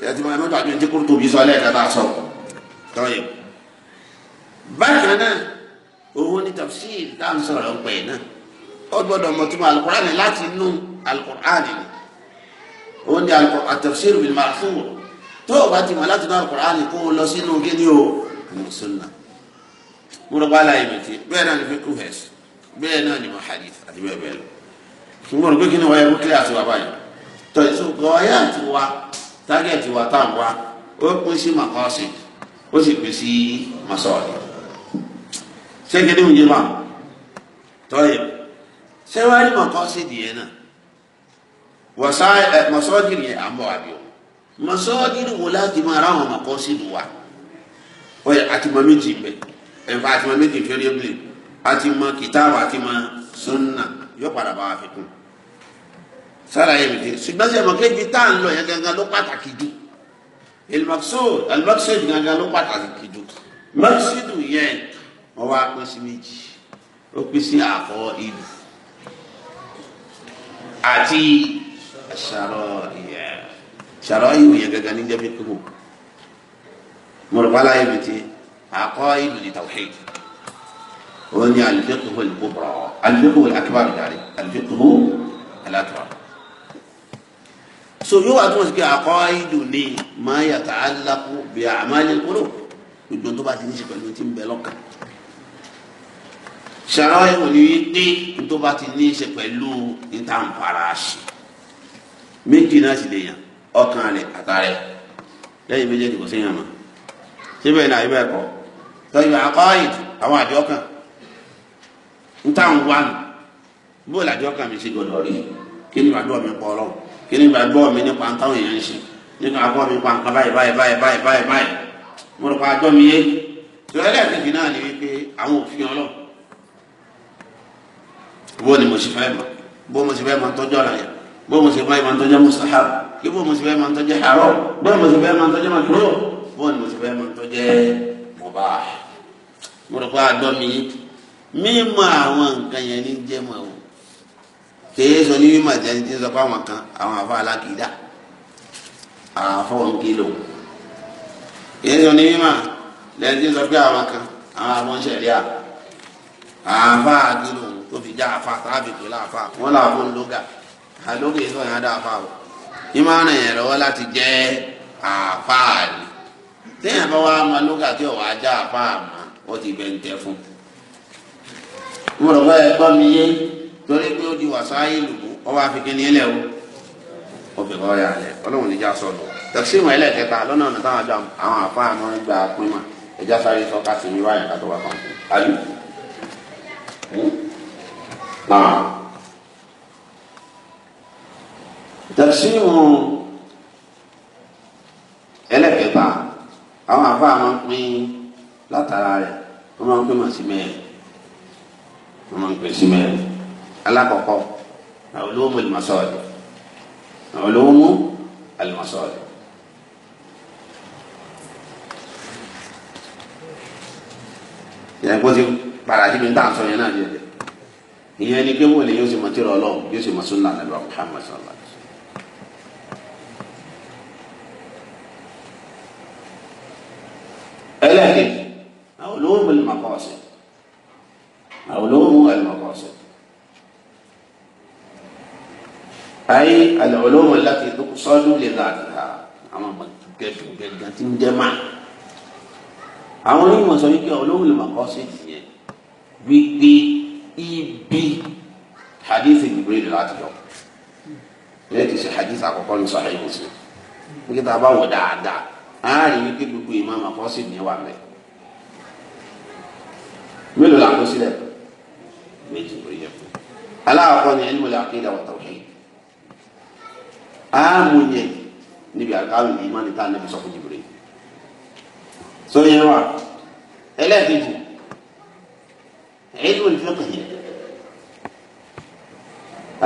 ṣètì mọ̀ ẹ̀mọ́tò àbí ẹ̀jẹ̀ kó tóbi sọ lẹ́ẹ̀kan bá sọ tọ́yìn. bákan náà òun ni tafsir tá à ń sọ̀rọ̀ ọ̀pẹ̀ náà ó gbọ́dọ̀ mọ̀ tó mọ̀ alukur'ani láti inú alukur'ani ni òun ni alukur'ani tafsir bil ma'thur tó o bá ti mọ̀ láti náà Kùránì kó o lọ sínú kíni o àwọn sunna mo rọ bá láyé mi ti bẹ́ẹ̀ náà ni fi kú hẹ̀s bẹ́ẹ̀ náà ni mo hadith àti bẹ́ẹ̀ bẹ́ẹ̀ lọ ṣùgbọ́n rẹ pé kíni wáyé kó kílẹ̀ àti wà báyìí tọ́ ìṣòkò ayé àti wa tágẹ̀tì wa tá à ń wa ó pín sí màkọ́sì ó sì pín sí màsọ́ọ̀lì ṣé kí ni mo yé yẹ ṣé màkọ́sì dìé náà wọ́n sá màsọ́ọ̀lì yẹn à ń bọ̀ àbí mọ̀sọ́ọ́dúnrún wo láti máa ra àwọn ọmọkọ́ sí ìlú wa ọyẹ àti mọ méjì bẹ ẹnfà àti mọ méjì fẹrẹbìlì àti mọ kìtáàbù àti mọ sunna yóò padà bá wa fi kún sára yẹn mi dé ṣùgbọ́n sẹ́yìn mọ̀ kébi tá à ń gangan ló pàtàkì jù elmaksud elmaksud gangan ló pàtàkì jù maksidu yẹn wọ́n wá pín sí méjì ó pín sí àkọ́ ìlú àti àṣàrọ̀ ṣàrọ ayé òye gẹ́gẹ́ ní jẹ fíkú mọlùpàlà ayé mi ti àkọ ìlú ní tawhid òun ni alifikihu alkubra alifikihu alakibaru dari alifikihu alatura so yóò wá tó wọn sì pé àkọ ìlú ní máa yàtọ̀ alákú bí àmàlẹ kúrò gbogbo tó bá ti ní ṣe pẹ̀lú tí ń bẹ lọ́kàn ṣàrọ ayé òní wípé ti ní ṣe pẹ̀lú ní tàǹfàrà ṣe méjì ọkàn rẹ̀ àtàrẹ̀ lẹ́yìn méjèèjì kò séyàn mọ́ síbẹ̀ náà ibẹ̀ kọ́ tọ́jú àkọ́yìn àwọn àjọ kan ń táwọn wà nù bó làjọ kan mi ṣe gbọdọ̀ rí kí ni ìgbàgbọ́ mi pọ̀ ọlọ́run kí ni ìgbàgbọ́ mi nípa táwọn èèyàn ń ṣe nínú àgbọ́ mi pa nǹkan báyìí báyìí báyìí báyìí báyìí báyìí mo rò pa àjọ mi yé tòlẹ́lẹ́ kejì náà ni wípé àwọn òfin ọlọ́run bó ni mo ṣe fẹ́ mọ̀ bó mo ṣe fẹ́ mọ̀ tọ́jú ọ̀ràn yẹn bó mo ṣe fẹ́ mọ̀ tọ́jú mustahab pé bó mo sì fẹ́ máa ń tọ́jẹ́ àárọ̀ bó mo sì fẹ́ máa ń tọ́jẹ́ màkúrò bó mo sì fẹ́ máa ń tọ́jẹ́ mọ̀bá mo rò pé àdọ́ mi mímọ àwọn nǹkan yẹn ní jẹ́ mọ̀ o kìí sọ ní mímọ àti ẹni tí ń sọ pé àwọn kan àwọn àfa alákìídà àfọwọ́n kìlò kìí sọ ní mímọ lẹ́yìn tí ń sọ pé àwọn kan àwọn àfọ̀nṣẹ̀ríà àfa àkìlò tó fi já àfa táàbì láàfa wọn làwọn ń lóga àlóga ìsọ̀yàn dá àfa o ìmọ̀ràn yẹn lọ́wọ́ láti jẹ́ àfáàní téèyàn bá wá máa lóga tí òwò ajá àfáàmà ó ti bẹ̀ ń tẹ fún. mo rọ̀ bẹ́ẹ̀ gbọ́ mi yé torí pé ó di wàsáyé lùbú ó wá fi kíni ilẹ̀ o ó fi kọ́ ya lẹ̀ ọlọ́run níjà sọ̀rọ̀ tẹ̀sí ìwọ̀n ẹlẹ́kẹta lọ́nà ọ̀nà táwọn àjọ àwọn àfáàmà ń gba pín mà ẹja sáré sọ ká sinmi wáyà ká tó wá kàn án tẹ̀síwò ẹlẹ́kẹta àwọn àfa máa ń pín látara rẹ̀ wọ́n máa ń pín mọ̀ sí mẹ́rin wọ́n máa ń pín sí mẹ́rin alákọ̀ọ́kọ́ àwọn olówó ìmọ̀sọ́ọ̀dẹ̀ àwọn olówó àlùmọ̀sọ́ọ̀dẹ̀. ìyẹn kó ti padà síbi tá à sọ yẹn náà yẹn ìyẹn ni pé wọ́n lè yóò ṣe mọ̀ tí ìrọ̀ ọlọ́run yóò ṣe mọ̀ sunna nàbẹ̀ Muhammad sallallahu. مأولوه بالمقاصد مأولوه المقاصد أي العلوم التي تقصد لذاتها أما ما تبكيش مجال جاتين جمع أولي ما سويكي علوم المقاصد بيكي إي بي حديث جبريل لا تجوب ليتي سي حديث أكو قول صحيح مسلم بيكي تابا ودع دع آه يمكي بيكو إمام مقاصد نيوامي mélòó sílẹ̀ méjì lórí yẹn fún aláàkọ́ ni ẹni mọ̀lẹ́ àkéèdà wọ̀ tawhid ààmú yẹn níbi àkáwé ní ìmọ̀ níta níbi sọ́kù jìbìrì sóyè wa ẹlẹ́ẹ̀kejì ilmu al-fiqh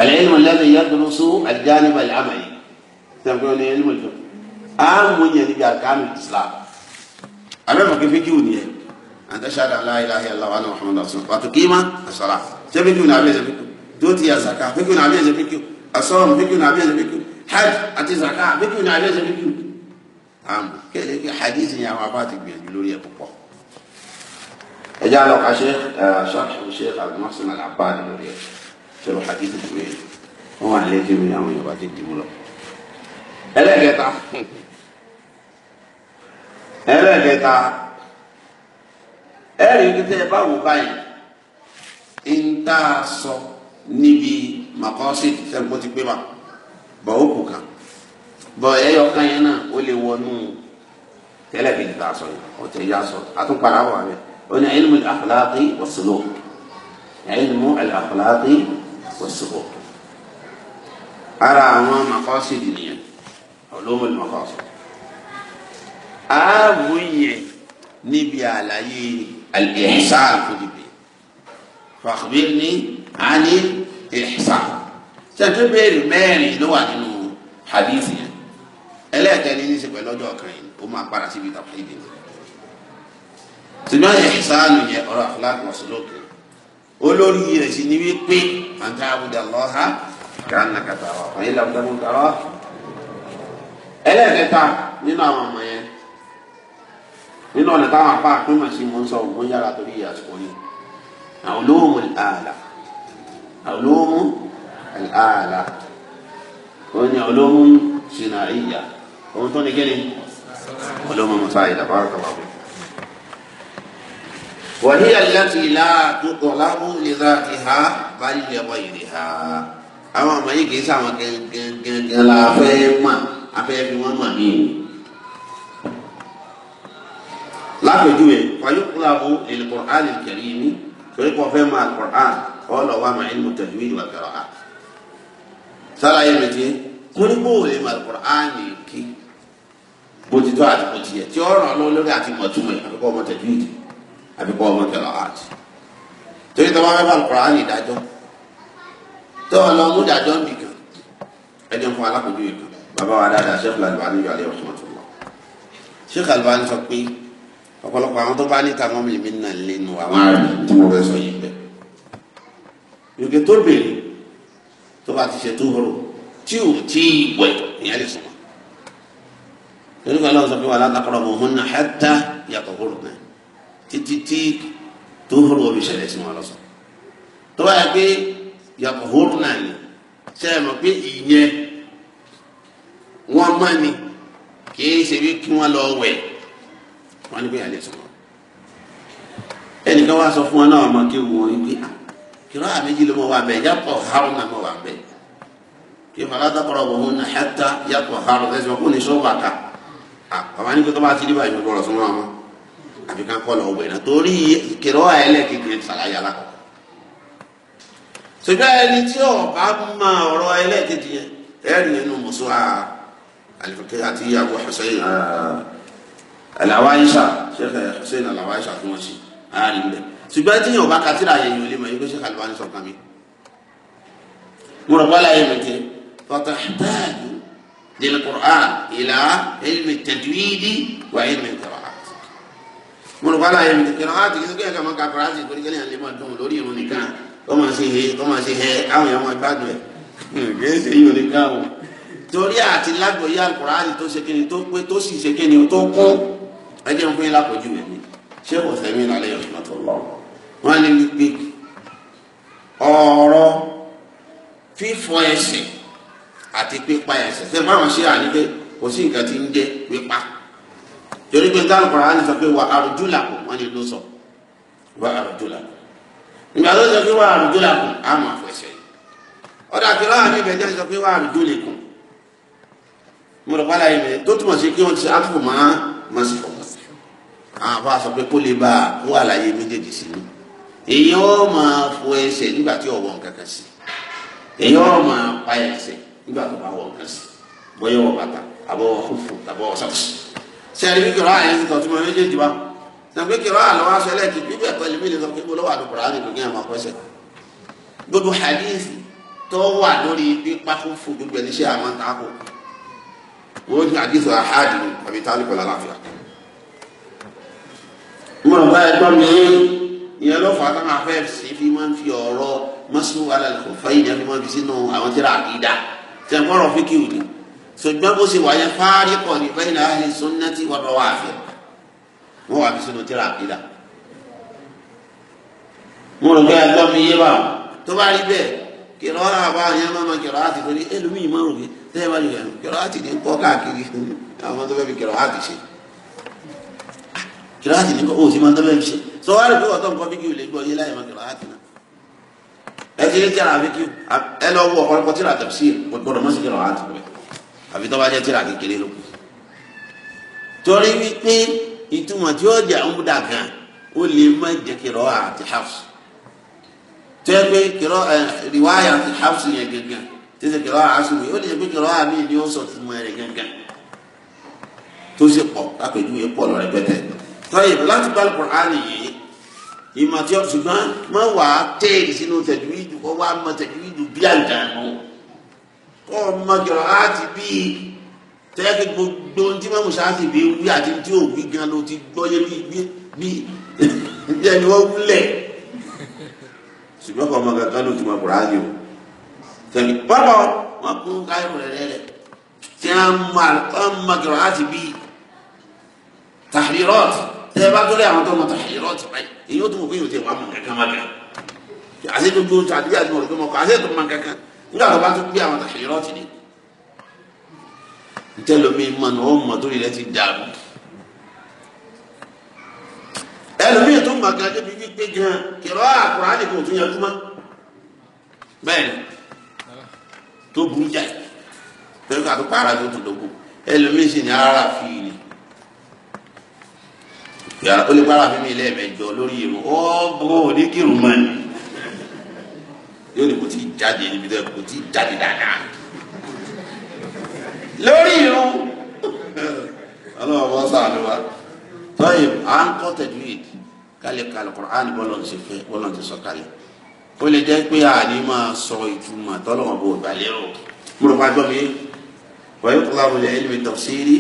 al-ilmu alladhi yadrusu al-janib al-amali sẹ́kùn ní ilmu al-fiqh ààmú yẹn níbi àkáwé islam abẹ́fọ̀kẹ́ fíjì wù nìyẹn an tashhada an la ilaha illallah wa anna muhammadan rasulullah wa tuqima as-salah ṣebí kí wọn àbí ẹsẹ fíkú dóòtì yà zaka fíkú wọn àbí ẹsẹ fíkú asọ́ọ̀mù fíkú wọn àbí ẹsẹ fíkú hajj àti zaka fíkú wọn àbí ẹsẹ fíkú. àmọ́ kéde kí hadith yẹn àwọn abá ti gbìyànjú lórí ẹ púpọ̀. ẹ já lọ ka sheikh sheikh sheikh abdulmasin al-abbad lórí ẹ sọ̀rọ̀ hadith tó yẹ wọn wà lẹ́kẹ́ mi àwọn yorùbá ti dìbò lọ. ẹlẹ́kẹta ẹlẹ́kẹta ẹ rí i tẹ́ ẹ bá wò báyìí ń tá a sọ níbi makosid sẹ́ńkó ti pé mà bọ̀ ó kù kan bọ̀ ẹyọ kan yẹn náà ó lè wọnú tẹ́lẹ̀ kejì tá a sọ yìí ọ̀tẹ̀ yá sọ àtúnpadà wà mẹ́ ó ní ilmu al-akhlaqi was-suluk ilmu al-akhlaqi ara àwọn makosid nìyẹn ulum al-makosid ààbò yẹn níbi àlàyé yìí al-ihsan fòdì bẹ́ẹ̀ fàkùbírní àní ihsan ṣètò béèrè mẹ́rin ló wà nínú hadith yẹn ẹlẹ́ẹ̀kẹ́ni ní í ṣe pẹ̀lú ọjọ́ kan yìí ó máa para síbi tàbí ìdè ṣùgbọ́n ihsan yẹn ọ̀rọ̀ àfúlàkùn ọ̀sùn lókè olórí rẹ̀ sì ní wípé àti àbúdà lọ́ha kàánà kàtàwà ọ̀yẹ́lá àbúdà lọ́ha ẹlẹ́ẹ̀kẹta nínú àwọn ọmọ yẹn nínú ọ̀nà táwọn apá pínmọ̀ sí mo ń sọ mo ń yára torí àsìkò yìí àwọn olóòmù àlà àwọn olóòmù àlà ó ní àwọn olóòmù ṣìnà ìyà ohun tó ní kí ni olóòmù musa ìdàbọ̀ àkàwà bọ̀. وهي التي لا تطلب لذاتها بل لغيرها àwọn ọmọ yìí kì í sáwọn gẹgẹgẹ la fẹ́ mọ̀ afẹ́ fi wọ́n mọ̀ ní ìlú lápẹjúwe fayokulabu lil Qur'an al-Karimi torí kò fẹ́ máa Qur'an ọlọ wa ma ilmu tajwid wa qira'a sára yẹn mi ti mo ní bó o lè máa Qur'an lè ké bó ti tọ́ àti bó ti yẹ tí ó ràn lọ́wọ́ lórí àti mọ̀túmọ̀ àbíkọ́ ọmọ tajwid àbíkọ́ ọmọ qira'a torí tọ́ bá fẹ́ máa Qur'an lè dájọ́ tọ́ ọ lọ mú dájọ́ nìkan ẹni fún alákòjú yìí kan bàbá wa dáadáa Sheikh al yọ ọ̀pọ̀lọpọ̀ àwọn tó bá ní tàwọn mi mi nà lẹ́nu àwọn àrùn tí mo fẹ́ sọ yìí bẹ́ẹ̀. yòókè tó bèrè tó bá ti ṣe tó horo tí ò tí ì wẹ̀ ìyá lè sùn. torí kan sọ pé wala taqrabuhunna hatta yatahurna títí tí tó horo omi ṣẹlẹ̀ sí wọn lọ́sọ̀. tó bá yẹ pé yatahurna ni ṣe é mọ̀ pé ìyẹn wọ́n mọ́ ni kì í ṣe bí kí wọ́n lọ wẹ̀ wọn ní pé àlẹ sọ̀rọ̀ ẹnìkan wá sọ fún wọn náà ọmọ kí wọn pé kìrọ àméjì ló mọ wà bẹ yàtọ̀ harun náà mọ wà bẹ kí fàlà dàpọ̀rọ̀ bọ̀ hún hẹ́tà yàtọ̀ harun ẹ̀sìn ọkùnrin ní sọ́ọ̀bù àká àwọn ní pé tó bá ti rí báyìí ló bọ̀rọ̀ súnmọ́ ọmọ àbí ká kọ́ lọ́wọ́ bẹ̀rẹ̀ torí kìrọ ẹlẹ́kẹ̀kẹ̀ sàlàyé alákọ̀ọ́ ṣùgbọ́n ẹni tí ọba máa ọ̀rọ̀ àlàwáyíṣà sẹ́yìn àlàwáyíṣà fún wọn sí àárín bẹ́ẹ̀ ṣùgbọ́n tí yóò bá katira yẹn yóò lé mọ̀ yóò ṣe kàlùbáni sọ kàn mí. mo rọ̀ wọ́n láyé mi tẹ́ fata taaju lil qur'an ila ilmi tadwidi wa ilmi qira'at. mo rọ̀ wọ́n láyé mi tẹ́ kìnnà àti kìnnà kìnnà kàmá kàkàrà àti ìkórè kẹ́lẹ́ àlẹ́ máa dùn lórí irun nìkan tó máa ṣe he tó máa àwọn èèyàn máa gbádùn ẹ̀ kìí ṣe yìí ò nìkan o torí àti lágbòye àlùkùránì tó ṣe tó pé tó sì ṣe tó kún ẹ jẹ́ fún yín lápòjú rẹ̀ ni ṣé kò sẹ́mi ìlànà yọ̀ ṣùgbọ́n lọ. wọ́n lè wí pé ọ̀rọ̀ fífọ ẹsẹ̀ àti pípa ẹsẹ̀ ṣe máa ń ṣe àníbẹ̀ kò sí nǹkan tí ń jẹ́ pípa. torí pé táwọn kọ̀ọ̀rọ̀ á ní sọ pé wà àrùjú làkù wọ́n ní ló sọ wà àrùjú làkù. ìgbà tó sọ pé wà àrùjú làkù á mọ̀ àfẹsẹ̀ ọ̀dà kí láwọn níbẹ̀ jẹ́ sọ pé wà àrùjú lè kù. mo rọ̀ pálá yìí tó túmọ̀ sí kí wọ́n ti ṣe àtúfò máa àfa sọ pé kó lè bá a wà láyé méjèèjì sí mi èyí ọ máa fọ ẹsẹ̀ nígbà tí ọwọ́ nǹkan kan sí èyí ọ máa pa ẹsẹ̀ nígbà tó bá wọ nǹkan sí bóyá wọ bàtà àbọ̀ wọ fúfú àbọ̀ wọ sọ́ọ̀sì ṣé ẹni bí kìlọ̀ àyẹ̀sí kan tí mo méjèèjì wá sàgbé kìlọ̀ àlọ́ wá sọ ẹlẹ́kì bí bẹ́ẹ̀ pẹ̀lú mi lè sọ pé mo lọ́wọ́ àdùkùrọ̀ àdùn kò ní àmọ́ pẹ́sẹ̀ gbogbo hadithi tó wà lórí pípa fúfú gbogbo ẹni ṣe àmọ́ tako wọ́n ní hadithi àhádìí àbí tálíkọ̀ lálàáfíà mo rò báyìí gbọ́ mi yé ìyẹn ló fà á táwọn afẹ́fẹ́ fi máa ń fi ọ̀rọ̀ mọ́sùn wàhálà kò fẹ́ yìí fi máa fi sínú àwọn tíra àkídà tí a kọ́rọ̀ fi kíwì ni ṣùgbọ́n bó ṣe wáyé fáárí kọ̀ ní bẹ́ẹ̀ ni ahli sunnati wal rawafid wọ́n wà fi sínú tíra àkídà mo rò báyìí gbọ́ mi yé báwọn tó bá rí bẹ́ẹ̀ kìrọ̀ ọ̀rọ̀ àbá yẹn máa ma kìrọ̀ àti fún mi ẹlòmíì máa rò pé tẹ́ẹ̀ bá yẹn kìrọ̀ àti ní kìláàtì ní kọ́ ó sì máa ń tọ́lẹ̀ ṣe sọ wá rí pé ọ̀tọ̀ nǹkan fíkì lè gbọ́ yé láì mọ kìláàtì náà ẹ ti rí tíra fíkì ẹ lọ wọ ọ̀pọ̀lọpọ̀ tíra tẹ̀sí gbọdọ̀ mọ́sí kìláàtì rẹ̀ àfi tó bá jẹ́ tíra kékeré ló kù. torí wípé ìtumọ̀ tí ó jẹ́ àwọn dàgàn ó lè má jẹ́ kìlọ́ àti hafs tó yẹ pé kìlọ́ rìwáyà àti yẹn gangan tó ó lè jẹ́ pé kìlọ́ ó sọ tó tọ́yìn láti bá alukur'ani yìí ìmọ̀ tí ó ṣùgbọ́n má wà á téèrè sínú tẹ̀júwìdù kó wá mọ tẹ̀júwìdù bí àjàmú kó mọ jọ̀rọ̀ láti bí tẹ́kí gbogbo tí má musa ti bí wí àti tí ò wí gan ló ti gbọ́yé bí bí bí ẹni wọ́n wúlẹ̀ ṣùgbọ́n kò mọ kankan ló ti mọ kùránì o tẹ̀lé bọ́bọ̀ wọn kún káyọ̀ rẹ̀ rẹ̀ tí tẹ ẹ bá tó lé àwọn tó ń tọ ìrọ ti báyìí èyí ó tún mọ pé yóò tẹ wà mọ kankan má kan àṣẹ tó dúró tó àdúgbò àti mọ̀lùkọ́ mọ̀kọ́ àṣẹ tó mọ kankan nígbà tó bá tó gbé àwọn ìrọ ti dé. ntẹ́lómi mọ̀nà ó mọ̀ tó yẹ ti dàrú. ẹlòmíì tó mọ̀ gan débi gbígbé gan kìrọ̀ àkùrọ̀ àdìgbò tó yanjú mọ́ bẹ́ẹ̀ ni tó burú jáì pẹ̀lú àtúpàrà tó tó dọ́gbò yàrá ó lè para mímí ilé ẹ̀mẹjọ lórí irun ó bó ní kírun mọ́ ni yóò ní kò tí ì jáde níbi tó yẹ kò tí ì jáde dáadáa lórí irun ọlọ́wọ́ bọ́ sáà ló wá tọ́yì à ń kọ́ tajwid kálí kálí Qur'an bọ́lọ̀ ń ṣe fẹ́ bọ́lọ̀ ń ṣe sọ kálí ó lè jẹ́ pé àní máa sọ ìtumọ̀ tọ́lọ́wọ́ bó balẹ̀ rò múlò fún agbọ́n mi wọ́n yóò kọ́ láwùlẹ̀ ilmi tafsiri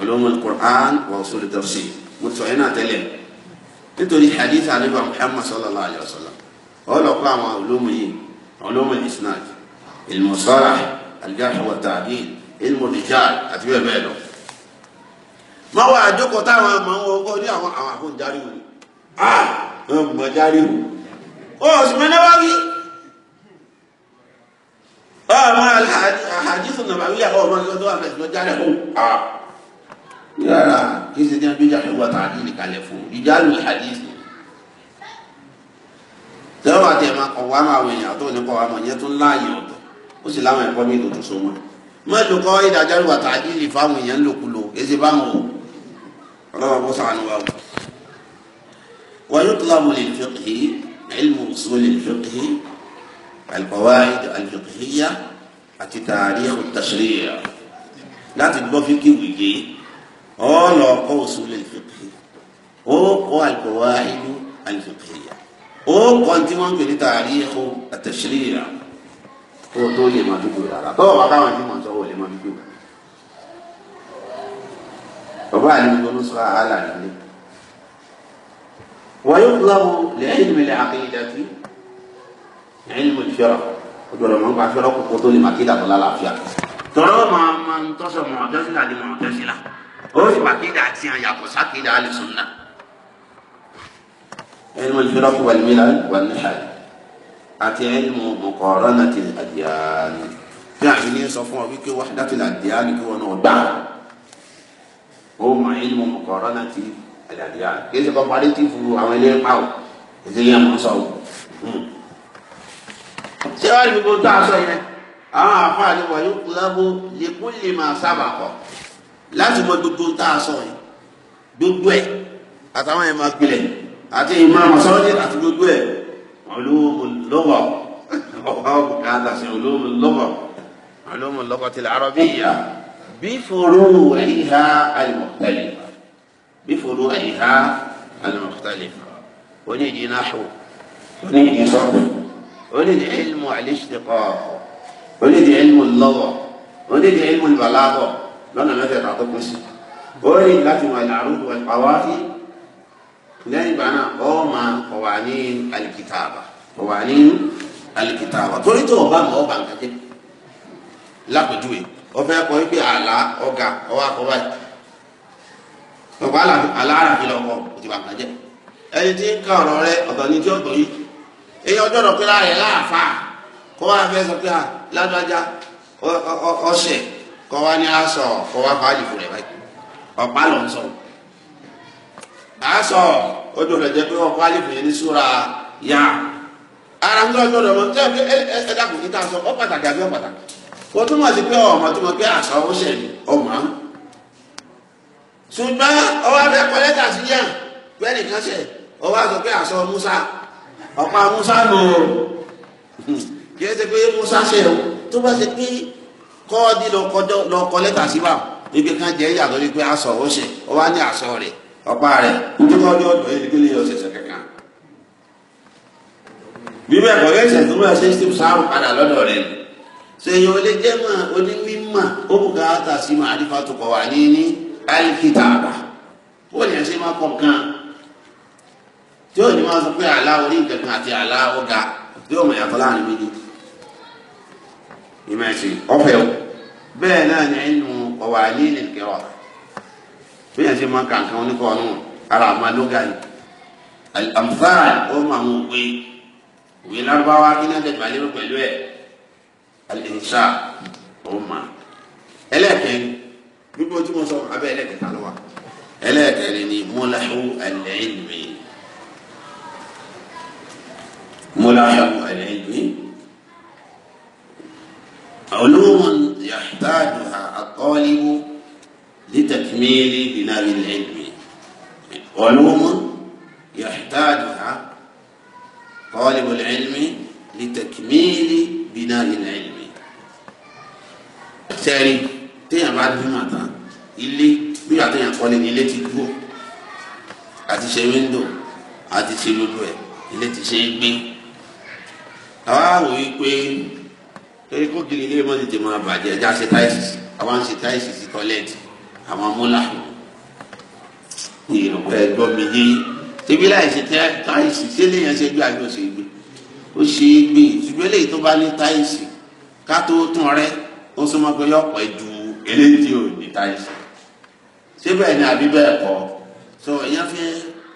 ulumul Qur'an wa usul tafsir mo sọ yẹn náà tẹ́lẹ̀ nítorí hadith anabi muhammad sallallahu alayhi wa sallam ọlọ́kọ́ àwọn olómù yìí olómù isnad ilmu sọ́ra aljarh wa ta'dil ilmu rijal àti bẹ́ẹ̀ bẹ́ẹ̀ lọ. má wà àjókòó táwọn ọmọ wọn kọ́ ní àwọn àwọn àfọ̀njárí wò ah ọmọ járí wò ó sì mọ náwó wí ọmọ alhadith nàbàwí àwọn ọmọ ìgbọ́dọ̀ àfẹsùn járí wò ah yàrá kí ṣe jẹ́ bíjà ìwà tààdì nìkalẹ̀ fún ìjà lu hadith tẹ́wọ́n àti ẹ̀ máa kọ̀ wá máa wọ èèyàn tó ní kọ̀ wá mọ̀ yẹn tó ń láàyè ọ̀dọ̀ ó sì láwọn ẹ̀kọ́ mi tó tó so mọ́ mẹ́lò kọ́ ìdájọ́ ìwà tààdì lòkulò èsì báwọn o ọlọ́wọ́ bó sàánú wa o. ويطلب للفقه علم أصول الفقه القواعد الفقهية التاريخ التشريع لا تدبو في كيوي ọlọkọ usul al-fiqh ó kọ al-qawaid al-fiqhiyya ó kọ tí wọn ń pè ní tarikh at-tashri' kó o tó lè máa dúdú rárá tó o bá káwọn tí wọn sọ wọlé máa dúdú rárá bàbá àlejò ló sọ àhálà nílé wọ́n yóò lọ́wọ́ lẹ́yìn mi lẹ́ àkéyídàtì ẹ̀yìn mi fẹ́ràn ojúọ̀rọ̀ mọ̀ nípa fẹ́ràn kókó tó lè má kí dàtọ̀ lálàáfíà tọ́lọ́ máa máa ń tọ́sọ̀ mọ̀ di mọ̀ ọ́jọ́sílà ó sì wà kéde àti àyàpọ̀ sákéde alẹ́sùn náà. ilmu al-firaq wal milal wal nihal àti ilmu muqaranati al-adyan tí a fi ní sọ fún ọ wípé wahdatu al-adyan kí wọn náà gbà ó mọ ilmu muqaranati al-adyan kí ẹ ṣe kọ́ parí fu àwọn ilé ń pa ọ́ ètò yẹn sọ ọ́ hmm. ṣé wàá ní gbogbo tó a sọ yẹn àwọn àfa àlewà yóò kú lábó lè kú lè máa sábà kọ láti mọ gbogbo tá a sọ yìí gbogbo ẹ àtàwọn ẹ̀ máa gbilẹ̀ àti ìmọ̀ àmọ̀sọ́rọ́dé àti gbogbo ẹ̀ olóòmù lọ́wọ́ ọ̀pá ọ̀gá àdàsí olóòmù lọ́wọ́ olóòmù lọ́wọ́ tilẹ̀ arọ́bíyà bí fòrò ẹ̀yìnhá àlùmọ̀tẹ́lẹ̀ bí fòrò ẹ̀yìnhá àlùmọ̀tẹ́lẹ̀ onídìí náhù onídìí sọ́kù onídìí ilmu àlìṣtìkọ́ onídìí ilmu lọ́wọ́ onídìí ilmu ìbàlágọ́ lọ́nà mẹ́tẹ̀ẹ̀ta tó pín sí ó rí láti wà láàrúkú àwáfí lẹ́yìn ìgbà náà ọ máa ọ̀wà ní alìkìtàbà ọ̀wà ní alìkìtàbà torí tó ọba mọ̀ ọba nǹkan jẹ́ lápèjúwe ọfẹ́ kọ wípé àlá ọ̀gá ọwọ́ àkọ́bá ọ̀pá alára fi lọ́kọ̀ kò ti bà nǹkan jẹ́ ẹni tí ń ka ọ̀rọ̀ rẹ ọ̀tọ̀ ni tí ó tọ̀ yìí èyí ọjọ́ dọ̀kẹ́lá rẹ̀ láàfáà kó wá fẹ́ sọ pé à ládọ́jà ọ̀ṣẹ̀ kọ́ wa ní aṣọ kọ́ wa fàájì fún rẹ̀ báyìí ọ̀pá ló ń sọ aṣọ ojú rẹ̀ jẹ́ pé ọ̀pá àlìfù yẹn ní súra yá ara ń lọ́jọ́ rẹ̀ mọ́ tí wọ́n fi ẹ dàkùn kí tá a sọ ọ́ pàtàkì àbí ọ̀ pàtàkì ó túmọ̀ sí pé ọmọ tó mọ̀ pé àṣà ó ṣẹ̀ ọmọ ṣùgbọ́n ọwọ́ abẹ́ kọ́ lẹ́tà sí yá bẹ́ẹ̀ nìkan ṣẹ̀ ọwọ́ àṣọ pé àṣọ Musa ọ̀pá Musa lò ó kí ẹ ṣe pé Musa ṣẹ̀ o tó bá ṣe pé kọ́ọ́dí lọ kọ lẹ́tà sí wa ibi kan jẹ́ ìyàtọ̀ wípé aṣọ ó ṣe ó wá ní aṣọ rẹ̀ ọ̀pá rẹ̀ níbi kọ́ọ́dí ọ̀dọ̀ yìí kí lè yọ ṣẹṣẹ kankan. bíbẹ̀ kọ́ yẹ ṣẹ̀ṣẹ̀ múra ṣe ṣe sáàrù padà lọ́dọ̀ rẹ̀ ṣèyàn olè jẹ́ mọ́ onímọ̀ ó kù ká tà sí mọ́ adífàtúkọ̀ wà ní ní alikitaaba ó ní ẹsẹ̀ máa kọ̀ kan tí ó ní máa sọ pé àlá orí nǹkan àti àlá ọ̀gá tí ó mọ̀ yàtọ̀ ìmẹ̀sì ọ̀fẹ́ o bẹ́ẹ̀ náà ní ẹnu ọ̀wà ní nìkẹ́rọ̀ bí yẹn ti máa kà nǹkan oníkọ̀ ọ̀nù ara àmà lóga ni amfaan ó máa mú pé òwe lárúbáwá kí náà dẹ̀gbà lérò pẹ̀lú ẹ̀ alìsà ó máa ẹlẹ́ẹ̀kẹ́ni gbogbo tí mo sọ abẹ́ ẹlẹ́ẹ̀kẹta ló wà ẹlẹ́ẹ̀kẹ́ni ni mọ́láhù alẹ́ẹ̀lẹ́mì mọ́láhù alẹ́ẹ̀lẹ́mì. نيل بنار العلم علوم يحتاجها طالب العلم لتكميل بناء العلم sẹ́ẹ̀rì téèyàn bá dúró náà tán ilé bíyà téèyàn kọ́lé ní ilé ti dúró àti ṣe wíńdò àti ṣe gbogbo ẹ̀ ilé ti ṣe é gbé. àwa wò yí pé torí kó kiri ilé mọ́ ti tè máa bàjẹ́ ẹja ṣe táìsì àwa ń ṣe táìsì sí tọ́lẹ́ẹ̀tì àwọn múlá ìrọ̀pọ̀ ẹ̀gbọ́ mi yé tẹbi láìsí táìsì tí eléyàn ṣe gbé àjọ ṣe gbé ó ṣe é gbé ṣùgbọ́n eléyìí tó bá ní táìsì ká tó tún rẹ ó súnmọ́ pé yọ pẹ́ ju eléyìí tí ò ní táìsì ṣé bẹ́ẹ̀ ni àbí bẹ́ẹ̀ kọ́ sọ èèyàn fi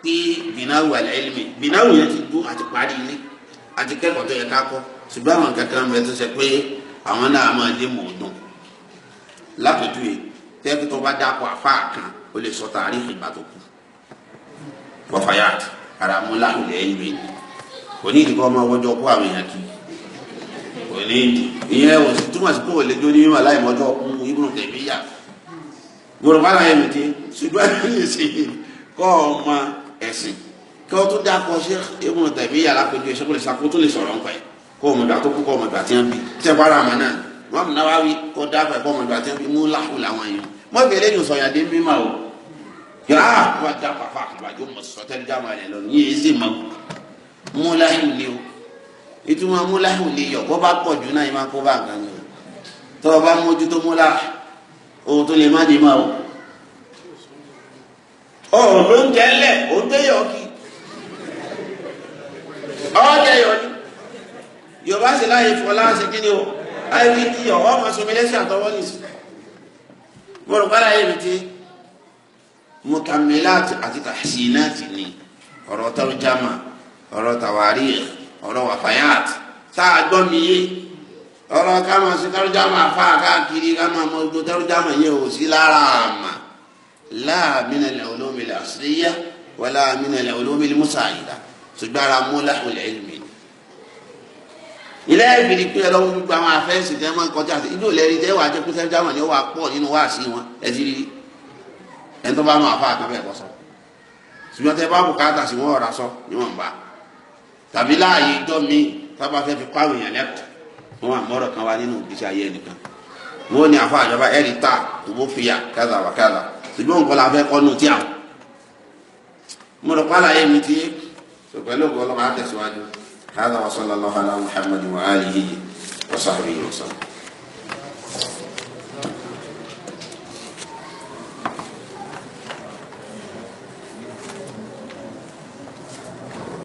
pé bìnáwó àlẹ́ ẹlẹ́mì bìnáwó yẹn ti dún àti parí ilé àti kẹ́kọ̀ọ́ tó yẹ ká kọ́ ṣùgbọ́n àwọn kankan bẹ tó ṣe pé àwọn náà máa dé mọ̀ọ́dún lápẹ̀júwe tẹ́kí tó bá dákọ̀ àfa kan ó lè sọ tàríkì ìgbà tó kù wọ́fàyàt ara mú láhùlẹ̀ ẹ̀ lóye kò ní ìdíkọ́ ọmọ ọjọ́ kó àwọn èèyàn kì kò ní ìdí ìyẹn ò sì túmọ̀ sí kó o lè jó ní mímọ̀ láì mọ́jọ́ kún ibùdó tẹ̀mí yà gbọdọ̀ bá láyé mi ti ṣùgbọ́n ẹ̀ lè ṣe kọ́ ọmọ ẹ̀sìn kí wọ́n tó dákọ̀ ṣe ibùdó tẹ̀mí yà lápẹjọ ìṣẹ́kùn lè sàkó tó lè sọ̀rọ̀ nǹkan ẹ̀ kó ọmọ ìgbà tó kú kọ́ ọmọ ìgbà tí wọ́n bí tẹ́ bára àmọ́ náà wọ́n mú náwá wí kó dákọ̀ ẹ̀kọ́ ọmọ ìgbà tí wọ́n bí mú láhùlẹ̀ àwọn èèyàn mọ́ ìfẹ́ lẹ́yìn sọ̀yàdé mímọ́ o yàrá ah, wà dá pàpà àkàbàjọ mọ̀ sọ́tẹ́lì dá màlẹ̀ lọ ní èsì mọ́ múláhìn ni o ìtumọ̀ múláhìn ni yọ̀ bọ́ bá pọ̀ jù náà yìí máa kó bá nǹkan ni o tọ́ ọ bá mójútó múlá o tó lè má dé máa o ọ̀rọ̀ ló ń jẹ́ lẹ̀ ó ń déyọ̀ kí ọ́ déyọ̀ ni yorùbá sì láàyè fọlá ṣe kí ni o láì wí kí ọ̀ ọ́ máa sọmi lẹ́sìn àtọwọ́ nìyí gbọ́dọ̀ gbọ́dọ̀ ayé mi ti mutamilat àti tahsinat ni ọ̀rọ̀ tarjama ọ̀rọ̀ tawari ọ̀rọ̀ wafayat tá a gbọ́ mi yé ọ̀rọ̀ ká máa ṣe tarjama fa káàkiri ká máa mọ gbogbo tarjama yẹn ò sí lára àmà láà min al-ulum al-asliya wala ara mú láhùn ilmi ilé ìbìrì pé ẹlọ́wọ́ gbogbo àwọn afẹ́ǹsì tẹ́ máa ń kọjá sí ìlú ìlẹ́rìí tẹ́ wàá jẹ́ pé sẹ́ńtẹ́ àwọn yóò wá pọ̀ nínú wá sí wọn ẹ ti rí ẹni tó bá máa fa àkàbẹ̀ ẹ̀kọ́ sọ ṣùgbọ́n tẹ́ bá bùkátà sí wọn ọ̀rá sọ níwọ̀n bá tàbí láàyè ìjọ mi sábà fẹ́ fi pààrọ̀ èèyàn lẹ́kọ̀ọ́ wọn àmọ́rọ̀ kan wá nínú ìgbésí ayé ẹnìkan wọn ni àfa àjọba ẹ̀rí ta tòbó fìyà kádà wà kádà ṣùgbọ́n nǹkan la fẹ́ kọ́ nù tí àwọn mo rò pálá yé mi ti pẹ̀lú ògbọ́n ọlọ́mọ àtẹ̀síwájú. هذا وصلى الله على محمد وآله وصحبه وسلم